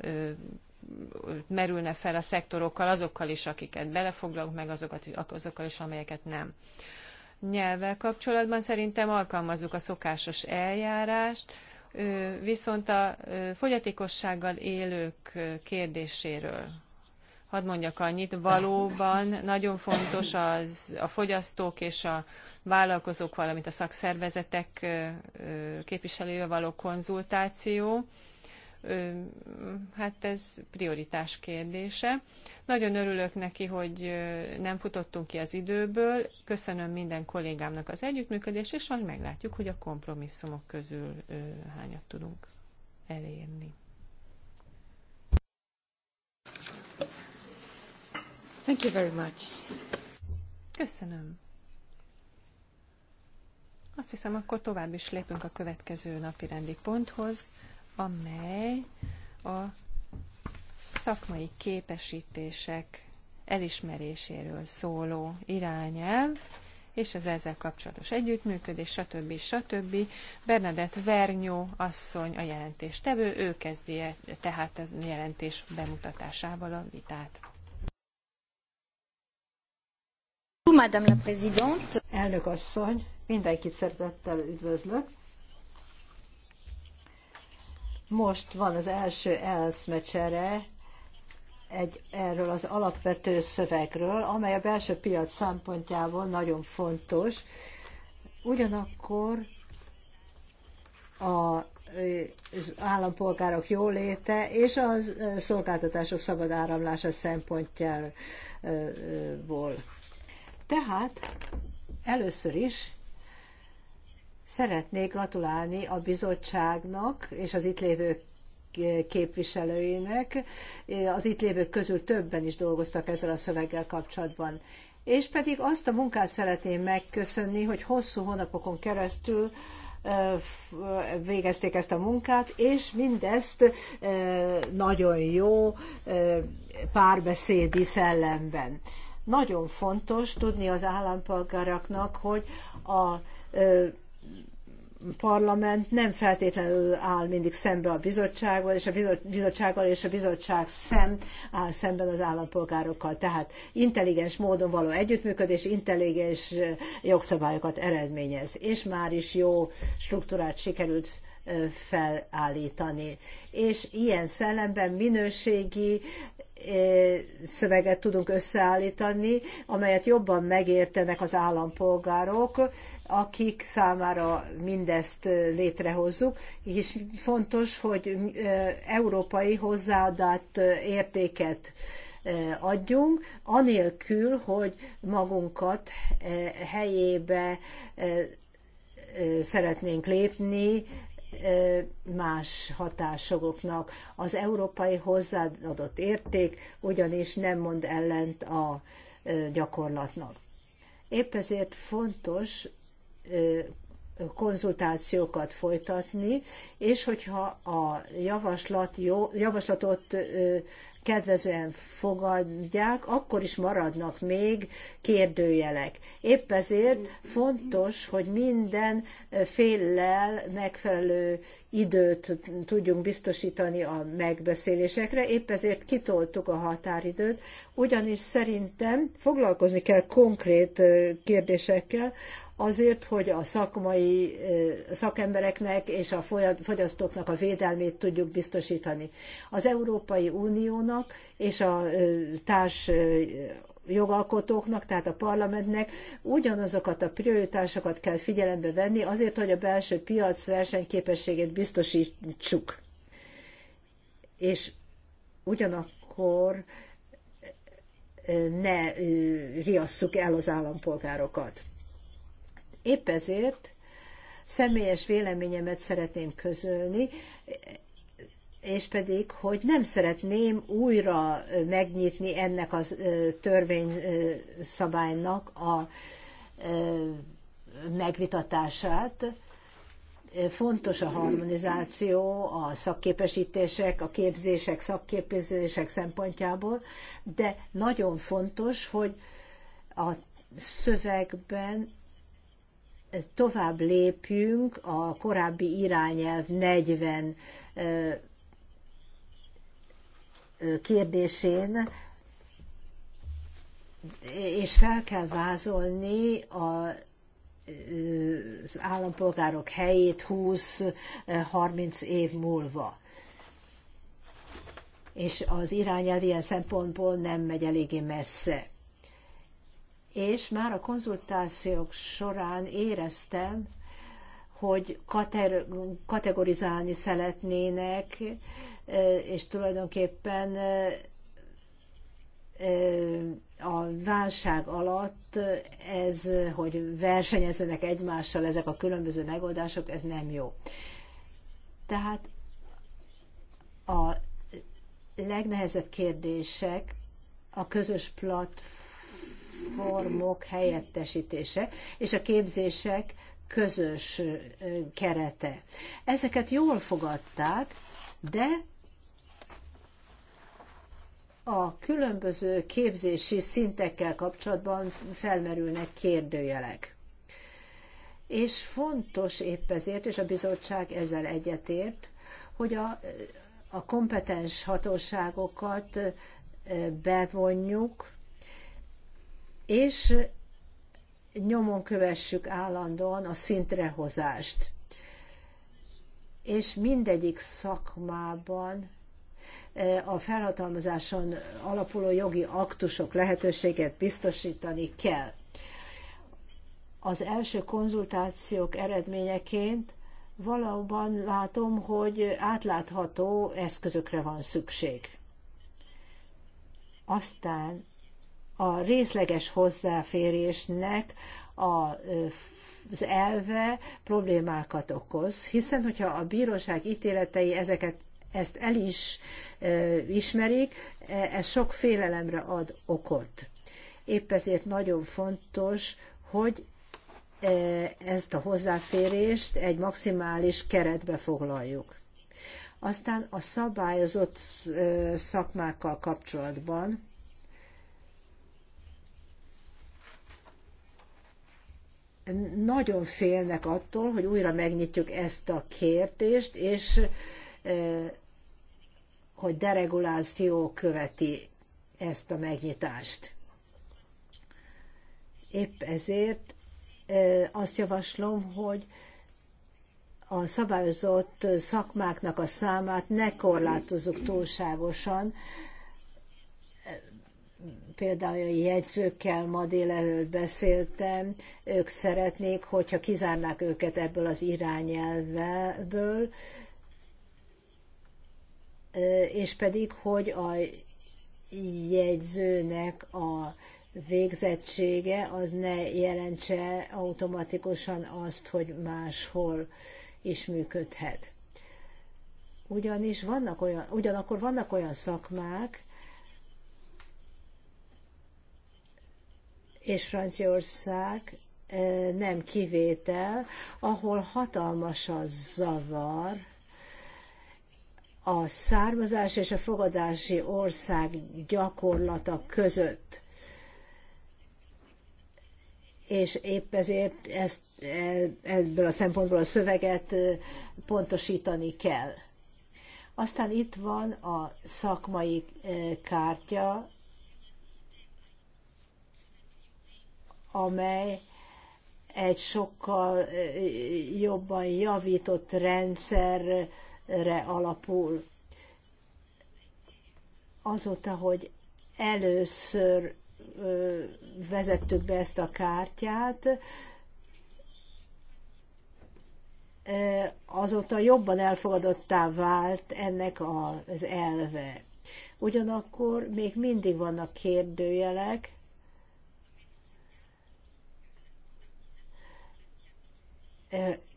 merülne fel a szektorokkal, azokkal is, akiket belefoglalunk, meg azokat, azokkal is, amelyeket nem. Nyelvvel kapcsolatban szerintem alkalmazzuk a szokásos eljárást, viszont a fogyatékossággal élők kérdéséről hadd mondjak annyit, valóban nagyon fontos az a fogyasztók és a vállalkozók, valamint a szakszervezetek képviselőjével való konzultáció hát ez prioritás kérdése. Nagyon örülök neki, hogy nem futottunk ki az időből. Köszönöm minden kollégámnak az együttműködést, és majd meglátjuk, hogy a kompromisszumok közül hányat tudunk elérni. Thank you very much. Köszönöm. Azt hiszem, akkor tovább is lépünk a következő napi rendi ponthoz amely a szakmai képesítések elismeréséről szóló irányelv, és az ezzel kapcsolatos együttműködés, stb. stb. Bernadett Vernyó asszony a jelentéstevő, ő kezdi -e, tehát a jelentés bemutatásával a vitát. Madame la Présidente. Elnök asszony, mindenkit szeretettel üdvözlök. Most van az első elszmecsere egy, erről az alapvető szövegről, amely a belső piac szempontjából nagyon fontos. Ugyanakkor a az állampolgárok jóléte és a szolgáltatások szabad áramlása szempontjából. Tehát először is Szeretnék gratulálni a bizottságnak és az itt lévő képviselőinek. Az itt lévők közül többen is dolgoztak ezzel a szöveggel kapcsolatban. És pedig azt a munkát szeretném megköszönni, hogy hosszú hónapokon keresztül végezték ezt a munkát, és mindezt nagyon jó párbeszédi szellemben. Nagyon fontos tudni az állampolgáraknak, hogy a parlament nem feltétlenül áll mindig szembe a bizottsággal, és a bizottsággal és a bizottság szem áll szemben az állampolgárokkal. Tehát intelligens módon való együttműködés, intelligens jogszabályokat eredményez, és már is jó struktúrát sikerült felállítani. És ilyen szellemben minőségi szöveget tudunk összeállítani, amelyet jobban megértenek az állampolgárok, akik számára mindezt létrehozzuk, és fontos, hogy európai hozzáadott értéket adjunk, anélkül, hogy magunkat helyébe szeretnénk lépni más hatásoknak. Az európai hozzáadott érték ugyanis nem mond ellent a gyakorlatnak. Épp ezért fontos konzultációkat folytatni, és hogyha a javaslat jó, javaslatot kedvezően fogadják, akkor is maradnak még kérdőjelek. Épp ezért fontos, hogy minden féllel megfelelő időt tudjunk biztosítani a megbeszélésekre, épp ezért kitoltuk a határidőt, ugyanis szerintem foglalkozni kell konkrét kérdésekkel, azért, hogy a szakmai szakembereknek és a fogyasztóknak a védelmét tudjuk biztosítani. Az Európai Uniónak és a társ jogalkotóknak, tehát a parlamentnek ugyanazokat a prioritásokat kell figyelembe venni azért, hogy a belső piac versenyképességét biztosítsuk. És ugyanakkor ne riasszuk el az állampolgárokat. Épp ezért személyes véleményemet szeretném közölni, és pedig, hogy nem szeretném újra megnyitni ennek a törvényszabálynak a megvitatását. Fontos a harmonizáció, a szakképesítések, a képzések, szakképzések szempontjából, de nagyon fontos, hogy a szövegben tovább lépjünk a korábbi irányelv 40 kérdésén, és fel kell vázolni a az állampolgárok helyét 20-30 év múlva. És az irányelv ilyen szempontból nem megy eléggé messze és már a konzultációk során éreztem, hogy kategorizálni szeretnének, és tulajdonképpen a válság alatt ez, hogy versenyezzenek egymással ezek a különböző megoldások, ez nem jó. Tehát a legnehezebb kérdések a közös platform, formok helyettesítése és a képzések közös kerete. Ezeket jól fogadták, de a különböző képzési szintekkel kapcsolatban felmerülnek kérdőjelek. És fontos épp ezért, és a bizottság ezzel egyetért, hogy a, a kompetens hatóságokat bevonjuk és nyomon kövessük állandóan a szintrehozást. És mindegyik szakmában e, a felhatalmazáson alapuló jogi aktusok lehetőséget biztosítani kell. Az első konzultációk eredményeként valóban látom, hogy átlátható eszközökre van szükség. Aztán a részleges hozzáférésnek a az elve problémákat okoz, hiszen hogyha a bíróság ítéletei ezeket ezt el is e, ismerik, ez sok félelemre ad okot. Épp ezért nagyon fontos, hogy e, ezt a hozzáférést egy maximális keretbe foglaljuk. Aztán a szabályozott szakmákkal kapcsolatban nagyon félnek attól, hogy újra megnyitjuk ezt a kérdést, és e, hogy dereguláció követi ezt a megnyitást. Épp ezért e, azt javaslom, hogy a szabályozott szakmáknak a számát ne korlátozzuk túlságosan, például a jegyzőkkel ma délelőtt beszéltem, ők szeretnék, hogyha kizárnák őket ebből az irányelvből, és pedig, hogy a jegyzőnek a végzettsége az ne jelentse automatikusan azt, hogy máshol is működhet. Ugyanis vannak olyan, ugyanakkor vannak olyan szakmák, és Franciaország nem kivétel, ahol hatalmas a zavar a származás és a fogadási ország gyakorlata között és épp ezért ezt, e, ebből a szempontból a szöveget pontosítani kell. Aztán itt van a szakmai kártya, amely egy sokkal jobban javított rendszerre alapul. Azóta, hogy először vezettük be ezt a kártyát, azóta jobban elfogadottá vált ennek az elve. Ugyanakkor még mindig vannak kérdőjelek,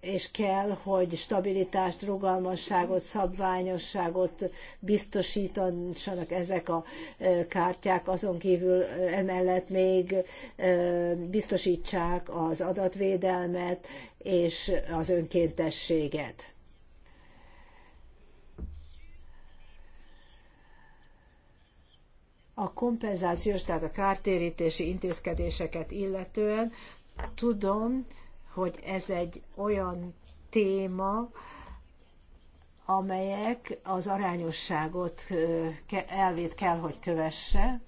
és kell, hogy stabilitást, rugalmasságot, szabványosságot biztosítsanak ezek a kártyák, azon kívül emellett még biztosítsák az adatvédelmet és az önkéntességet. A kompenzációs, tehát a kártérítési intézkedéseket illetően tudom, hogy ez egy olyan téma, amelyek az arányosságot elvét kell, hogy kövesse,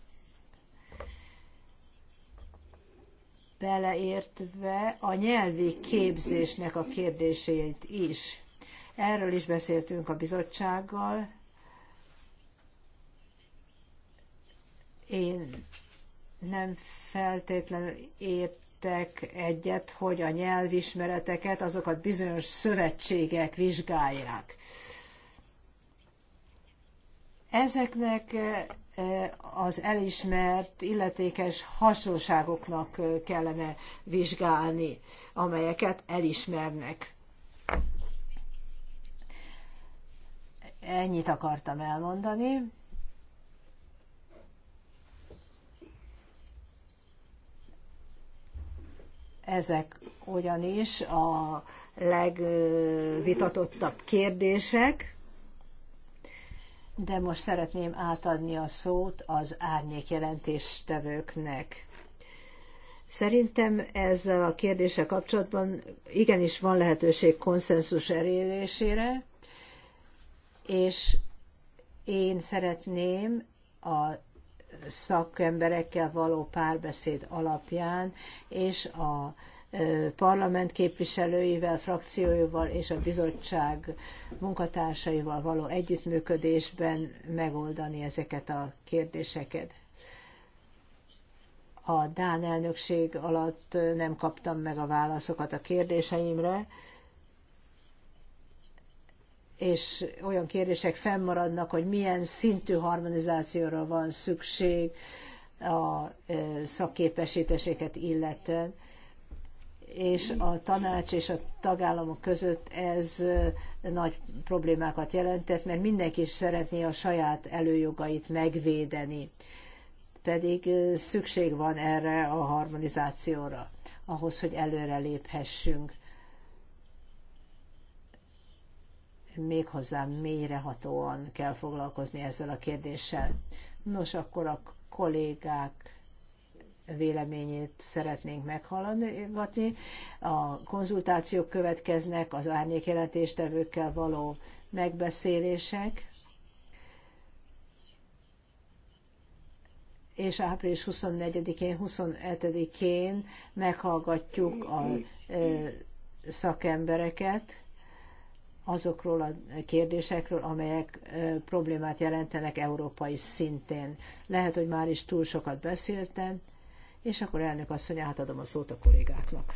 beleértve a nyelvi képzésnek a kérdéseit is. Erről is beszéltünk a bizottsággal. Én nem feltétlenül ért értek egyet, hogy a nyelvismereteket azokat bizonyos szövetségek vizsgálják. Ezeknek e, az elismert illetékes hasonlóságoknak e, kellene vizsgálni, amelyeket elismernek. Ennyit akartam elmondani. Ezek ugyanis a legvitatottabb kérdések, de most szeretném átadni a szót az árnyék jelentéstevőknek. Szerintem ezzel a kérdése kapcsolatban igenis van lehetőség konszenzus elérésére, és én szeretném a szakemberekkel való párbeszéd alapján, és a parlament képviselőivel, frakcióival és a bizottság munkatársaival való együttműködésben megoldani ezeket a kérdéseket. A Dán elnökség alatt nem kaptam meg a válaszokat a kérdéseimre, és olyan kérdések fennmaradnak, hogy milyen szintű harmonizációra van szükség a szakképesítéseket illetően, és a tanács és a tagállamok között ez nagy problémákat jelentett, mert mindenki is szeretné a saját előjogait megvédeni pedig szükség van erre a harmonizációra, ahhoz, hogy előre léphessünk méghozzá mélyrehatóan kell foglalkozni ezzel a kérdéssel. Nos, akkor a kollégák véleményét szeretnénk meghallani. A konzultációk következnek, az árnyékjelentéstevőkkel való megbeszélések, és április 24-én, 25-én meghallgatjuk a szakembereket, azokról a kérdésekről, amelyek problémát jelentenek európai szintén. Lehet, hogy már is túl sokat beszéltem, és akkor elnök asszony, átadom a szót a kollégáknak.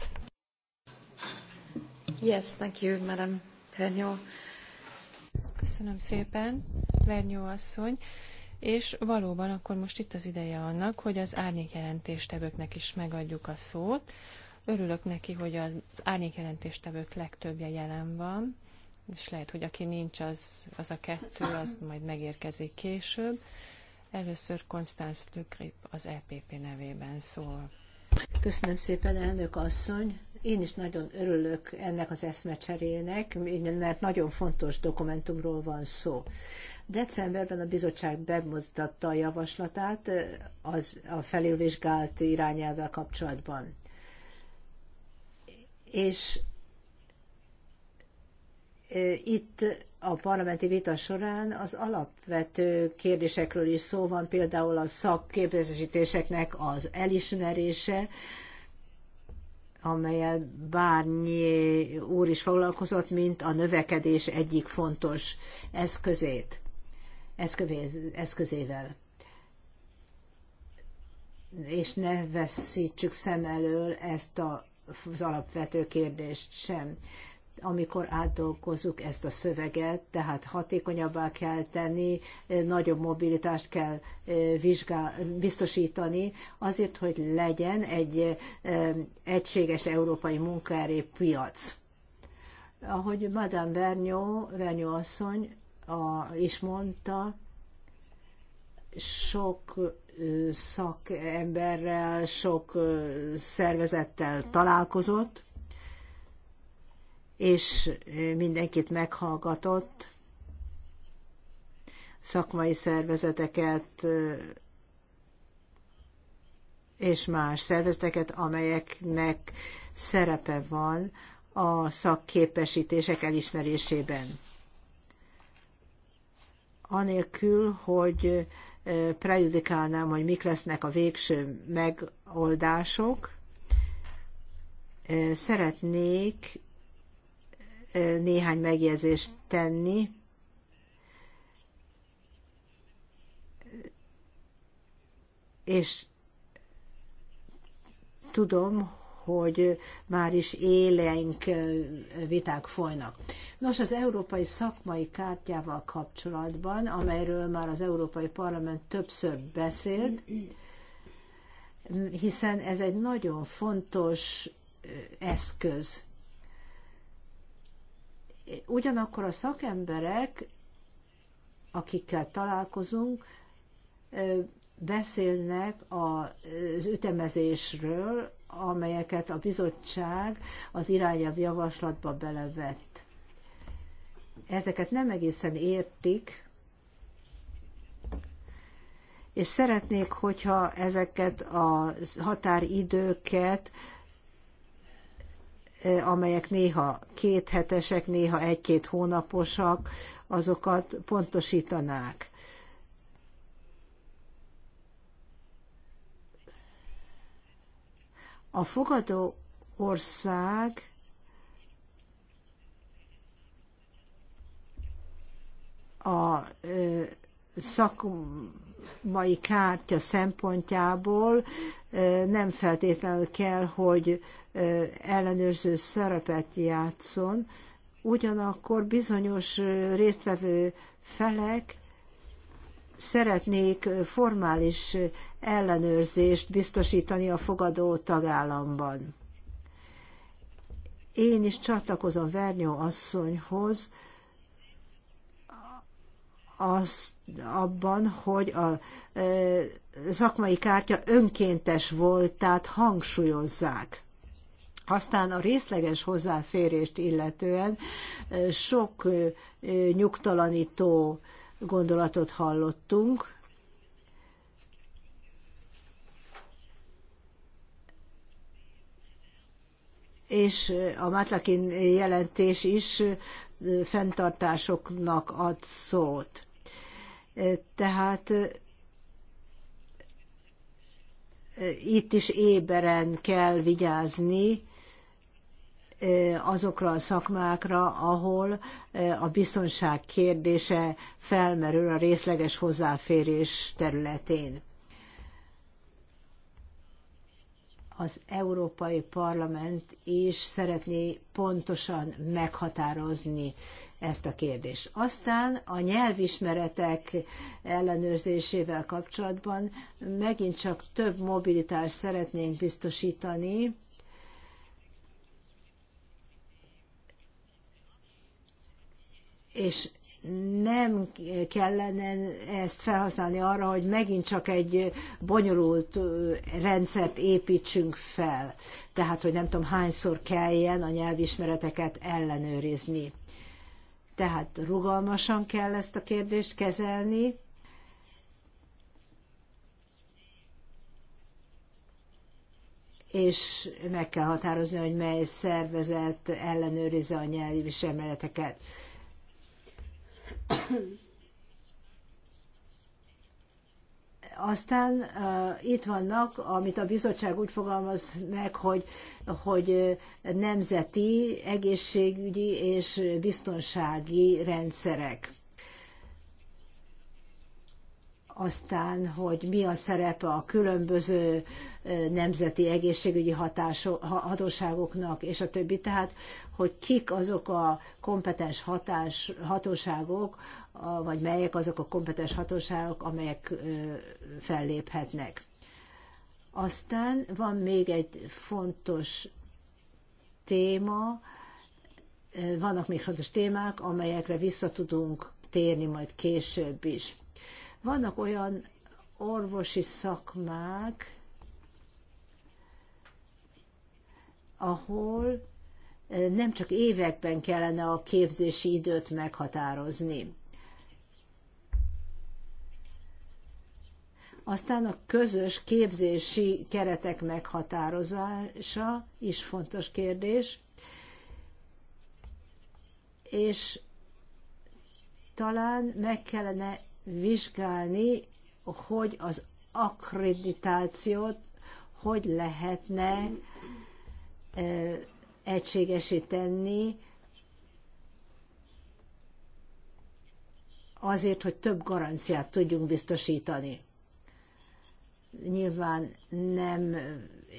Yes, thank you, Madam Pernyó. Köszönöm szépen, Vernyó asszony. És valóban akkor most itt az ideje annak, hogy az árnyékjelentéstevőknek is megadjuk a szót. Örülök neki, hogy az árnyékjelentéstevők legtöbbje jelen van és lehet, hogy aki nincs, az, az a kettő, az majd megérkezik később. Először Konstanz Tükrip az EPP nevében szól. Köszönöm szépen, elnök asszony. Én is nagyon örülök ennek az eszmecserének, mert nagyon fontos dokumentumról van szó. Decemberben a bizottság bemutatta a javaslatát az a felülvizsgált irányelvvel kapcsolatban. És itt a parlamenti vita során az alapvető kérdésekről is szó van, például a szakképzésítéseknek az elismerése, amelyel Bárnyi úr is foglalkozott, mint a növekedés egyik fontos eszközét, eszközével. És ne veszítsük szem elől ezt a, az alapvető kérdést sem amikor átdolgozzuk ezt a szöveget, tehát hatékonyabbá kell tenni, nagyobb mobilitást kell vizsgál, biztosítani, azért, hogy legyen egy egységes európai munkaerő piac. Ahogy Madame Vernyó, Vernyó asszony a, is mondta, sok szakemberrel, sok szervezettel találkozott, és mindenkit meghallgatott, szakmai szervezeteket és más szervezeteket, amelyeknek szerepe van a szakképesítések elismerésében. Anélkül, hogy prejudikálnám, hogy mik lesznek a végső megoldások, szeretnék néhány megjegyzést tenni. És tudom, hogy már is élénk viták folynak. Nos, az európai szakmai kártyával kapcsolatban, amelyről már az Európai Parlament többször beszélt, hiszen ez egy nagyon fontos eszköz Ugyanakkor a szakemberek, akikkel találkozunk, beszélnek az ütemezésről, amelyeket a bizottság az irányelv javaslatba belevett. Ezeket nem egészen értik, és szeretnék, hogyha ezeket a határidőket amelyek néha két hetesek, néha egy-két hónaposak, azokat pontosítanák. A fogadó ország a szakmai kártya szempontjából nem feltétlenül kell, hogy ellenőrző szerepet játszon, ugyanakkor bizonyos résztvevő felek szeretnék formális ellenőrzést biztosítani a fogadó tagállamban. Én is csatlakozom Vernyó asszonyhoz, az, abban, hogy a e, szakmai kártya önkéntes volt, tehát hangsúlyozzák. Aztán a részleges hozzáférést illetően e, sok e, nyugtalanító gondolatot hallottunk. És a Mátlakin jelentés is fenntartásoknak ad szót. Tehát itt is éberen kell vigyázni azokra a szakmákra, ahol a biztonság kérdése felmerül a részleges hozzáférés területén. az Európai Parlament is szeretné pontosan meghatározni ezt a kérdést. Aztán a nyelvismeretek ellenőrzésével kapcsolatban megint csak több mobilitást szeretnénk biztosítani, és nem kellene ezt felhasználni arra, hogy megint csak egy bonyolult rendszert építsünk fel. Tehát, hogy nem tudom hányszor kelljen a nyelvismereteket ellenőrizni. Tehát rugalmasan kell ezt a kérdést kezelni, és meg kell határozni, hogy mely szervezet ellenőrizze a nyelvi semeleteket. Aztán uh, itt vannak, amit a bizottság úgy fogalmaz meg, hogy, hogy eh, nemzeti egészségügyi és biztonsági rendszerek aztán, hogy mi a szerepe a különböző nemzeti egészségügyi hatóságoknak, és a többi. Tehát, hogy kik azok a kompetens hatás, hatóságok, vagy melyek azok a kompetens hatóságok, amelyek felléphetnek. Aztán van még egy fontos téma, vannak még fontos témák, amelyekre visszatudunk térni majd később is. Vannak olyan orvosi szakmák, ahol eh, nem csak években kellene a képzési időt meghatározni. Aztán a közös képzési keretek meghatározása is fontos kérdés, és talán meg kellene vizsgálni, hogy az akkreditációt hogy lehetne egységesíteni azért, hogy több garanciát tudjunk biztosítani. Nyilván nem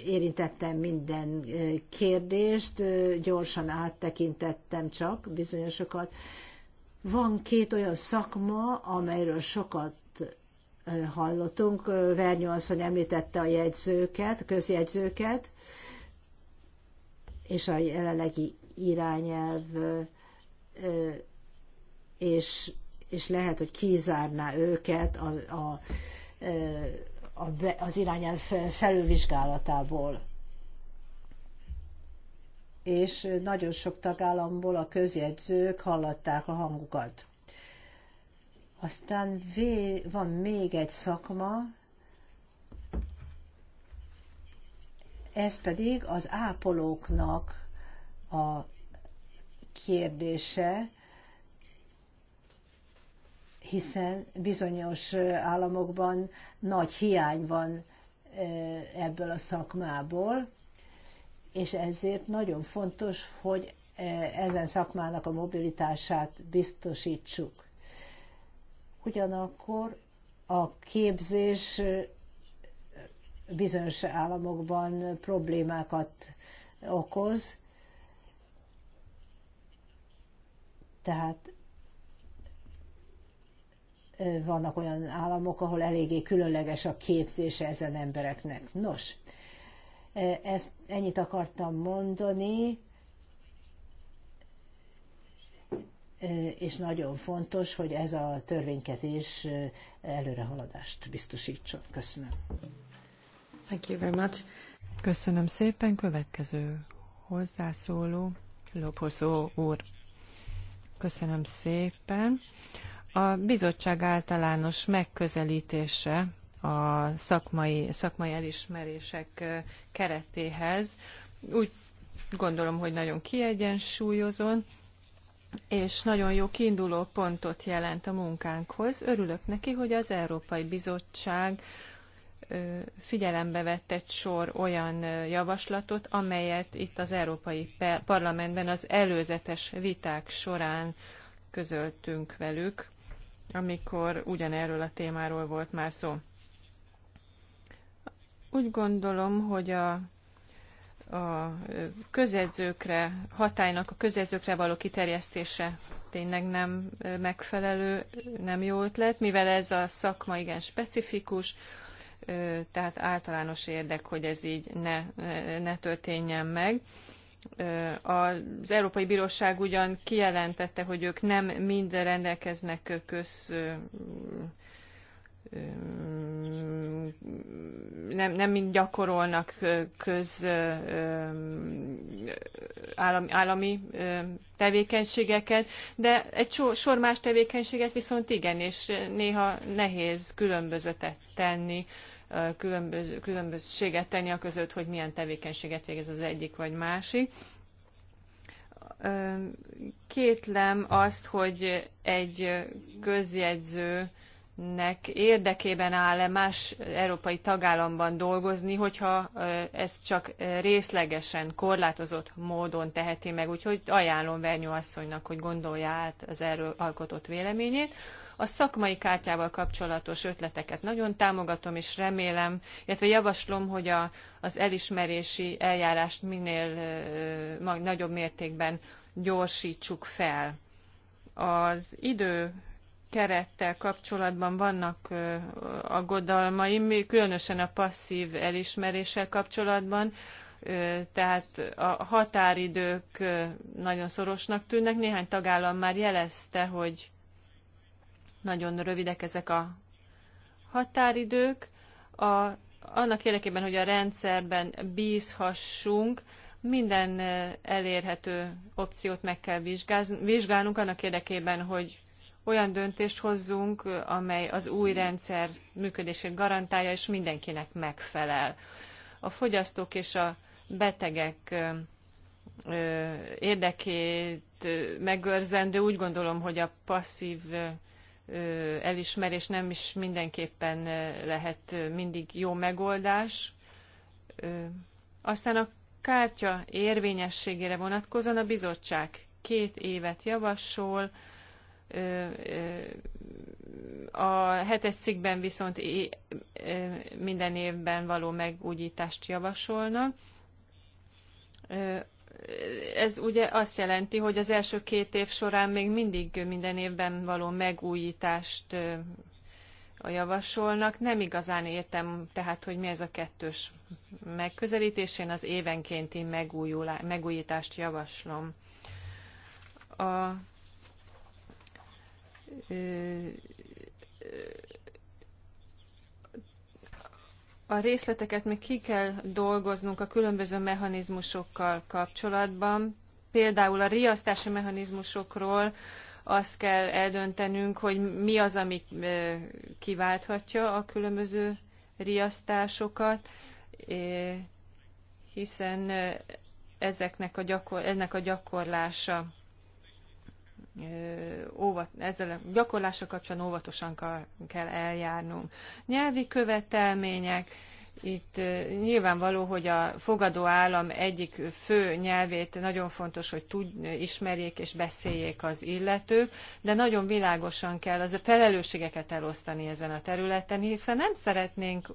érintettem minden kérdést, gyorsan áttekintettem csak bizonyosokat, van két olyan szakma, amelyről sokat hallottunk. Vernyó asszony említette a jegyzőket, a közjegyzőket, és a jelenlegi irányelv, és, és lehet, hogy kizárná őket a, a, a, az irányelv felülvizsgálatából és nagyon sok tagállamból a közjegyzők hallatták a hangukat. Aztán van még egy szakma, ez pedig az ápolóknak a kérdése, hiszen bizonyos államokban nagy hiány van eh, ebből a szakmából, és ezért nagyon fontos, hogy e, ezen szakmának a mobilitását biztosítsuk. Ugyanakkor a képzés e, bizonyos államokban problémákat okoz, tehát e, vannak olyan államok, ahol eléggé különleges a képzése ezen embereknek. Nos, ezt ennyit akartam mondani, és nagyon fontos, hogy ez a törvénykezés előrehaladást biztosítson. Köszönöm. Thank you very much. Köszönöm szépen. Következő hozzászóló, Lopozó úr. Köszönöm szépen. A bizottság általános megközelítése a szakmai, szakmai elismerések keretéhez. Úgy gondolom, hogy nagyon kiegyensúlyozon, és nagyon jó kiinduló pontot jelent a munkánkhoz. Örülök neki, hogy az Európai Bizottság figyelembe vett egy sor olyan javaslatot, amelyet itt az Európai Parlamentben az előzetes viták során közöltünk velük, amikor ugyanerről a témáról volt már szó. Úgy gondolom, hogy a, a közedzőkre, hatálynak a közedzőkre való kiterjesztése tényleg nem megfelelő, nem jó ötlet, mivel ez a szakma igen specifikus, tehát általános érdek, hogy ez így ne, ne történjen meg. Az Európai Bíróság ugyan kijelentette, hogy ők nem mind rendelkeznek köz nem, nem mind gyakorolnak köz állami, állami tevékenységeket, de egy sor, más tevékenységet viszont igen, és néha nehéz különbözetet tenni, különböz, különbözséget tenni a között, hogy milyen tevékenységet végez az egyik vagy másik kétlem azt, hogy egy közjegyző nek érdekében áll-e más európai tagállamban dolgozni, hogyha ezt csak részlegesen, korlátozott módon teheti meg. Úgyhogy ajánlom Vernyó asszonynak, hogy gondolja át az erről alkotott véleményét. A szakmai kártyával kapcsolatos ötleteket nagyon támogatom, és remélem, illetve javaslom, hogy a, az elismerési eljárást minél ö, nagyobb mértékben gyorsítsuk fel. Az idő kerettel kapcsolatban vannak aggodalmaim, különösen a passzív elismeréssel kapcsolatban, tehát a határidők nagyon szorosnak tűnnek. Néhány tagállam már jelezte, hogy nagyon rövidek ezek a határidők. A, annak érdekében, hogy a rendszerben bízhassunk, minden elérhető opciót meg kell vizsgálnunk annak érdekében, hogy olyan döntést hozzunk, amely az új rendszer működését garantálja, és mindenkinek megfelel. A fogyasztók és a betegek érdekét megőrzendő, úgy gondolom, hogy a passzív elismerés nem is mindenképpen lehet mindig jó megoldás. Aztán a kártya érvényességére vonatkozóan a bizottság két évet javasol, a hetes cikkben viszont minden évben való megújítást javasolnak. Ez ugye azt jelenti, hogy az első két év során még mindig minden évben való megújítást javasolnak. Nem igazán értem tehát, hogy mi ez a kettős megközelítés. Én az évenkénti megújulást, megújítást javaslom. A a részleteket még ki kell dolgoznunk a különböző mechanizmusokkal kapcsolatban. Például a riasztási mechanizmusokról azt kell eldöntenünk, hogy mi az, ami kiválthatja a különböző riasztásokat, hiszen ezeknek a gyakor, ennek a gyakorlása óvat, ezzel a gyakorlással kapcsolatban óvatosan kell eljárnunk. Nyelvi követelmények, itt nyilvánvaló, hogy a fogadó állam egyik fő nyelvét nagyon fontos, hogy tud, ismerjék és beszéljék az illetők, de nagyon világosan kell az a felelősségeket elosztani ezen a területen, hiszen nem szeretnénk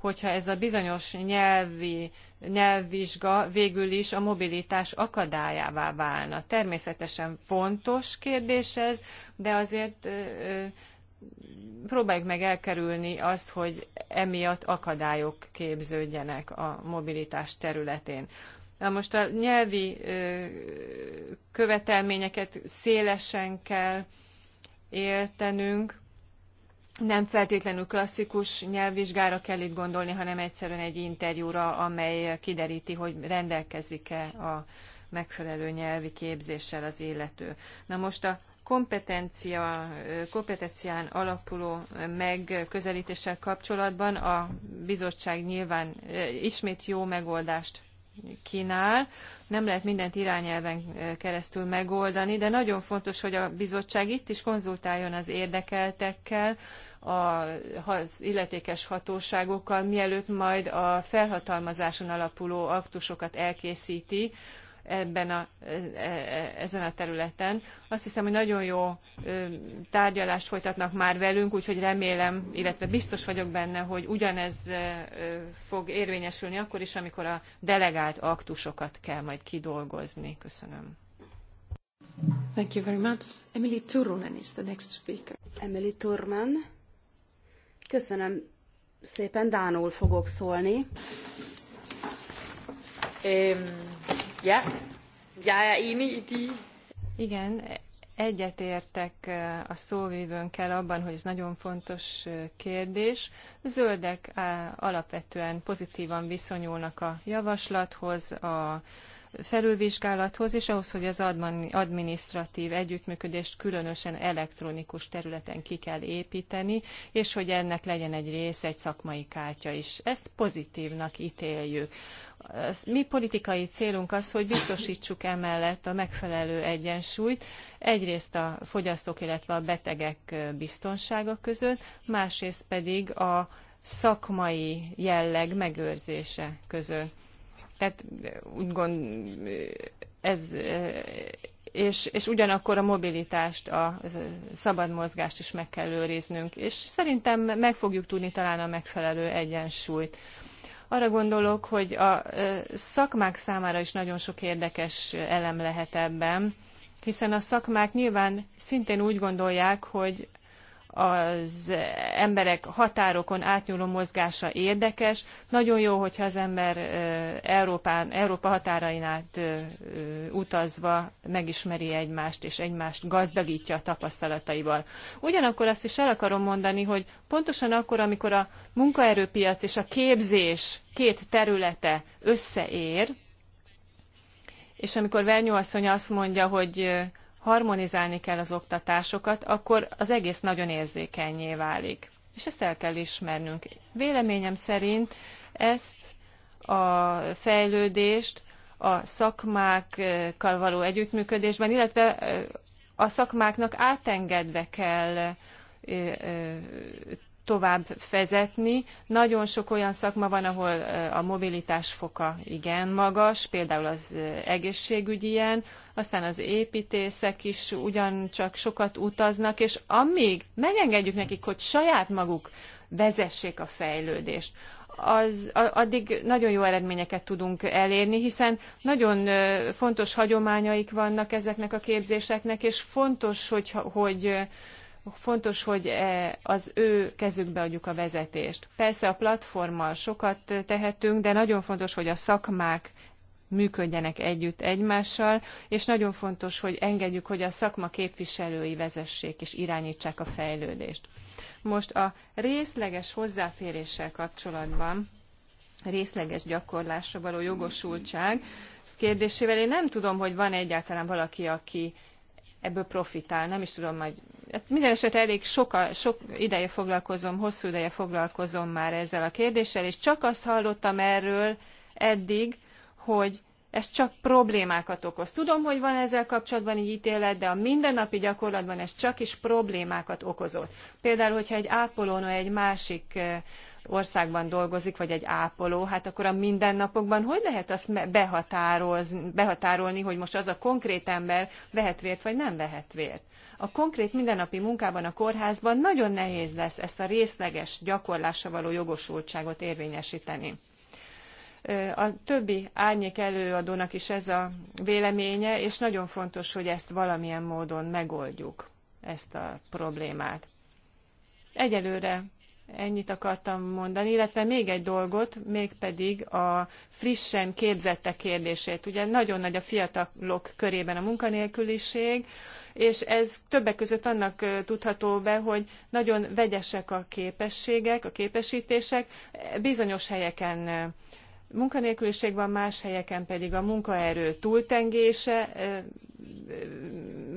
hogyha ez a bizonyos nyelvi, nyelvvizsga végül is a mobilitás akadályává válna. Természetesen fontos kérdés ez, de azért próbáljuk meg elkerülni azt, hogy emiatt akadályok képződjenek a mobilitás területén. Na most a nyelvi követelményeket szélesen kell értenünk, nem feltétlenül klasszikus nyelvvizsgára kell itt gondolni, hanem egyszerűen egy interjúra, amely kideríti, hogy rendelkezik-e a megfelelő nyelvi képzéssel az illető. Na most a kompetencia, kompetencián alapuló megközelítéssel kapcsolatban a bizottság nyilván eh, ismét jó megoldást kínál. Nem lehet mindent irányelven eh, keresztül megoldani, de nagyon fontos, hogy a bizottság itt is konzultáljon az érdekeltekkel, az illetékes hatóságokkal, mielőtt majd a felhatalmazáson alapuló aktusokat elkészíti ebben a, e, e, ezen a területen. Azt hiszem, hogy nagyon jó tárgyalást folytatnak már velünk, úgyhogy remélem, illetve biztos vagyok benne, hogy ugyanez fog érvényesülni akkor is, amikor a delegált aktusokat kell majd kidolgozni. Köszönöm. Thank you very much. Emily Turunen is the next speaker. Emily Turman. Köszönöm szépen, Dánul fogok szólni. Um, ja, ja, én er Igen, egyetértek eh, a szóvívőnkkel abban, hogy ez nagyon fontos eh, kérdés. Zöldek eh, alapvetően pozitívan viszonyulnak a javaslathoz, a felülvizsgálathoz, és ahhoz, hogy az adminisztratív együttműködést különösen elektronikus területen ki kell építeni, és hogy ennek legyen egy része egy szakmai kártya is. Ezt pozitívnak ítéljük. Mi politikai célunk az, hogy biztosítsuk emellett a megfelelő egyensúlyt, egyrészt a fogyasztók, illetve a betegek biztonsága között, másrészt pedig a szakmai jelleg megőrzése között. Tehát úgy gond, ez, és, és ugyanakkor a mobilitást, a szabad mozgást is meg kell őriznünk, és szerintem meg fogjuk tudni talán a megfelelő egyensúlyt. Arra gondolok, hogy a szakmák számára is nagyon sok érdekes elem lehet ebben, hiszen a szakmák nyilván szintén úgy gondolják, hogy az emberek határokon átnyúló mozgása érdekes. Nagyon jó, hogyha az ember Európán, Európa határain át utazva megismeri egymást, és egymást gazdagítja a tapasztalataival. Ugyanakkor azt is el akarom mondani, hogy pontosan akkor, amikor a munkaerőpiac és a képzés két területe összeér, és amikor Vernyó asszony azt mondja, hogy harmonizálni kell az oktatásokat, akkor az egész nagyon érzékenyé válik. És ezt el kell ismernünk. Véleményem szerint ezt a fejlődést a szakmákkal való együttműködésben, illetve a szakmáknak átengedve kell tovább vezetni. Nagyon sok olyan szakma van, ahol a mobilitás foka igen magas, például az egészségügy ilyen, aztán az építészek is ugyancsak sokat utaznak, és amíg megengedjük nekik, hogy saját maguk vezessék a fejlődést, az, addig nagyon jó eredményeket tudunk elérni, hiszen nagyon fontos hagyományaik vannak ezeknek a képzéseknek, és fontos, hogy, hogy fontos, hogy e, az ő kezükbe adjuk a vezetést. Persze a platformmal sokat tehetünk, de nagyon fontos, hogy a szakmák működjenek együtt egymással, és nagyon fontos, hogy engedjük, hogy a szakma képviselői vezessék és irányítsák a fejlődést. Most a részleges hozzáféréssel kapcsolatban, részleges gyakorlásra való jogosultság kérdésével én nem tudom, hogy van egyáltalán valaki, aki ebből profitál. Nem is tudom, hogy hát minden esetre elég soka, sok ideje foglalkozom, hosszú ideje foglalkozom már ezzel a kérdéssel, és csak azt hallottam erről eddig, hogy ez csak problémákat okoz. Tudom, hogy van ezzel kapcsolatban egy ítélet, de a mindennapi gyakorlatban ez csak is problémákat okozott. Például, hogyha egy ápolónő egy másik országban dolgozik, vagy egy ápoló, hát akkor a mindennapokban hogy lehet azt behatárolni, hogy most az a konkrét ember vehet vért, vagy nem vehet vért? A konkrét mindennapi munkában a kórházban nagyon nehéz lesz ezt a részleges gyakorlásra való jogosultságot érvényesíteni. A többi árnyék előadónak is ez a véleménye, és nagyon fontos, hogy ezt valamilyen módon megoldjuk, ezt a problémát. Egyelőre Ennyit akartam mondani, illetve még egy dolgot, mégpedig a frissen képzettek kérdését. Ugye nagyon nagy a fiatalok körében a munkanélküliség, és ez többek között annak tudható be, hogy nagyon vegyesek a képességek, a képesítések. Bizonyos helyeken munkanélküliség van, más helyeken pedig a munkaerő túltengése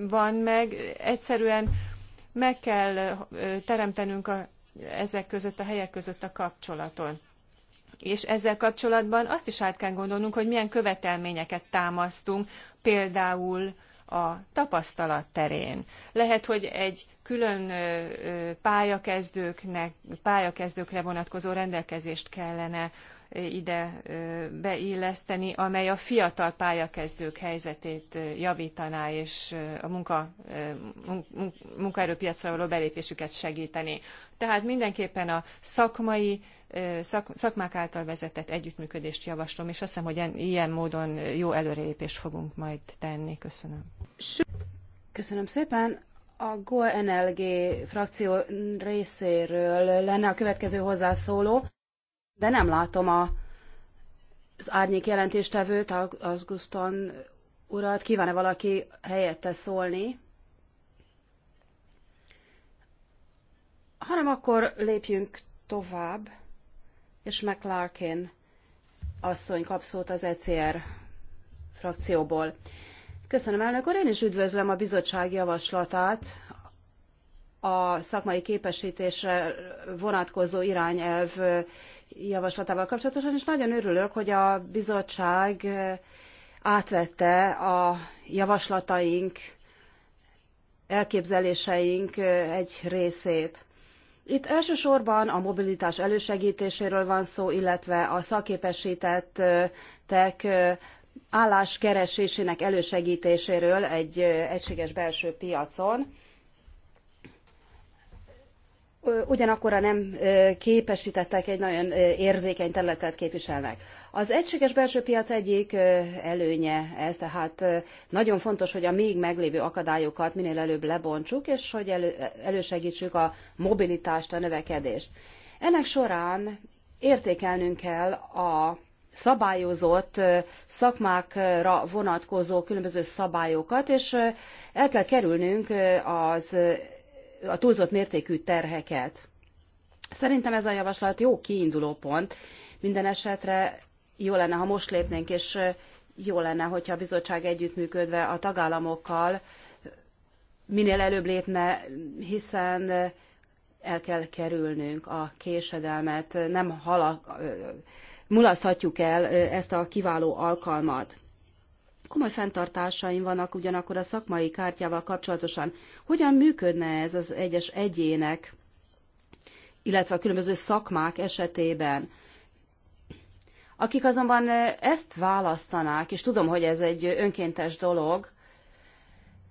van meg. Egyszerűen meg kell teremtenünk a ezek között, a helyek között a kapcsolaton. És ezzel kapcsolatban azt is át kell gondolnunk, hogy milyen követelményeket támasztunk, például a tapasztalat terén. Lehet, hogy egy külön pályakezdőknek, pályakezdőkre vonatkozó rendelkezést kellene ide beilleszteni, amely a fiatal pályakezdők helyzetét javítaná, és a munka, munkaerőpiacra való belépésüket segíteni. Tehát mindenképpen a szakmai szakmák által vezetett együttműködést javaslom, és azt hiszem, hogy ilyen módon jó előrelépést fogunk majd tenni. Köszönöm. Köszönöm szépen. A GOL NLG frakció részéről lenne a következő hozzászóló de nem látom a, az árnyék jelentéstevőt, az Guston urat. Kíván-e valaki helyette szólni? Hanem akkor lépjünk tovább, és McLarkin asszony kap szót az ECR frakcióból. Köszönöm, elnök úr. Én is üdvözlöm a bizottság javaslatát a szakmai képesítésre vonatkozó irányelv javaslatával kapcsolatosan, és nagyon örülök, hogy a bizottság eh, átvette a javaslataink, elképzeléseink eh, egy részét. Itt elsősorban a mobilitás elősegítéséről van szó, illetve a szakképesítettek eh, álláskeresésének elősegítéséről egy egységes belső piacon ugyanakkor nem képesítettek egy nagyon érzékeny területet képviselnek. Az egységes belső piac egyik előnye ez, tehát nagyon fontos, hogy a még meglévő akadályokat minél előbb lebontsuk, és hogy elő, elősegítsük a mobilitást, a növekedést. Ennek során értékelnünk kell a szabályozott szakmákra vonatkozó különböző szabályokat, és el kell kerülnünk az a túlzott mértékű terheket. Szerintem ez a javaslat jó kiinduló pont. Minden esetre jó lenne, ha most lépnénk, és jó lenne, hogyha a bizottság együttműködve a tagállamokkal minél előbb lépne, hiszen el kell kerülnünk a késedelmet, nem hala, mulaszthatjuk el ezt a kiváló alkalmat. Komoly fenntartásaim vannak ugyanakkor a szakmai kártyával kapcsolatosan. Hogyan működne ez az egyes egyének, illetve a különböző szakmák esetében? Akik azonban eh, ezt választanák, és tudom, hogy ez egy önkéntes dolog,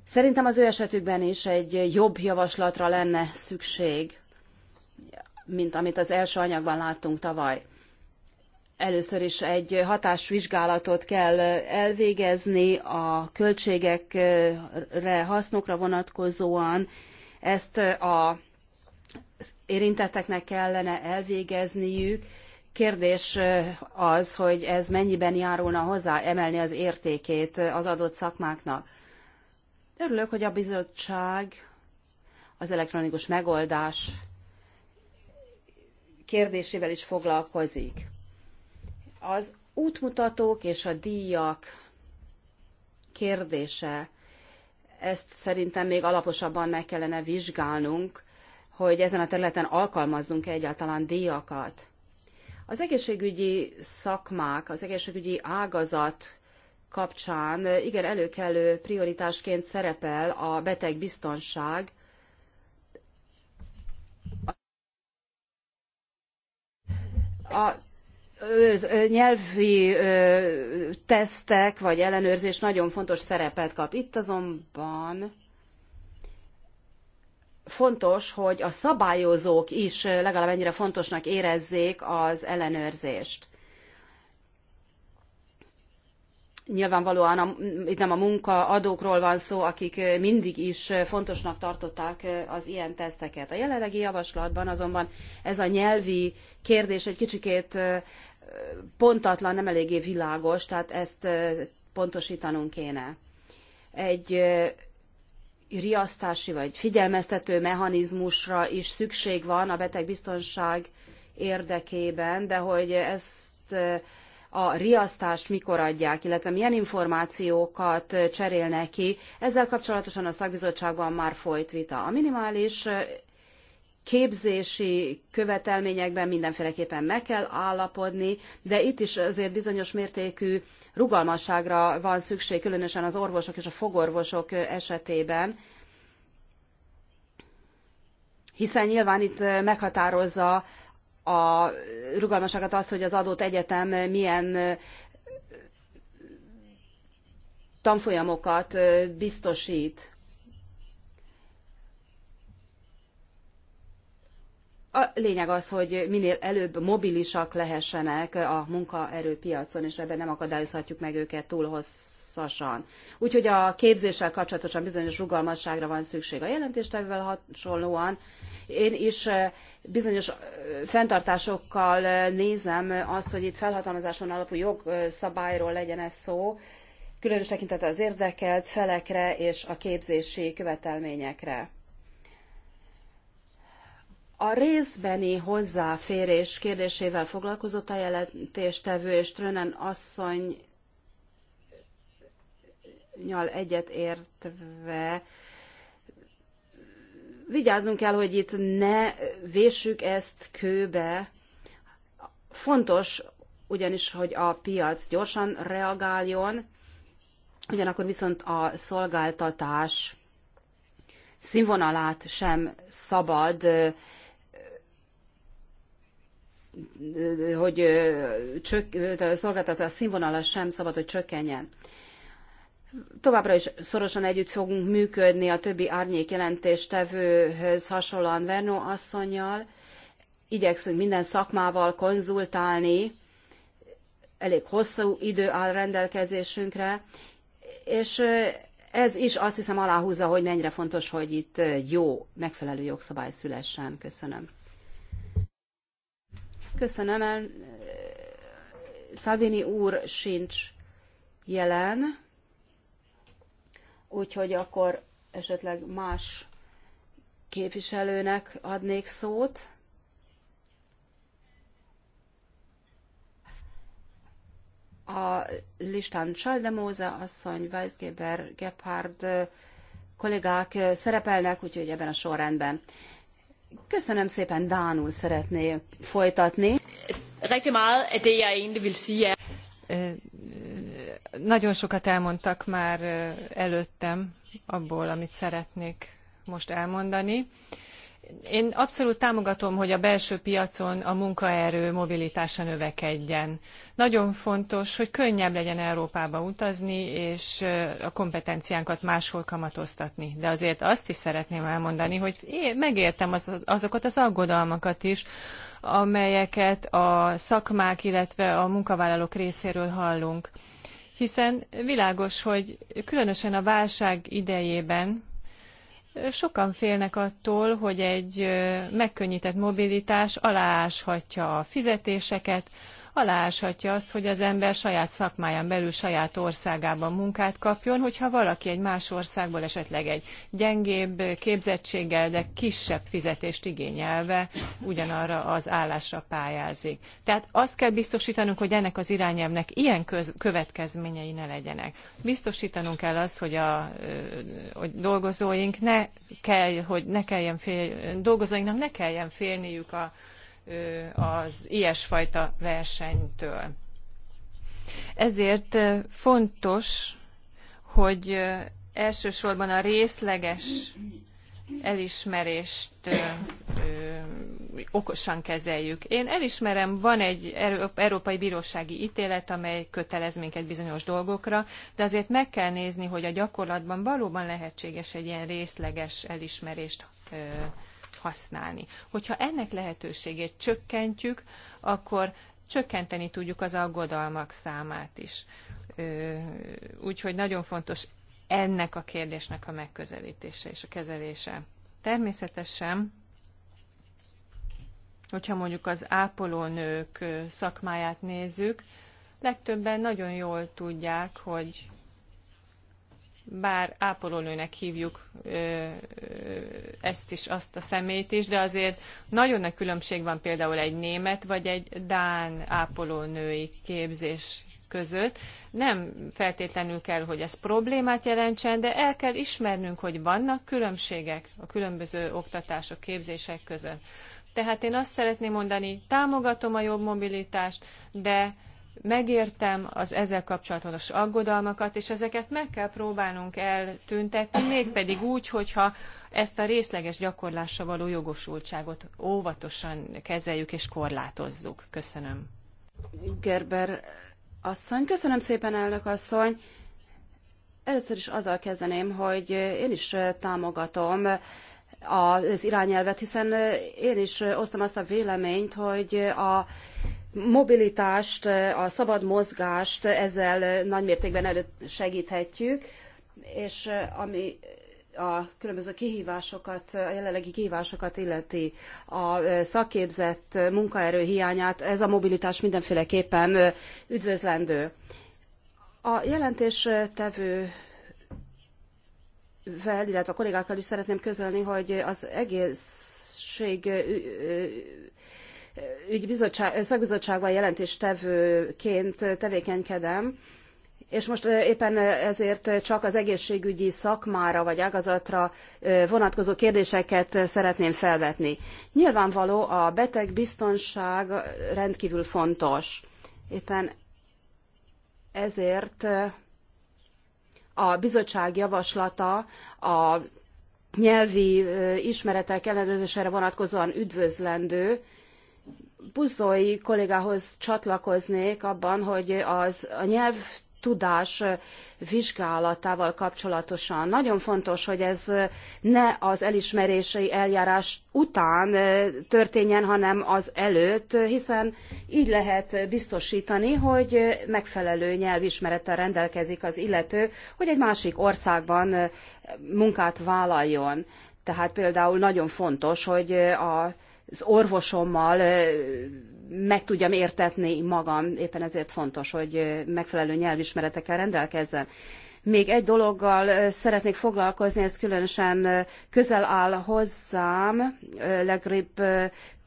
szerintem az ő esetükben is egy jobb javaslatra lenne szükség, mint amit az első anyagban láttunk tavaly. Először is egy hatásvizsgálatot kell elvégezni a költségekre, hasznokra vonatkozóan. Ezt a érintetteknek kellene elvégezniük. Kérdés az, hogy ez mennyiben járulna hozzá emelni az értékét az adott szakmáknak. Örülök, hogy a bizottság az elektronikus megoldás kérdésével is foglalkozik. Az útmutatók és a díjak kérdése, ezt szerintem még alaposabban meg kellene vizsgálnunk, hogy ezen a területen alkalmazzunk-e egyáltalán díjakat. Az egészségügyi szakmák, az egészségügyi ágazat kapcsán igen előkelő prioritásként szerepel a betegbiztonság, a nyelvi tesztek vagy ellenőrzés nagyon fontos szerepet kap. Itt azonban fontos, hogy a szabályozók is legalább ennyire fontosnak érezzék az ellenőrzést. Nyilvánvalóan a, itt nem a munkaadókról van szó, akik mindig is fontosnak tartották az ilyen teszteket. A jelenlegi javaslatban azonban ez a nyelvi kérdés egy kicsikét pontatlan, nem eléggé világos, tehát ezt pontosítanunk kéne. Egy riasztási vagy figyelmeztető mechanizmusra is szükség van a betegbiztonság érdekében, de hogy ezt a riasztást mikor adják, illetve milyen információkat cserélnek ki, ezzel kapcsolatosan a szakbizottságban már folyt vita. A minimális képzési követelményekben mindenféleképpen meg kell állapodni, de itt is azért bizonyos mértékű rugalmasságra van szükség, különösen az orvosok és a fogorvosok esetében, hiszen nyilván itt meghatározza a rugalmasságot az, hogy az adott egyetem milyen tanfolyamokat biztosít. A lényeg az, hogy minél előbb mobilisak lehessenek a munkaerőpiacon, és ebben nem akadályozhatjuk meg őket túl hosszasan. Úgyhogy a képzéssel kapcsolatosan bizonyos rugalmasságra van szükség. A jelentéstevővel hasonlóan én is bizonyos fenntartásokkal nézem azt, hogy itt felhatalmazáson alapú jogszabályról legyen ez szó, különös tekintet az érdekelt felekre és a képzési követelményekre. A részbeni hozzáférés kérdésével foglalkozott a jelentéstevő, és Trönen asszony nyal egyet értve vigyázzunk kell, hogy itt ne véssük ezt kőbe. Fontos ugyanis, hogy a piac gyorsan reagáljon, ugyanakkor viszont a szolgáltatás színvonalát sem szabad hogy csök, a szolgáltatás színvonala sem szabad, hogy csökkenjen. Továbbra is szorosan együtt fogunk működni a többi árnyék jelentéstevőhöz hasonlóan Vernó asszonyjal. Igyekszünk minden szakmával konzultálni, elég hosszú idő áll rendelkezésünkre, és ez is azt hiszem aláhúzza, hogy mennyire fontos, hogy itt jó, megfelelő jogszabály szülessen. Köszönöm. Köszönöm, el... Salvini úr sincs jelen, úgyhogy akkor esetleg más képviselőnek adnék szót. A listán Csaldemóza asszony, Weisgeber, Gebhard kollégák szerepelnek, úgyhogy ebben a sorrendben. Köszönöm szépen, Dánul szeretné folytatni. Er- nagyon sokat elmondtak már előttem abból, amit szeretnék most elmondani. Uh, én abszolút támogatom, hogy a belső piacon a munkaerő mobilitása növekedjen. Nagyon fontos, hogy könnyebb legyen Európába utazni, és a kompetenciánkat máshol kamatoztatni. De azért azt is szeretném elmondani, hogy én megértem az, azokat az aggodalmakat is, amelyeket a szakmák, illetve a munkavállalók részéről hallunk. Hiszen világos, hogy különösen a válság idejében, Sokan félnek attól, hogy egy megkönnyített mobilitás alááshatja a fizetéseket, alááshatja azt, hogy az ember saját szakmáján belül saját országában munkát kapjon, hogyha valaki egy más országból esetleg egy gyengébb képzettséggel, de kisebb fizetést igényelve ugyanarra az állásra pályázik. Tehát azt kell biztosítanunk, hogy ennek az irányelvnek ilyen köz- következményei ne legyenek. Biztosítanunk kell azt, hogy a hogy dolgozóink ne kell, hogy ne kelljen fél, dolgozóinknak ne kelljen félniük a az ilyesfajta versenytől. Ezért fontos, hogy elsősorban a részleges elismerést okosan kezeljük. Én elismerem, van egy Európai Bírósági ítélet, amely kötelez minket bizonyos dolgokra, de azért meg kell nézni, hogy a gyakorlatban valóban lehetséges egy ilyen részleges elismerést ö, használni. Hogyha ennek lehetőségét csökkentjük, akkor csökkenteni tudjuk az aggodalmak számát is. Úgyhogy nagyon fontos ennek a kérdésnek a megközelítése és a kezelése. Természetesen, hogyha mondjuk az ápolónők szakmáját nézzük, legtöbben nagyon jól tudják, hogy bár ápolónőnek hívjuk ezt is, azt a személyt is, de azért nagyon nagy különbség van például egy német vagy egy dán ápolónői képzés között. Nem feltétlenül kell, hogy ez problémát jelentsen, de el kell ismernünk, hogy vannak különbségek a különböző oktatások, képzések között. Tehát én azt szeretném mondani, támogatom a jobb mobilitást, de megértem az ezzel kapcsolatos aggodalmakat, és ezeket meg kell próbálnunk eltüntetni, mégpedig úgy, hogyha ezt a részleges gyakorlásra való jogosultságot óvatosan kezeljük és korlátozzuk. Köszönöm. Gerber asszony, köszönöm szépen, elnök asszony. Először is azzal kezdeném, hogy én is támogatom az irányelvet, hiszen én is osztom azt a véleményt, hogy a mobilitást, a szabad mozgást ezzel nagymértékben elősegíthetjük, és ami a különböző kihívásokat, a jelenlegi kihívásokat illeti a szakképzett munkaerő hiányát, ez a mobilitás mindenféleképpen üdvözlendő. A jelentéstevő vel, illetve a kollégákkal is szeretném közölni, hogy az egészség szakbizottságban jelentéstevőként tevékenykedem, és most éppen ezért csak az egészségügyi szakmára vagy ágazatra vonatkozó kérdéseket szeretném felvetni. Nyilvánvaló a betegbiztonság rendkívül fontos. Éppen ezért a bizottság javaslata a nyelvi ismeretek ellenőrzésére vonatkozóan üdvözlendő, buzói kollégához csatlakoznék abban, hogy az a nyelv tudás vizsgálatával kapcsolatosan. Nagyon fontos, hogy ez ne az elismerési eljárás után történjen, hanem az előtt, hiszen így lehet biztosítani, hogy megfelelő nyelvismerettel rendelkezik az illető, hogy egy másik országban munkát vállaljon. Tehát például nagyon fontos, hogy a az orvosommal meg tudjam értetni magam, éppen ezért fontos, hogy megfelelő nyelvismeretekkel rendelkezzen. Még egy dologgal szeretnék foglalkozni, ez különösen közel áll hozzám, legrébb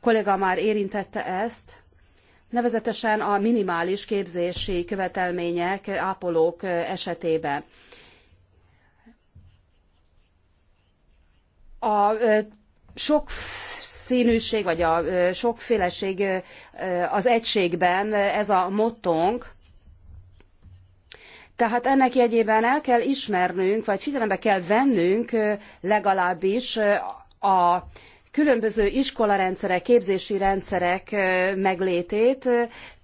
kolléga már érintette ezt, nevezetesen a minimális képzési követelmények ápolók esetében. A sok színűség vagy a sokféleség az egységben, ez a mottónk. Tehát ennek jegyében el kell ismernünk, vagy figyelembe kell vennünk legalábbis a különböző iskolarendszerek, képzési rendszerek meglétét,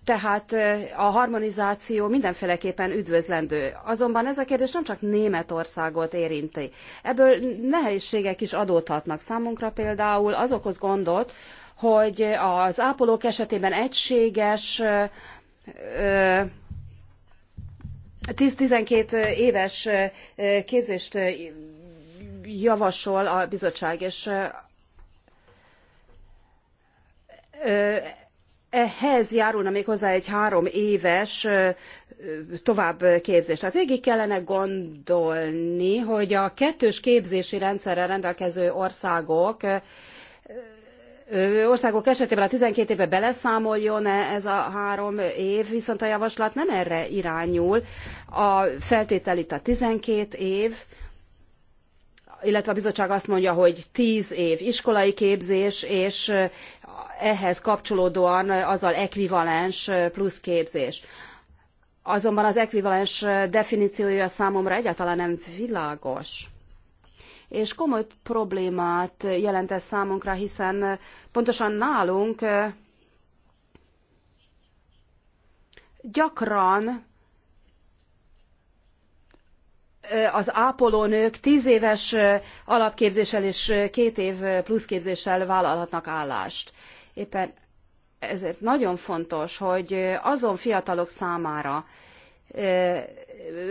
tehát a harmonizáció mindenféleképpen üdvözlendő. Azonban ez a kérdés nem csak Németországot érinti. Ebből nehézségek is adódhatnak számunkra például az okoz gondot, hogy az ápolók esetében egységes 10-12 éves képzést javasol a bizottság, és ehhez járulna még hozzá egy három éves továbbképzés. Tehát végig kellene gondolni, hogy a kettős képzési rendszerrel rendelkező országok országok esetében a 12 éve beleszámoljon -e ez a három év, viszont a javaslat nem erre irányul. A feltétel itt a 12 év, illetve a bizottság azt mondja, hogy 10 év iskolai képzés, és ehhez kapcsolódóan azzal ekvivalens képzés, Azonban az ekvivalens definíciója számomra egyáltalán nem világos. És komoly problémát jelent ez számunkra, hiszen pontosan nálunk gyakran az ápolónők tíz éves alapképzéssel és két év pluszképzéssel vállalhatnak állást. Éppen ezért nagyon fontos, hogy azon fiatalok számára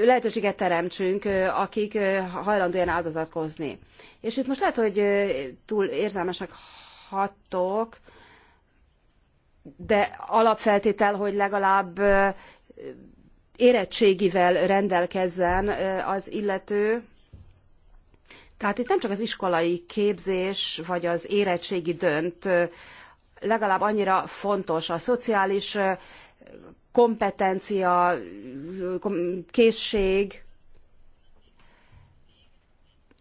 lehetőséget teremtsünk, akik hajlandóan áldozatkozni. És itt most lehet, hogy túl érzelmesek hatok, de alapfeltétel, hogy legalább érettségivel rendelkezzen az illető. Tehát itt nem csak az iskolai képzés vagy az érettségi dönt legalább annyira fontos a szociális kompetencia, készség,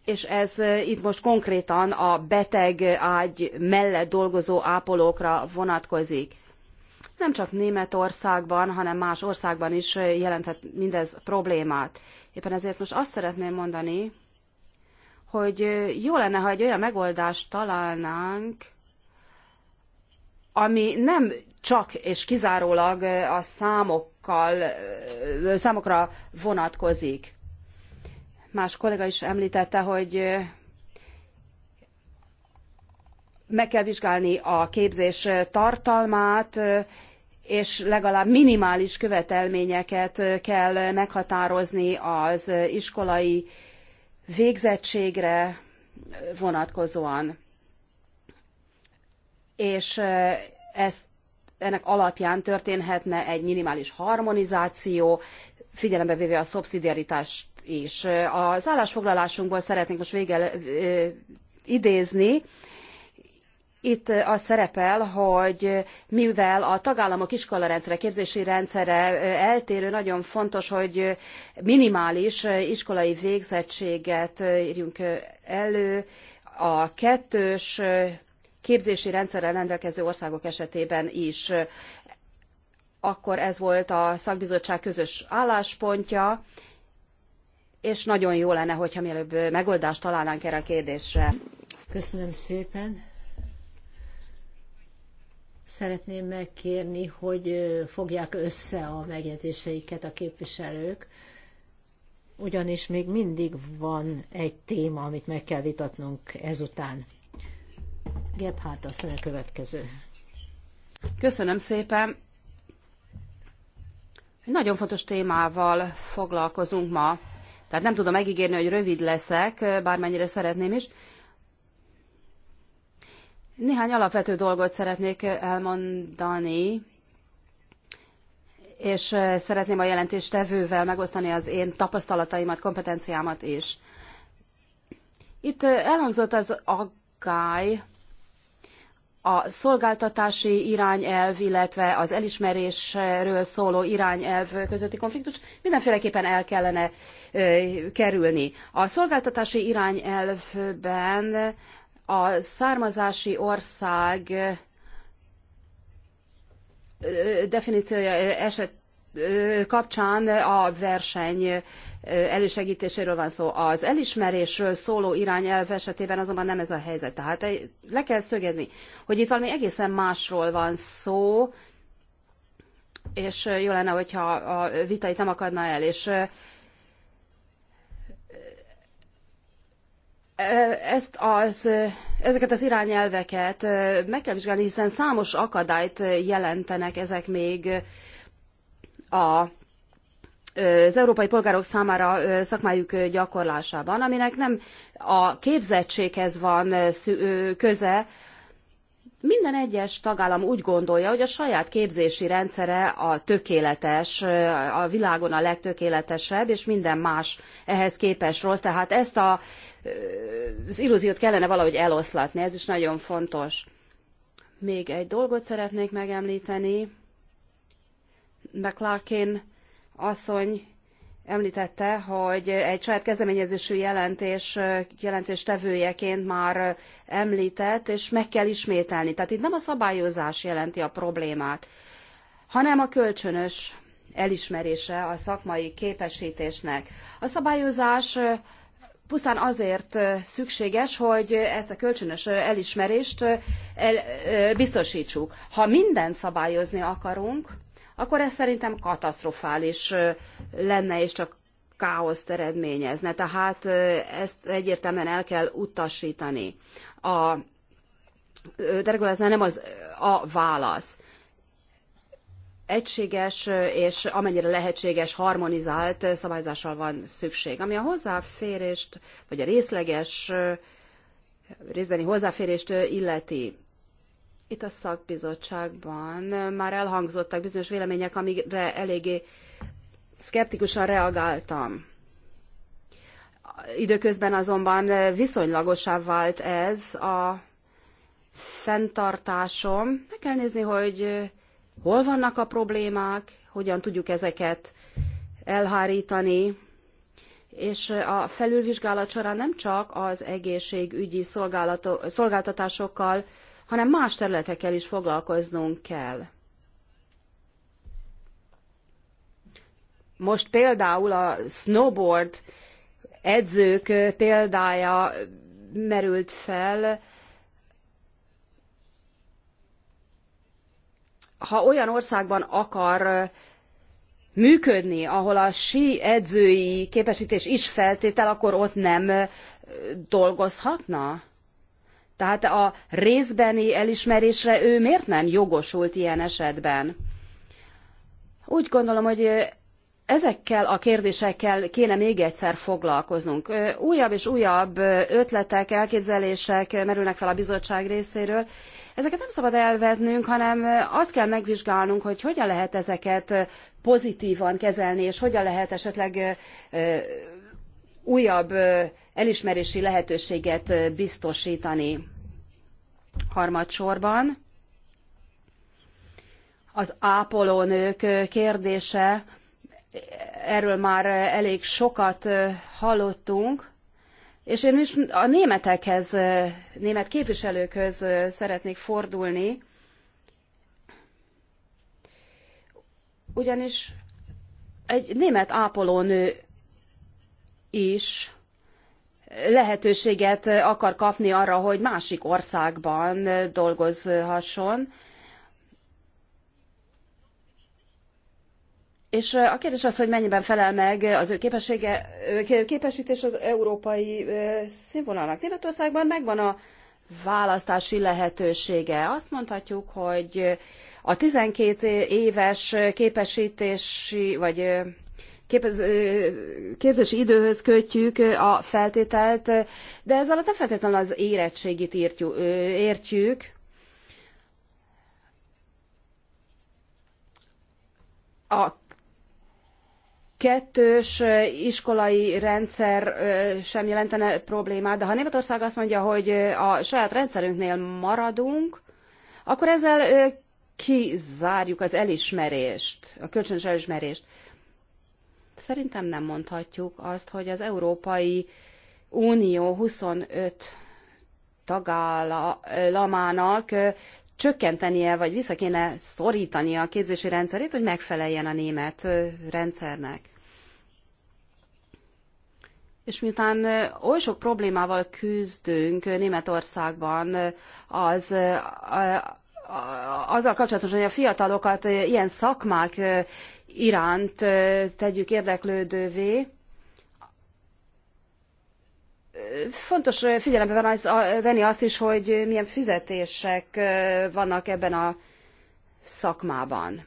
és ez itt most konkrétan a beteg ágy mellett dolgozó ápolókra vonatkozik. Nem csak Németországban, hanem más országban is jelenthet mindez problémát. Éppen ezért most azt szeretném mondani, hogy jó lenne, ha egy olyan megoldást találnánk, ami nem csak és kizárólag a számokkal, számokra vonatkozik. Más kollega is említette, hogy meg kell vizsgálni a képzés tartalmát, és legalább minimális követelményeket kell meghatározni az iskolai végzettségre vonatkozóan és ezt ennek alapján történhetne egy minimális harmonizáció, figyelembe véve a szubszidiaritást is. Az állásfoglalásunkból szeretnénk most végel idézni, itt az szerepel, hogy mivel a tagállamok iskolarendszere, képzési rendszere eltérő, nagyon fontos, hogy minimális iskolai végzettséget írjunk elő, a kettős képzési rendszerrel rendelkező országok esetében is. Akkor ez volt a szakbizottság közös álláspontja, és nagyon jó lenne, hogyha mielőbb megoldást találnánk erre a kérdésre. Köszönöm szépen. Szeretném megkérni, hogy fogják össze a megjegyzéseiket a képviselők, ugyanis még mindig van egy téma, amit meg kell vitatnunk ezután. Gebhardt a következő. Köszönöm szépen. Egy nagyon fontos témával foglalkozunk ma. Tehát nem tudom megígérni, hogy rövid leszek, bármennyire szeretném is. Néhány alapvető dolgot szeretnék elmondani, és szeretném a jelentéstevővel megosztani az én tapasztalataimat, kompetenciámat is. Itt elhangzott az aggály, a szolgáltatási irányelv, illetve az elismerésről szóló irányelv közötti konfliktus mindenféleképpen el kellene kerülni. A szolgáltatási irányelvben a származási ország definíciója eset kapcsán a verseny elősegítéséről van szó. Az elismerésről szóló irányelv esetében azonban nem ez a helyzet. Tehát le kell szögezni, hogy itt valami egészen másról van szó, és jó lenne, hogyha a vita itt nem akadna el, és ezt az, ezeket az irányelveket meg kell vizsgálni, hiszen számos akadályt jelentenek ezek még a az európai polgárok számára szakmájuk gyakorlásában, aminek nem a képzettséghez van köze, minden egyes tagállam úgy gondolja, hogy a saját képzési rendszere a tökéletes, a világon a legtökéletesebb, és minden más ehhez képes rossz. Tehát ezt a, az illúziót kellene valahogy eloszlatni, ez is nagyon fontos. Még egy dolgot szeretnék megemlíteni. McClarkin asszony említette, hogy egy saját kezdeményezésű jelentés, jelentés tevőjeként már említett, és meg kell ismételni. Tehát itt nem a szabályozás jelenti a problémát, hanem a kölcsönös elismerése a szakmai képesítésnek. A szabályozás pusztán azért szükséges, hogy ezt a kölcsönös elismerést el, biztosítsuk. Ha mindent szabályozni akarunk, akkor ez szerintem katasztrofális lenne, és csak káoszt eredményezne. Tehát ezt egyértelműen el kell utasítani. A deregulázás nem az a válasz. Egységes és amennyire lehetséges, harmonizált szabályzással van szükség. Ami a hozzáférést, vagy a részleges részbeni hozzáférést illeti, itt a szakbizottságban már elhangzottak bizonyos vélemények, amikre eléggé szkeptikusan reagáltam. Időközben azonban viszonylagosá vált ez a fenntartásom. Meg kell nézni, hogy hol vannak a problémák, hogyan tudjuk ezeket elhárítani, és a felülvizsgálat során nem csak az egészségügyi szolgáltatásokkal hanem más területekkel is foglalkoznunk kell. Most például a snowboard edzők példája merült fel, ha olyan országban akar működni, ahol a sí edzői képesítés is feltétel, akkor ott nem dolgozhatna? Tehát a részbeni elismerésre ő miért nem jogosult ilyen esetben? Úgy gondolom, hogy ezekkel a kérdésekkel kéne még egyszer foglalkoznunk. Újabb és újabb ötletek, elképzelések merülnek fel a bizottság részéről. Ezeket nem szabad elvetnünk, hanem azt kell megvizsgálnunk, hogy hogyan lehet ezeket pozitívan kezelni, és hogyan lehet esetleg újabb elismerési lehetőséget biztosítani. Harmadsorban az ápolónők kérdése, erről már elég sokat hallottunk, és én is a németekhez, német képviselőkhöz szeretnék fordulni, ugyanis egy német ápolónő is lehetőséget akar kapni arra, hogy másik országban dolgozhasson. És a kérdés az, hogy mennyiben felel meg az ő képessége, képesítés az európai színvonalnak. Németországban megvan a választási lehetősége. Azt mondhatjuk, hogy a 12 éves képesítési vagy képez, képzési időhöz kötjük a feltételt, de ez alatt nem feltétlenül az érettségit értjük. A kettős iskolai rendszer sem jelentene problémát, de ha Németország azt mondja, hogy a saját rendszerünknél maradunk, akkor ezzel kizárjuk az elismerést, a kölcsönös elismerést. Szerintem nem mondhatjuk azt, hogy az Európai Unió 25 tagállamának csökkentenie, vagy vissza kéne szorítani a képzési rendszerét, hogy megfeleljen a német rendszernek. És miután oly sok problémával küzdünk Németországban, az azzal kapcsolatosan, hogy a fiatalokat ilyen szakmák iránt tegyük érdeklődővé. Fontos figyelembe venni azt is, hogy milyen fizetések vannak ebben a szakmában.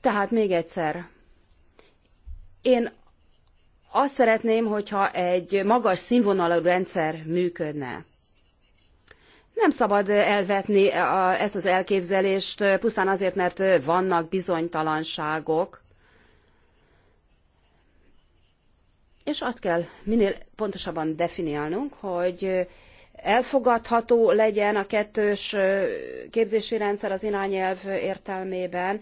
Tehát még egyszer, én azt szeretném, hogyha egy magas színvonalú rendszer működne. Nem szabad elvetni e, a, ezt az elképzelést e, pusztán azért, mert e, vannak bizonytalanságok. És azt kell minél pontosabban definiálnunk, hogy elfogadható legyen a kettős képzési rendszer az irányelv értelmében,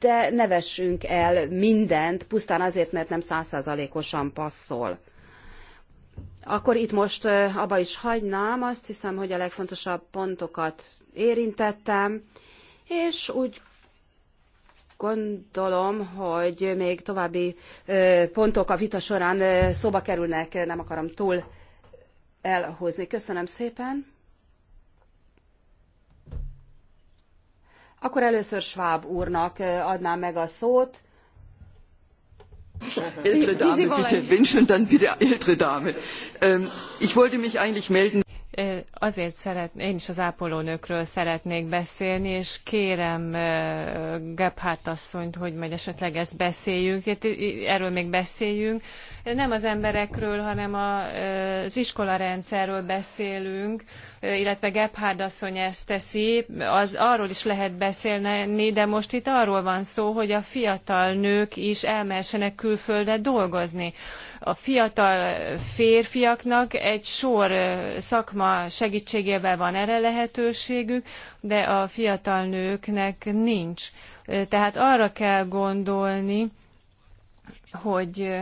de ne vessünk el mindent pusztán azért, mert nem százszázalékosan passzol akkor itt most abba is hagynám, azt hiszem, hogy a legfontosabb pontokat érintettem, és úgy gondolom, hogy még további pontok a vita során szóba kerülnek, nem akarom túl elhozni. Köszönöm szépen. Akkor először Schwab úrnak adnám meg a szót, Ältere Dame, bitte. Wenn schon, dann bitte ältere Dame. Ähm, ich wollte mich eigentlich melden. Azért szeret, én is az ápolónőkről szeretnék beszélni, és kérem Gebhardt asszonyt, hogy majd esetleg ezt beszéljünk, erről még beszéljünk. Nem az emberekről, hanem az iskolarendszerről beszélünk, illetve Gebhardt asszony ezt teszi, az, arról is lehet beszélni, de most itt arról van szó, hogy a fiatal nők is elmessenek külföldre dolgozni a fiatal férfiaknak egy sor szakma segítségével van erre lehetőségük, de a fiatal nőknek nincs. Tehát arra kell gondolni, hogy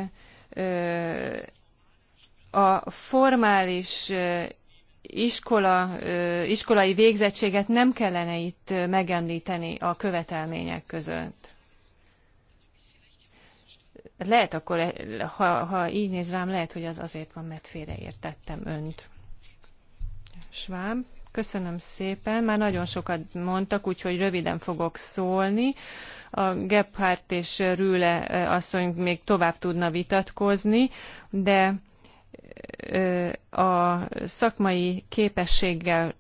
a formális iskola, iskolai végzettséget nem kellene itt megemlíteni a követelmények között lehet akkor, ha, ha így néz rám, lehet, hogy az azért van, mert félreértettem önt. Sváb, Köszönöm szépen. Már nagyon sokat mondtak, úgyhogy röviden fogok szólni. A Gebhardt és Rüle asszony még tovább tudna vitatkozni, de a szakmai képességgel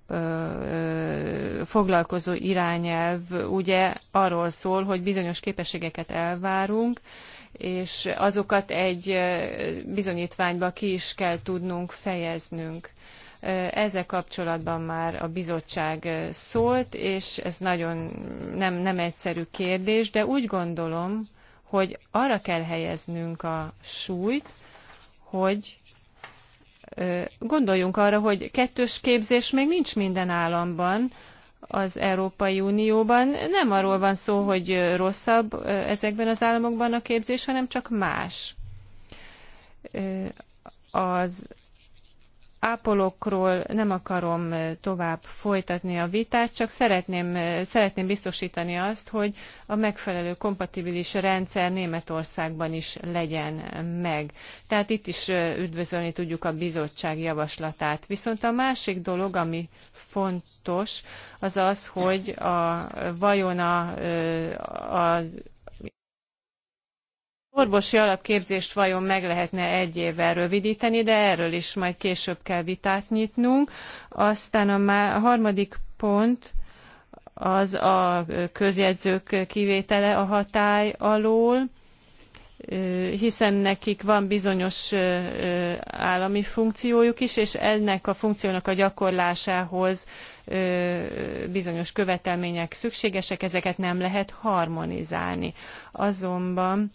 foglalkozó irányelv ugye arról szól, hogy bizonyos képességeket elvárunk, és azokat egy bizonyítványba ki is kell tudnunk fejeznünk. Ezzel kapcsolatban már a bizottság szólt, és ez nagyon nem, nem egyszerű kérdés, de úgy gondolom, hogy arra kell helyeznünk a súlyt, hogy gondoljunk arra, hogy kettős képzés még nincs minden államban, az Európai Unióban. Nem arról van szó, hogy rosszabb ezekben az államokban a képzés, hanem csak más. Az ápolókról nem akarom tovább folytatni a vitát, csak szeretném, szeretném biztosítani azt, hogy a megfelelő kompatibilis rendszer Németországban is legyen meg. Tehát itt is üdvözölni tudjuk a bizottság javaslatát. Viszont a másik dolog, ami fontos, az az, hogy a, vajon a, a orvosi alapképzést vajon meg lehetne egy évvel rövidíteni, de erről is majd később kell vitát nyitnunk. Aztán a, má- a harmadik pont az a közjegyzők kivétele a hatály alól hiszen nekik van bizonyos állami funkciójuk is, és ennek a funkciónak a gyakorlásához bizonyos követelmények szükségesek, ezeket nem lehet harmonizálni. Azonban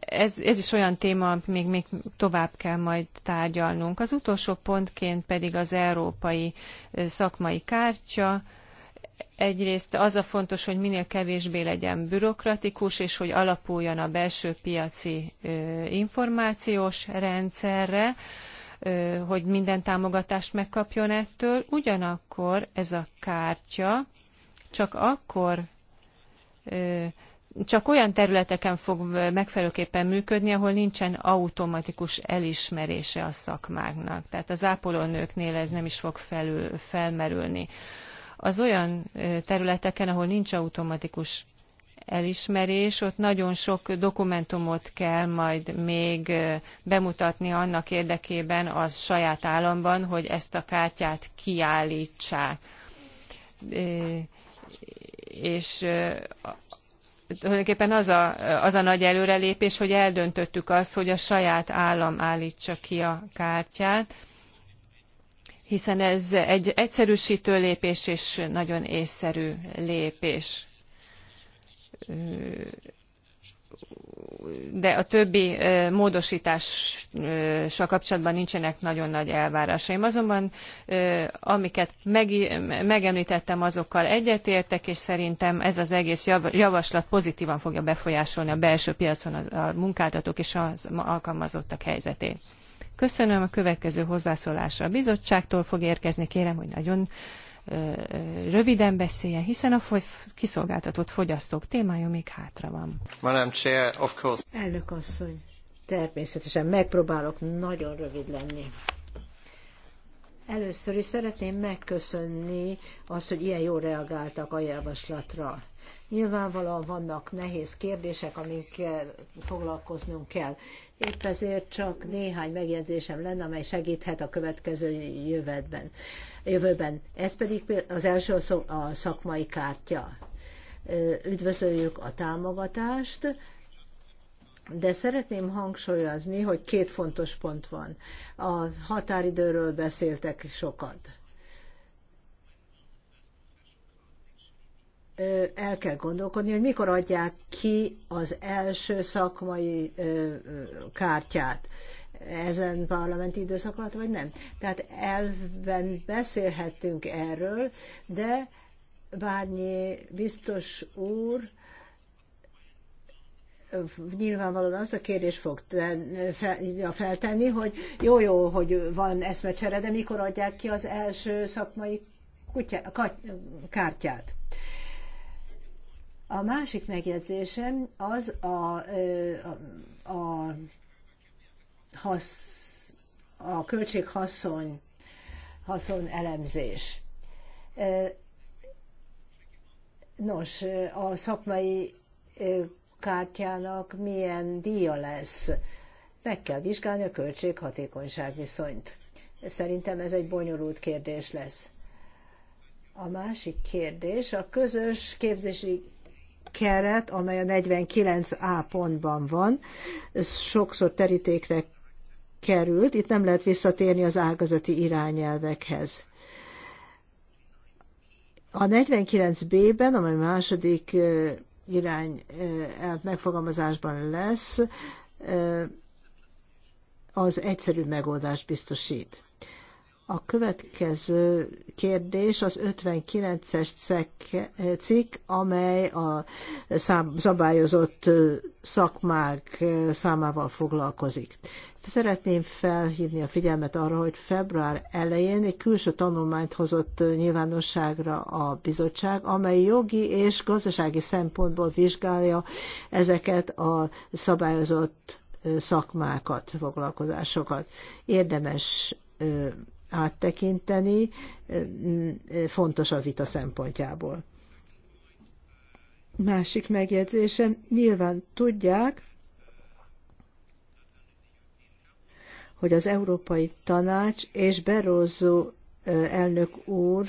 ez, ez is olyan téma, amit még, még tovább kell majd tárgyalnunk. Az utolsó pontként pedig az európai szakmai kártya. Egyrészt az a fontos, hogy minél kevésbé legyen bürokratikus, és hogy alapuljon a belső piaci információs rendszerre, hogy minden támogatást megkapjon ettől. Ugyanakkor ez a kártya csak akkor csak olyan területeken fog megfelelőképpen működni, ahol nincsen automatikus elismerése a szakmáknak. Tehát az ápolónőknél ez nem is fog felül, felmerülni. Az olyan területeken, ahol nincs automatikus elismerés, ott nagyon sok dokumentumot kell majd még bemutatni annak érdekében a saját államban, hogy ezt a kártyát kiállítsák. És tulajdonképpen az a, az a nagy előrelépés, hogy eldöntöttük azt, hogy a saját állam állítsa ki a kártyát, hiszen ez egy egyszerűsítő lépés és nagyon észszerű lépés de a többi módosítással kapcsolatban nincsenek nagyon nagy elvárásaim. Azonban amiket meg, megemlítettem, azokkal egyetértek, és szerintem ez az egész javaslat pozitívan fogja befolyásolni a belső piacon a munkáltatók és az alkalmazottak helyzetét. Köszönöm a következő hozzászólásra a bizottságtól fog érkezni, kérem, hogy nagyon röviden beszéljen, hiszen a kiszolgáltatott fogyasztók témája még hátra van. Chair, of course. Elnök asszony, természetesen megpróbálok nagyon rövid lenni. Először is szeretném megköszönni azt, hogy ilyen jól reagáltak a javaslatra. Nyilvánvalóan vannak nehéz kérdések, amikkel foglalkoznunk kell. Épp ezért csak néhány megjegyzésem lenne, amely segíthet a következő jövedben, jövőben. Ez pedig az első a szakmai kártya. Üdvözöljük a támogatást, de szeretném hangsúlyozni, hogy két fontos pont van. A határidőről beszéltek sokat el kell gondolkodni, hogy mikor adják ki az első szakmai kártyát ezen parlamenti időszak alatt, vagy nem. Tehát elven beszélhetünk erről, de Bárnyi biztos úr nyilvánvalóan azt a kérdés fog feltenni, hogy jó-jó, hogy van eszmecsere, de mikor adják ki az első szakmai kutya, kártyát. A másik megjegyzésem az a, a, a, hasz, a költséghaszony haszon elemzés. Nos, a szakmai kártyának milyen díja lesz? Meg kell vizsgálni a költség-hatékonyság viszonyt. Szerintem ez egy bonyolult kérdés lesz. A másik kérdés a közös képzési keret, amely a 49A pontban van, ez sokszor terítékre került, itt nem lehet visszatérni az ágazati irányelvekhez. A 49B-ben, amely második irány megfogalmazásban lesz, az egyszerű megoldást biztosít. A következő kérdés az 59-es cikk, amely a szabályozott szakmák számával foglalkozik. Szeretném felhívni a figyelmet arra, hogy február elején egy külső tanulmányt hozott nyilvánosságra a bizottság, amely jogi és gazdasági szempontból vizsgálja ezeket a szabályozott szakmákat, foglalkozásokat. Érdemes áttekinteni, fontos a vita szempontjából. Másik megjegyzésem, nyilván tudják, hogy az Európai Tanács és Berózó elnök úr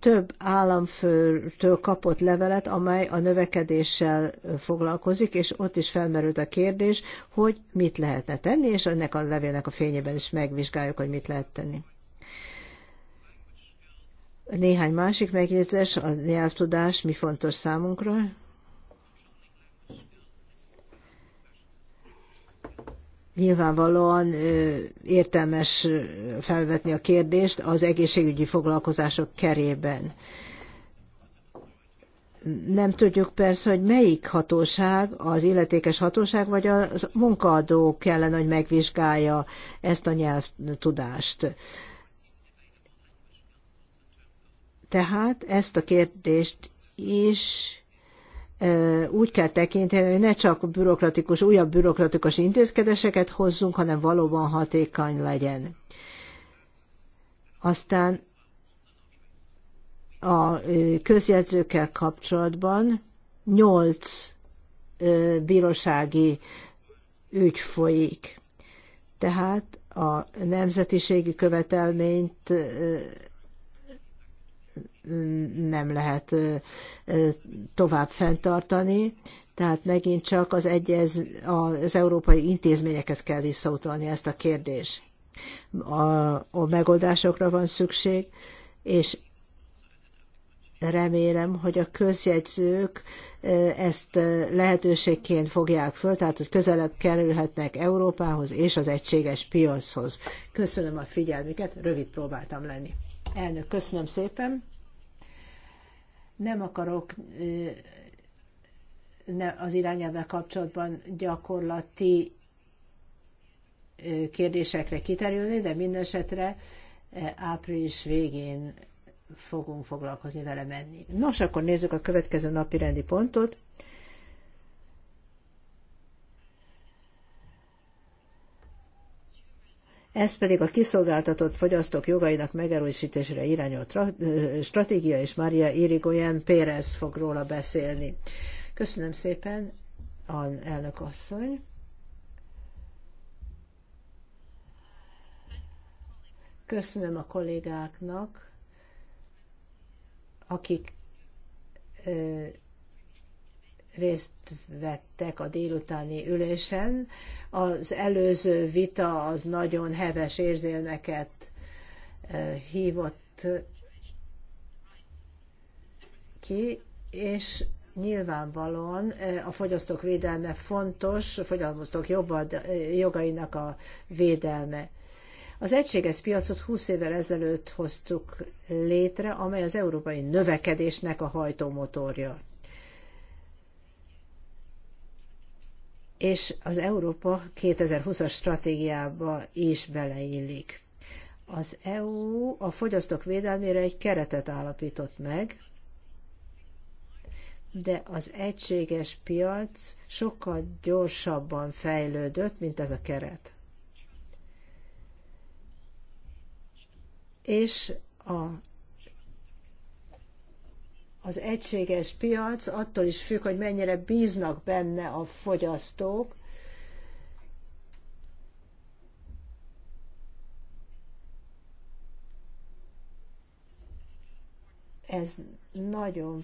több államfőtől kapott levelet, amely a növekedéssel foglalkozik, és ott is felmerült a kérdés, hogy mit lehetne tenni, és ennek a levélnek a fényében is megvizsgáljuk, hogy mit lehet tenni. Néhány másik megjegyzés, a nyelvtudás mi fontos számunkra, nyilvánvalóan értelmes felvetni a kérdést az egészségügyi foglalkozások kerében. Nem tudjuk persze, hogy melyik hatóság, az illetékes hatóság, vagy a munkaadó kellene, hogy megvizsgálja ezt a nyelvtudást. Tehát ezt a kérdést is úgy kell tekinteni, hogy ne csak bürokratikus, újabb bürokratikus intézkedéseket hozzunk, hanem valóban hatékony legyen. Aztán a közjegyzőkkel kapcsolatban nyolc bírósági ügy folyik. Tehát a nemzetiségi követelményt nem lehet tovább fenntartani, tehát megint csak az, egyez, az európai intézményekhez kell visszautalni ezt a kérdés, A, a megoldásokra van szükség, és remélem, hogy a közjegyzők ezt lehetőségként fogják föl, tehát hogy közelebb kerülhetnek Európához és az egységes piachoz. Köszönöm a figyelmüket, rövid próbáltam lenni. Elnök, köszönöm szépen. Nem akarok az irányelvvel kapcsolatban gyakorlati kérdésekre kiterülni, de minden esetre április végén fogunk foglalkozni vele menni. Nos, akkor nézzük a következő napi rendi pontot. Ez pedig a kiszolgáltatott fogyasztók jogainak megerősítésére irányolt stratégia, és Maria Irigoyen Pérez fog róla beszélni. Köszönöm szépen, Ann elnök asszony. Köszönöm a kollégáknak, akik részt vettek a délutáni ülésen. Az előző vita az nagyon heves érzelmeket eh, hívott ki, és nyilvánvalóan eh, a fogyasztók védelme fontos, a fogyasztók jobbad, eh, jogainak a védelme. Az egységes piacot 20 évvel ezelőtt hoztuk létre, amely az európai növekedésnek a hajtómotorja. és az Európa 2020-as stratégiába is beleillik. Az EU a fogyasztók védelmére egy keretet állapított meg, de az egységes piac sokkal gyorsabban fejlődött, mint ez a keret. És a az egységes piac attól is függ, hogy mennyire bíznak benne a fogyasztók, ez nagyon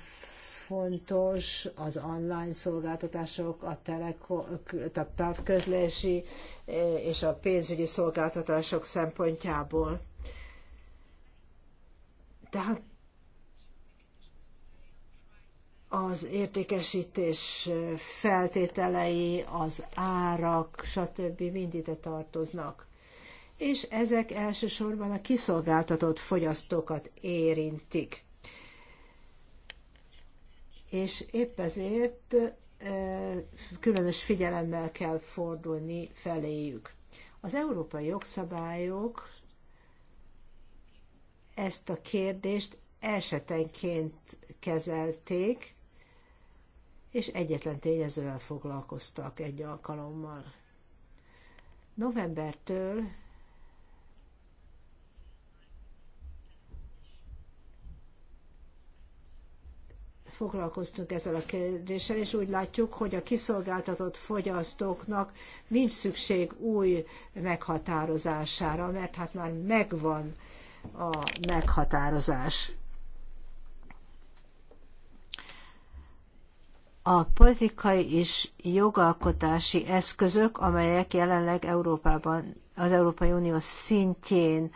fontos az online szolgáltatások, a, teleko, a távközlési eh, és a pénzügyi szolgáltatások szempontjából. Tehát az értékesítés feltételei, az árak, stb. mind ide tartoznak. És ezek elsősorban a kiszolgáltatott fogyasztókat érintik. És épp ezért különös figyelemmel kell fordulni feléjük. Az európai jogszabályok ezt a kérdést esetenként kezelték, és egyetlen tényezővel foglalkoztak egy alkalommal. Novembertől foglalkoztunk ezzel a kérdéssel, és úgy látjuk, hogy a kiszolgáltatott fogyasztóknak nincs szükség új meghatározására, mert hát már megvan a meghatározás. a politikai és jogalkotási eszközök, amelyek jelenleg Európában, az Európai Unió szintjén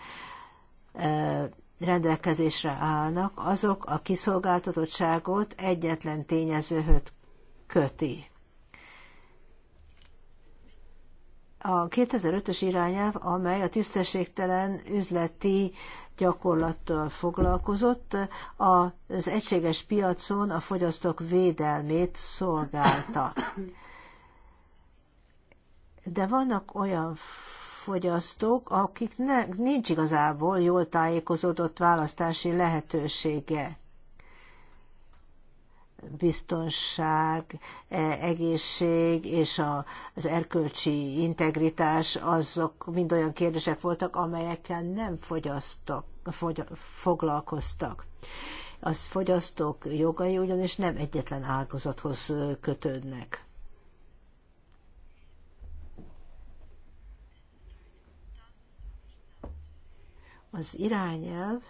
rendelkezésre állnak, azok a kiszolgáltatottságot egyetlen tényezőhöz köti. A 2005-ös irányelv, amely a tisztességtelen üzleti gyakorlattal foglalkozott, az egységes piacon a fogyasztók védelmét szolgálta. De vannak olyan fogyasztók, akiknek nincs igazából jól tájékozódott választási lehetősége biztonság, e, egészség és az erkölcsi integritás azok mind olyan kérdések voltak, amelyekkel nem fogyasztok, fogy, foglalkoztak. Az fogyasztók jogai ugyanis nem egyetlen ágazathoz kötődnek. Az irányelv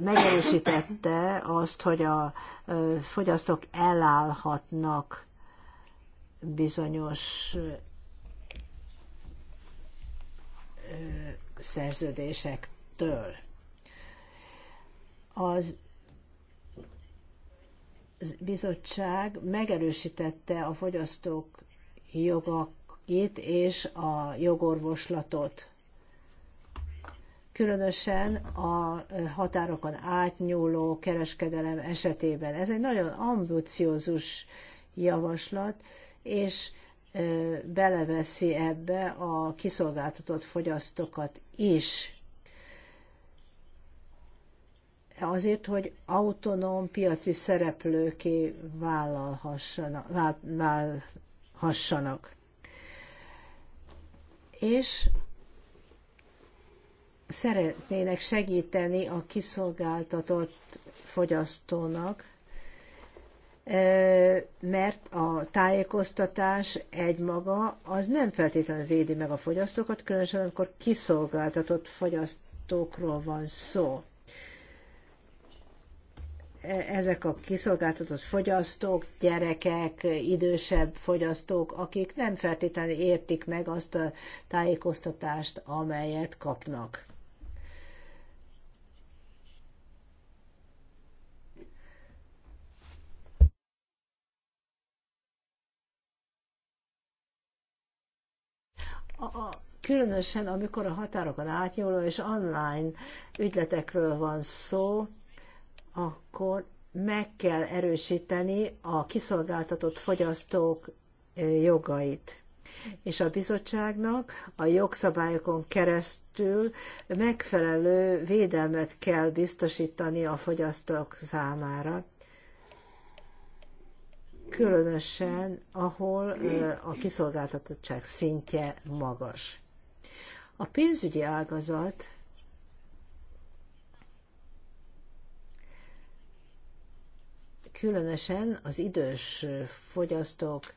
megerősítette azt, hogy a fogyasztók elállhatnak bizonyos szerződésektől. Az bizottság megerősítette a fogyasztók jogait és a jogorvoslatot különösen a határokon átnyúló kereskedelem esetében. Ez egy nagyon ambiciózus javaslat, és beleveszi ebbe a kiszolgáltatott fogyasztókat is. Azért, hogy autonóm piaci szereplőké válhassanak. És szeretnének segíteni a kiszolgáltatott fogyasztónak, mert a tájékoztatás egymaga az nem feltétlenül védi meg a fogyasztókat, különösen amikor kiszolgáltatott fogyasztókról van szó. E, ezek a kiszolgáltatott fogyasztók, gyerekek, idősebb fogyasztók, akik nem feltétlenül értik meg azt a tájékoztatást, amelyet kapnak. a, különösen amikor a határokon átnyúló és online ügyletekről van szó, akkor meg kell erősíteni a kiszolgáltatott fogyasztók jogait. És a bizottságnak a jogszabályokon keresztül megfelelő védelmet kell biztosítani a fogyasztók számára különösen ahol a kiszolgáltatottság szintje magas. A pénzügyi ágazat különösen az idős fogyasztók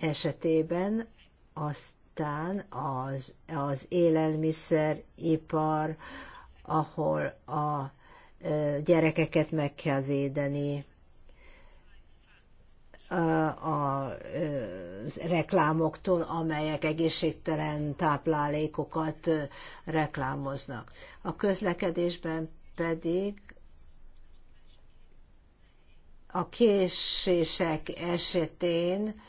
esetében aztán az, az élelmiszeripar, ahol a gyerekeket meg kell védeni, a reklámoktól, amelyek egészségtelen táplálékokat reklámoznak. A közlekedésben pedig a késések esetén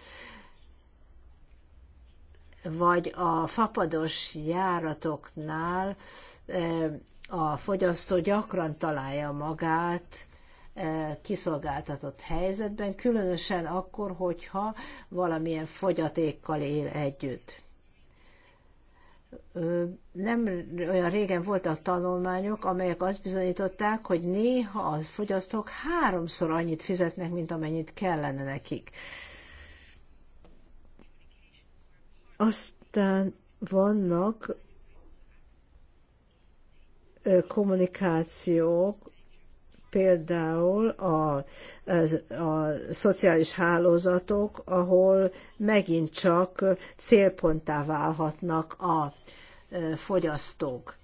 vagy a fapados járatoknál a fogyasztó gyakran találja magát kiszolgáltatott helyzetben, különösen akkor, hogyha valamilyen fogyatékkal él együtt. Nem olyan régen voltak tanulmányok, amelyek azt bizonyították, hogy néha a fogyasztók háromszor annyit fizetnek, mint amennyit kellene nekik. Aztán vannak kommunikációk, például a, a, a szociális hálózatok, ahol megint csak célponttá válhatnak a e, fogyasztók.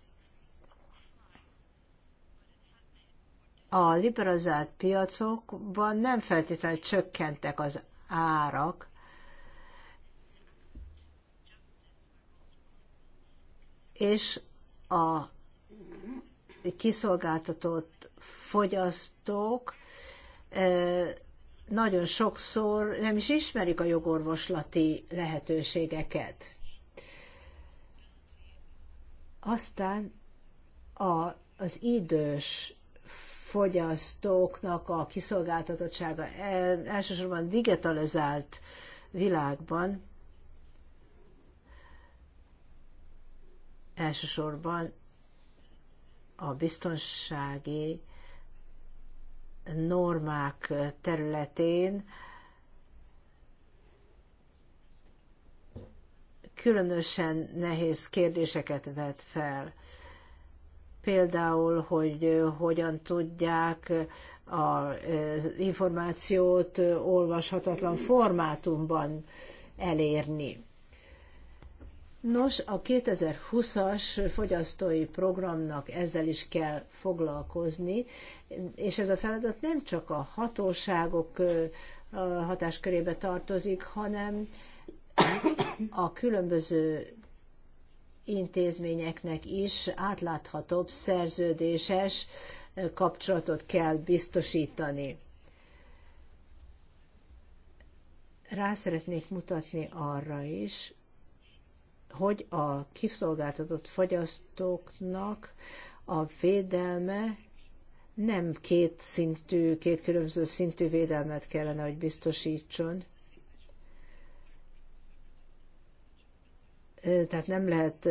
A liberalizált piacokban nem feltétlenül csökkentek az árak, és a kiszolgáltatott fogyasztók nagyon sokszor nem is ismerik a jogorvoslati lehetőségeket. Aztán a, az idős fogyasztóknak a kiszolgáltatottsága e, elsősorban digitalizált világban elsősorban a biztonsági normák területén különösen nehéz kérdéseket vet fel. Például, hogy hogyan tudják az információt olvashatatlan formátumban elérni. Nos, a 2020-as fogyasztói programnak ezzel is kell foglalkozni, és ez a feladat nem csak a hatóságok hatáskörébe tartozik, hanem a különböző intézményeknek is átláthatóbb szerződéses kapcsolatot kell biztosítani. Rá szeretnék mutatni arra is, hogy a kiszolgáltatott fogyasztóknak a védelme nem két szintű, két különböző szintű védelmet kellene, hogy biztosítson. Tehát nem lehet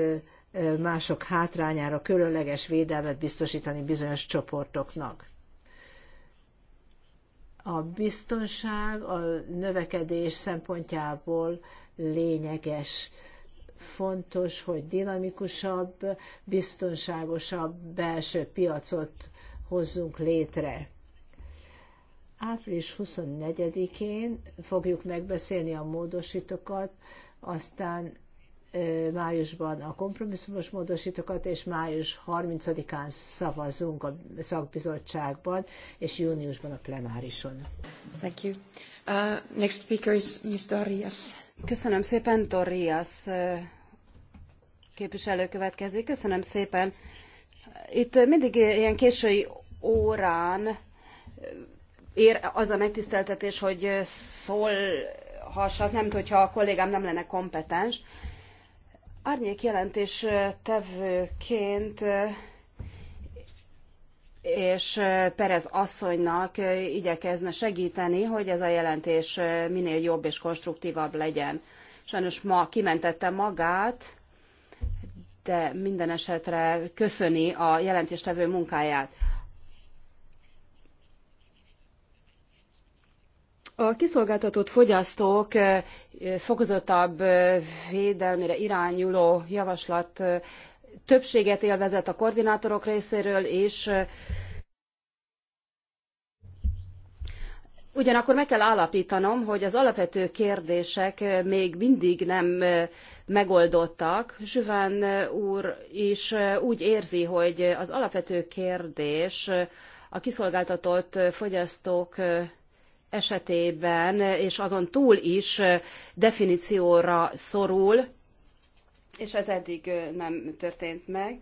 mások hátrányára különleges védelmet biztosítani bizonyos csoportoknak. A biztonság a növekedés szempontjából lényeges fontos, hogy dinamikusabb, biztonságosabb belső piacot hozzunk létre. Április 24-én fogjuk megbeszélni a módosítókat, aztán májusban a kompromisszumos módosítókat, és május 30-án szavazunk a szakbizottságban, és júniusban a plenárison. Thank you. Uh, next speaker is Ms. Darius. Köszönöm szépen, Dorias képviselő következik. Köszönöm szépen. Itt mindig ilyen késői órán ér az a megtiszteltetés, hogy szólhassak, nem tudom, hogyha a kollégám nem lenne kompetens. Árnyék jelentés tevőként és Perez asszonynak igyekezne segíteni, hogy ez a jelentés minél jobb és konstruktívabb legyen. Sajnos ma kimentette magát, de minden esetre köszöni a jelentéstevő munkáját. A kiszolgáltatott fogyasztók fokozottabb védelmére irányuló javaslat többséget élvezett a koordinátorok részéről is. Ugyanakkor meg kell állapítanom, hogy az alapvető kérdések még mindig nem megoldottak. Zsüven úr is úgy érzi, hogy az alapvető kérdés a kiszolgáltatott fogyasztók esetében és azon túl is definícióra szorul és ez eddig nem történt meg.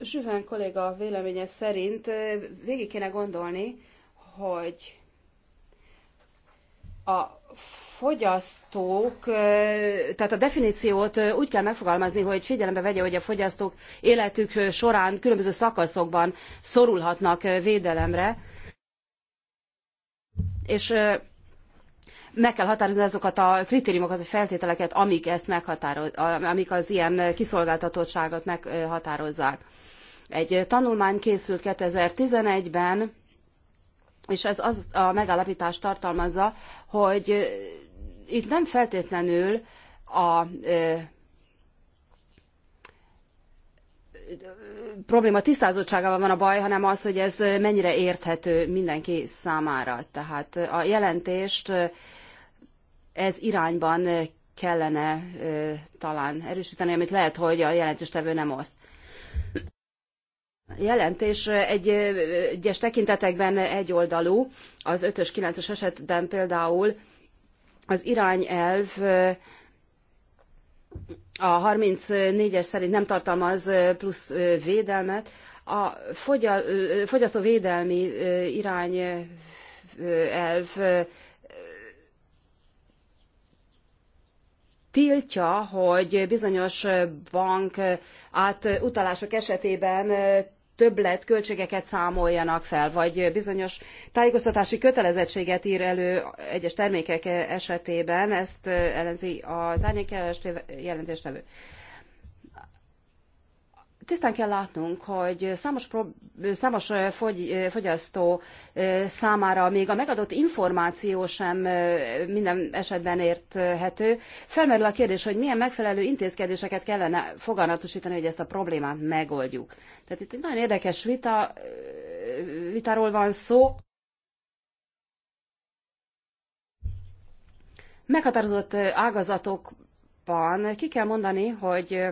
Zsüven kolléga véleménye szerint végig kéne gondolni, hogy a fogyasztók, tehát a definíciót úgy kell megfogalmazni, hogy figyelembe vegye, hogy a fogyasztók életük során különböző szakaszokban szorulhatnak védelemre, és meg kell határozni azokat a kritériumokat, a feltételeket, amik ezt meghatároz, amik az ilyen kiszolgáltatottságot meghatározzák. Egy tanulmány készült 2011-ben, és ez az a megállapítást tartalmazza, hogy itt nem feltétlenül a probléma tisztázottságával van a baj, hanem az, hogy ez mennyire érthető mindenki számára. Tehát a jelentést ez irányban kellene talán erősíteni, amit lehet, hogy a jelentéstevő nem oszt. Jelentés egy, egyes tekintetekben egyoldalú, az 5-ös, 9-es esetben például az irányelv a 34-es szerint nem tartalmaz plusz védelmet. A fogyasztóvédelmi irányelv tiltja, hogy bizonyos bank átutalások esetében többlet költségeket számoljanak fel, vagy bizonyos tájékoztatási kötelezettséget ír elő egyes termékek esetében, ezt ellenzi az árnyék jelentéstevő. Tisztán kell látnunk, hogy számos, számos eh, fogy, eh, fogyasztó eh, számára még a megadott információ sem minden esetben érthető. Felmerül a kérdés, hogy milyen megfelelő intézkedéseket kellene foganatosítani, hogy ezt a problémát megoldjuk. Tehát itt egy nagyon érdekes vita, vitáról van szó. Meghatározott ágazatokban ki kell mondani, hogy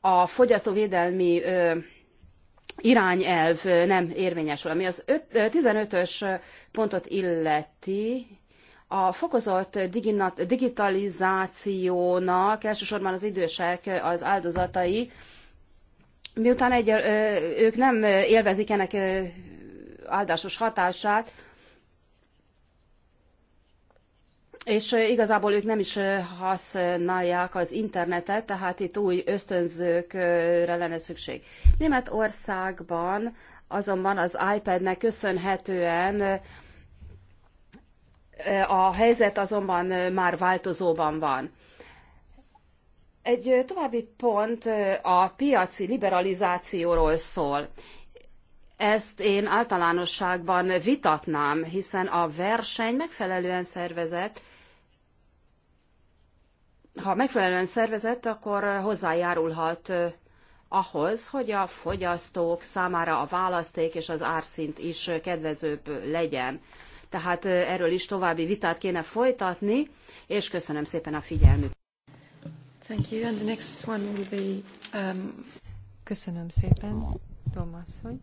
a fogyasztóvédelmi irányelv nem érvényesül. Ami az 15-ös pontot illeti, a fokozott digitalizációnak elsősorban az idősek az áldozatai, miután egy, ők nem élvezik ennek áldásos hatását, és igazából ők nem is használják az internetet, tehát itt új ösztönzőkre lenne szükség. Németországban azonban az iPadnek köszönhetően a helyzet azonban már változóban van. Egy további pont a piaci liberalizációról szól. Ezt én általánosságban vitatnám, hiszen a verseny megfelelően szervezett, ha megfelelően szervezett, akkor hozzájárulhat ahhoz, hogy a fogyasztók számára a választék és az árszint is kedvezőbb legyen. Tehát erről is további vitát kéne folytatni, és köszönöm szépen a figyelmüket. Thank you. And the next one will be, um... Köszönöm szépen, Tomasszony.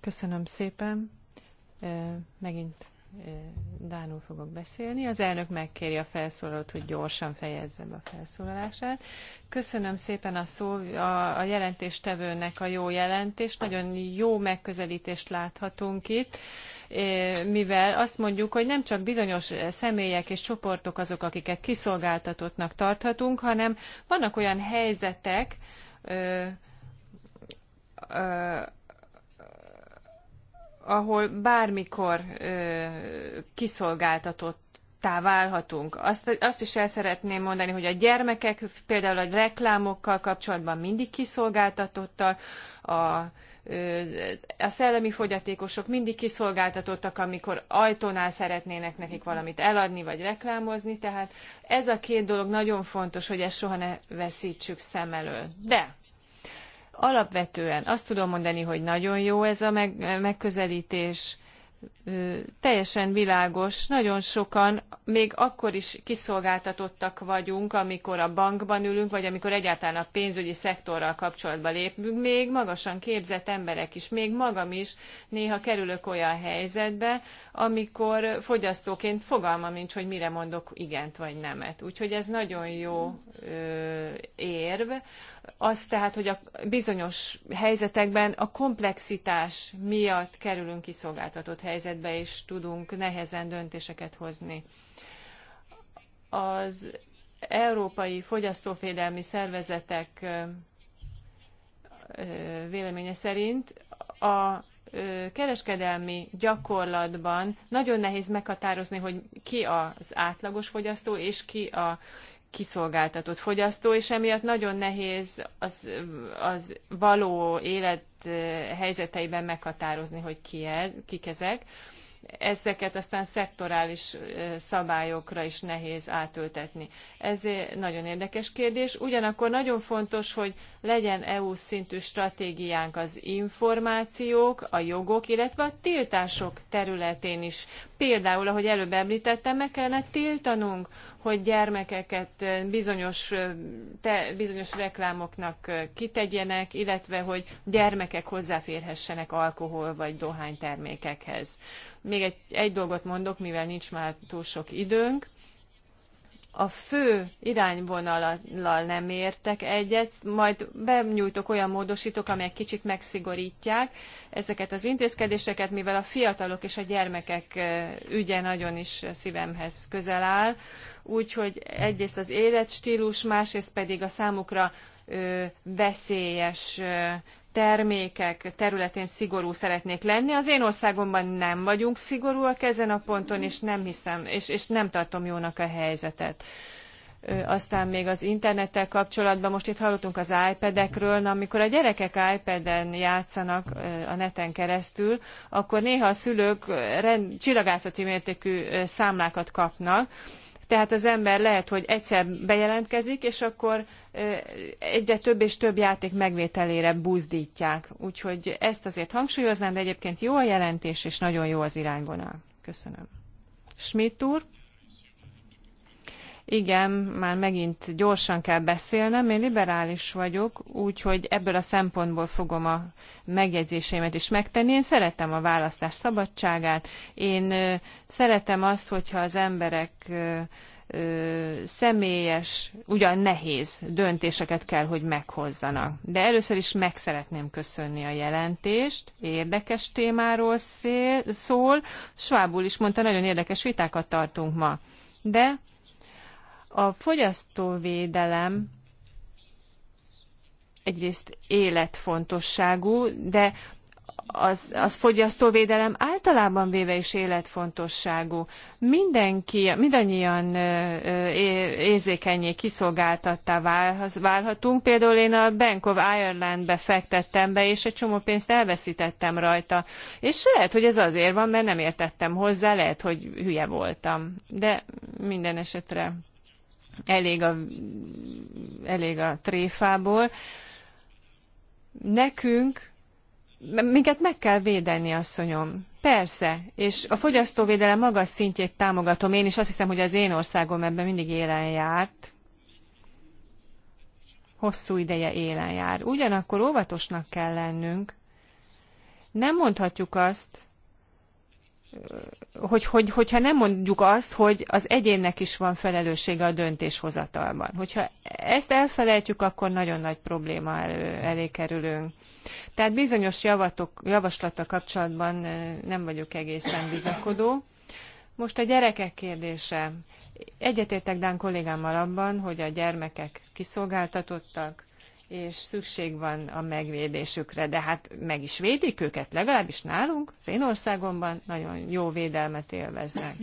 Köszönöm szépen. Megint Dánul fogok beszélni. Az elnök megkéri a felszólalót, hogy gyorsan fejezze be a felszólalását. Köszönöm szépen a, szó, a, a jelentéstevőnek a jó jelentést. Nagyon jó megközelítést láthatunk itt mivel azt mondjuk, hogy nem csak bizonyos személyek és csoportok azok, akiket kiszolgáltatottnak tarthatunk, hanem vannak olyan helyzetek, ö, ö, ahol bármikor ö, kiszolgáltatott válhatunk. Azt, azt is el szeretném mondani, hogy a gyermekek például a reklámokkal kapcsolatban mindig kiszolgáltatottak, a, a szellemi fogyatékosok mindig kiszolgáltatottak, amikor ajtónál szeretnének nekik valamit eladni vagy reklámozni, tehát ez a két dolog nagyon fontos, hogy ezt soha ne veszítsük szem elől. De Alapvetően azt tudom mondani, hogy nagyon jó ez a meg, megközelítés, teljesen világos, nagyon sokan még akkor is kiszolgáltatottak vagyunk, amikor a bankban ülünk, vagy amikor egyáltalán a pénzügyi szektorral kapcsolatba lépünk, még magasan képzett emberek is, még magam is néha kerülök olyan helyzetbe, amikor fogyasztóként fogalmam nincs, hogy mire mondok igent vagy nemet. Úgyhogy ez nagyon jó ö, érv az tehát, hogy a bizonyos helyzetekben a komplexitás miatt kerülünk kiszolgáltatott helyzetbe, és tudunk nehezen döntéseket hozni. Az európai fogyasztóvédelmi szervezetek véleménye szerint a kereskedelmi gyakorlatban nagyon nehéz meghatározni, hogy ki az átlagos fogyasztó és ki a kiszolgáltatott fogyasztó, és emiatt nagyon nehéz az, az való élet eh, helyzeteiben meghatározni, hogy ki ez, kik ezek. Ezeket aztán szektorális eh, szabályokra is nehéz átültetni. Ez nagyon érdekes kérdés. Ugyanakkor nagyon fontos, hogy legyen EU szintű stratégiánk az információk, a jogok, illetve a tiltások területén is Például, ahogy előbb említettem, meg kellene tiltanunk, hogy gyermekeket bizonyos, te, bizonyos reklámoknak kitegyenek, illetve hogy gyermekek hozzáférhessenek alkohol vagy dohánytermékekhez. Még egy, egy dolgot mondok, mivel nincs már túl sok időnk a fő irányvonalal nem értek egyet, majd benyújtok olyan módosítók, amelyek kicsit megszigorítják ezeket az intézkedéseket, mivel a fiatalok és a gyermekek ügye nagyon is szívemhez közel áll, úgyhogy egyrészt az életstílus, másrészt pedig a számukra veszélyes termékek területén szigorú szeretnék lenni. Az én országomban nem vagyunk szigorúak ezen a ponton, és nem hiszem, és, és nem tartom jónak a helyzetet. Aztán még az internettel kapcsolatban, most itt hallottunk az iPad-ekről, na, amikor a gyerekek iPad-en játszanak a neten keresztül, akkor néha a szülők rend, csillagászati mértékű számlákat kapnak, tehát az ember lehet, hogy egyszer bejelentkezik, és akkor egyre több és több játék megvételére buzdítják. Úgyhogy ezt azért hangsúlyoznám, de egyébként jó a jelentés, és nagyon jó az irányvonal. Köszönöm. Schmidt úr? Igen, már megint gyorsan kell beszélnem. Én liberális vagyok, úgyhogy ebből a szempontból fogom a megjegyzéseimet is megtenni. Én szeretem a választás szabadságát. Én szeretem azt, hogyha az emberek személyes, ugyan nehéz döntéseket kell, hogy meghozzanak. De először is meg szeretném köszönni a jelentést, érdekes témáról szél, szól. Schwab is mondta, nagyon érdekes vitákat tartunk ma. De a fogyasztóvédelem egyrészt életfontosságú, de az, az fogyasztóvédelem általában véve is életfontosságú. Mindenki, mindannyian érzékenyé, kiszolgáltattá válhatunk. Például én a Bank of Ireland-be fektettem be, és egy csomó pénzt elveszítettem rajta. És lehet, hogy ez azért van, mert nem értettem hozzá, lehet, hogy hülye voltam. De minden esetre elég a, elég a tréfából. Nekünk, minket meg kell védeni, asszonyom. Persze, és a fogyasztóvédelem magas szintjét támogatom én, is. azt hiszem, hogy az én országom ebben mindig élen járt. Hosszú ideje élen jár. Ugyanakkor óvatosnak kell lennünk. Nem mondhatjuk azt, hogy, hogy, hogyha nem mondjuk azt, hogy az egyénnek is van felelőssége a döntéshozatalban. Hogyha ezt elfelejtjük, akkor nagyon nagy probléma elő, elé kerülünk. Tehát bizonyos javatok, javaslata kapcsolatban nem vagyok egészen bizakodó. Most a gyerekek kérdése. Egyetértek Dán kollégámmal abban, hogy a gyermekek kiszolgáltatottak, és szükség van a megvédésükre, de hát meg is védik őket, legalábbis nálunk, az én országomban nagyon jó védelmet élveznek.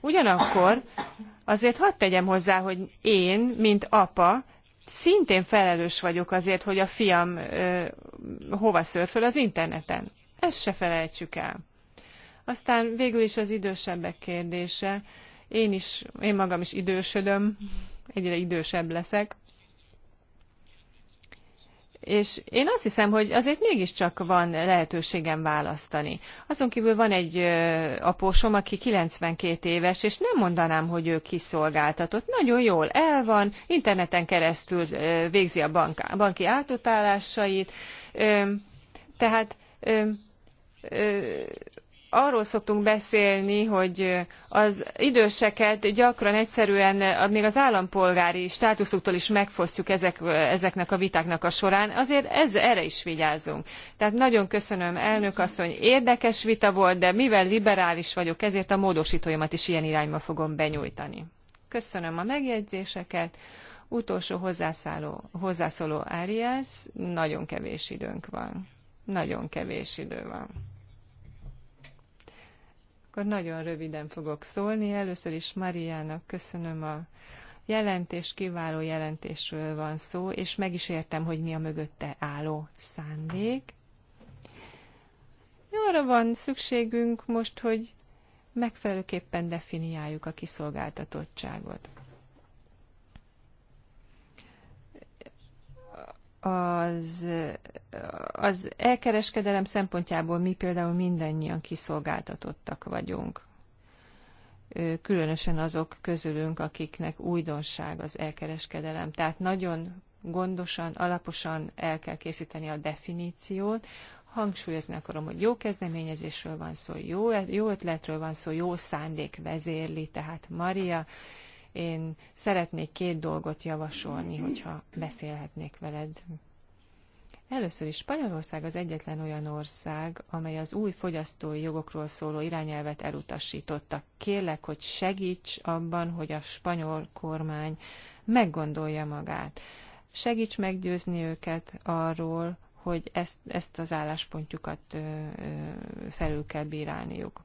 Ugyanakkor azért hadd tegyem hozzá, hogy én, mint apa, szintén felelős vagyok azért, hogy a fiam ö, hova szörföl az interneten. Ezt se felejtsük el. Aztán végül is az idősebbek kérdése. Én is, én magam is idősödöm, egyre idősebb leszek. És én azt hiszem, hogy azért mégiscsak van lehetőségem választani. Azon kívül van egy apósom, aki 92 éves, és nem mondanám, hogy ő kiszolgáltatott. Nagyon jól el van, interneten keresztül végzi a bank, banki átutálásait. Tehát arról szoktunk beszélni, hogy az időseket gyakran egyszerűen még az állampolgári státuszuktól is megfosztjuk ezek, ezeknek a vitáknak a során, azért ez, erre is vigyázzunk. Tehát nagyon köszönöm, elnök asszony, érdekes vita volt, de mivel liberális vagyok, ezért a módosítóimat is ilyen irányba fogom benyújtani. Köszönöm a megjegyzéseket. Utolsó hozzászóló, hozzászóló Arias, nagyon kevés időnk van. Nagyon kevés idő van akkor nagyon röviden fogok szólni. Először is Mariának köszönöm a jelentés, kiváló jelentésről van szó, és meg is értem, hogy mi a mögötte álló szándék. Arra van szükségünk most, hogy megfelelőképpen definiáljuk a kiszolgáltatottságot. az, az elkereskedelem szempontjából mi például mindannyian kiszolgáltatottak vagyunk. Különösen azok közülünk, akiknek újdonság az elkereskedelem. Tehát nagyon gondosan, alaposan el kell készíteni a definíciót. Hangsúlyozni akarom, hogy jó kezdeményezésről van szó, jó, jó ötletről van szó, jó szándék vezérli, tehát Maria én szeretnék két dolgot javasolni, hogyha beszélhetnék veled. Először is Spanyolország az egyetlen olyan ország, amely az új fogyasztói jogokról szóló irányelvet elutasította. Kérlek, hogy segíts abban, hogy a spanyol kormány meggondolja magát. Segíts meggyőzni őket arról, hogy ezt, ezt az álláspontjukat ö, ö, felül kell bírálniuk.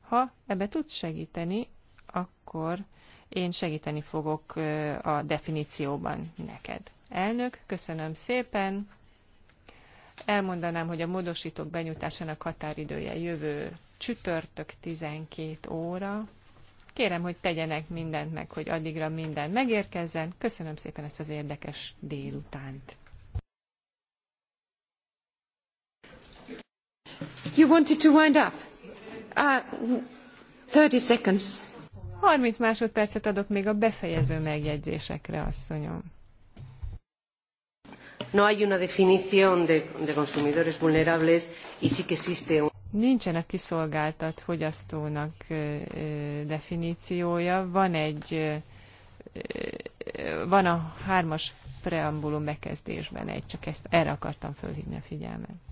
Ha ebbe tudsz segíteni, akkor én segíteni fogok a definícióban neked. Elnök, köszönöm szépen. Elmondanám, hogy a módosítók benyújtásának határidője jövő csütörtök 12 óra. Kérem, hogy tegyenek mindent meg, hogy addigra minden megérkezzen. Köszönöm szépen ezt az érdekes délutánt. You wanted to wind up? Uh, 30 seconds. 30 másodpercet adok még a befejező megjegyzésekre, asszonyom. No hay una definición de, de consumidores vulnerables y sí que existe un... Nincsen a kiszolgáltat fogyasztónak ö, definíciója. Van egy, ö, van a hármas preambulum bekezdésben egy, csak ezt erre akartam fölhívni a figyelmet.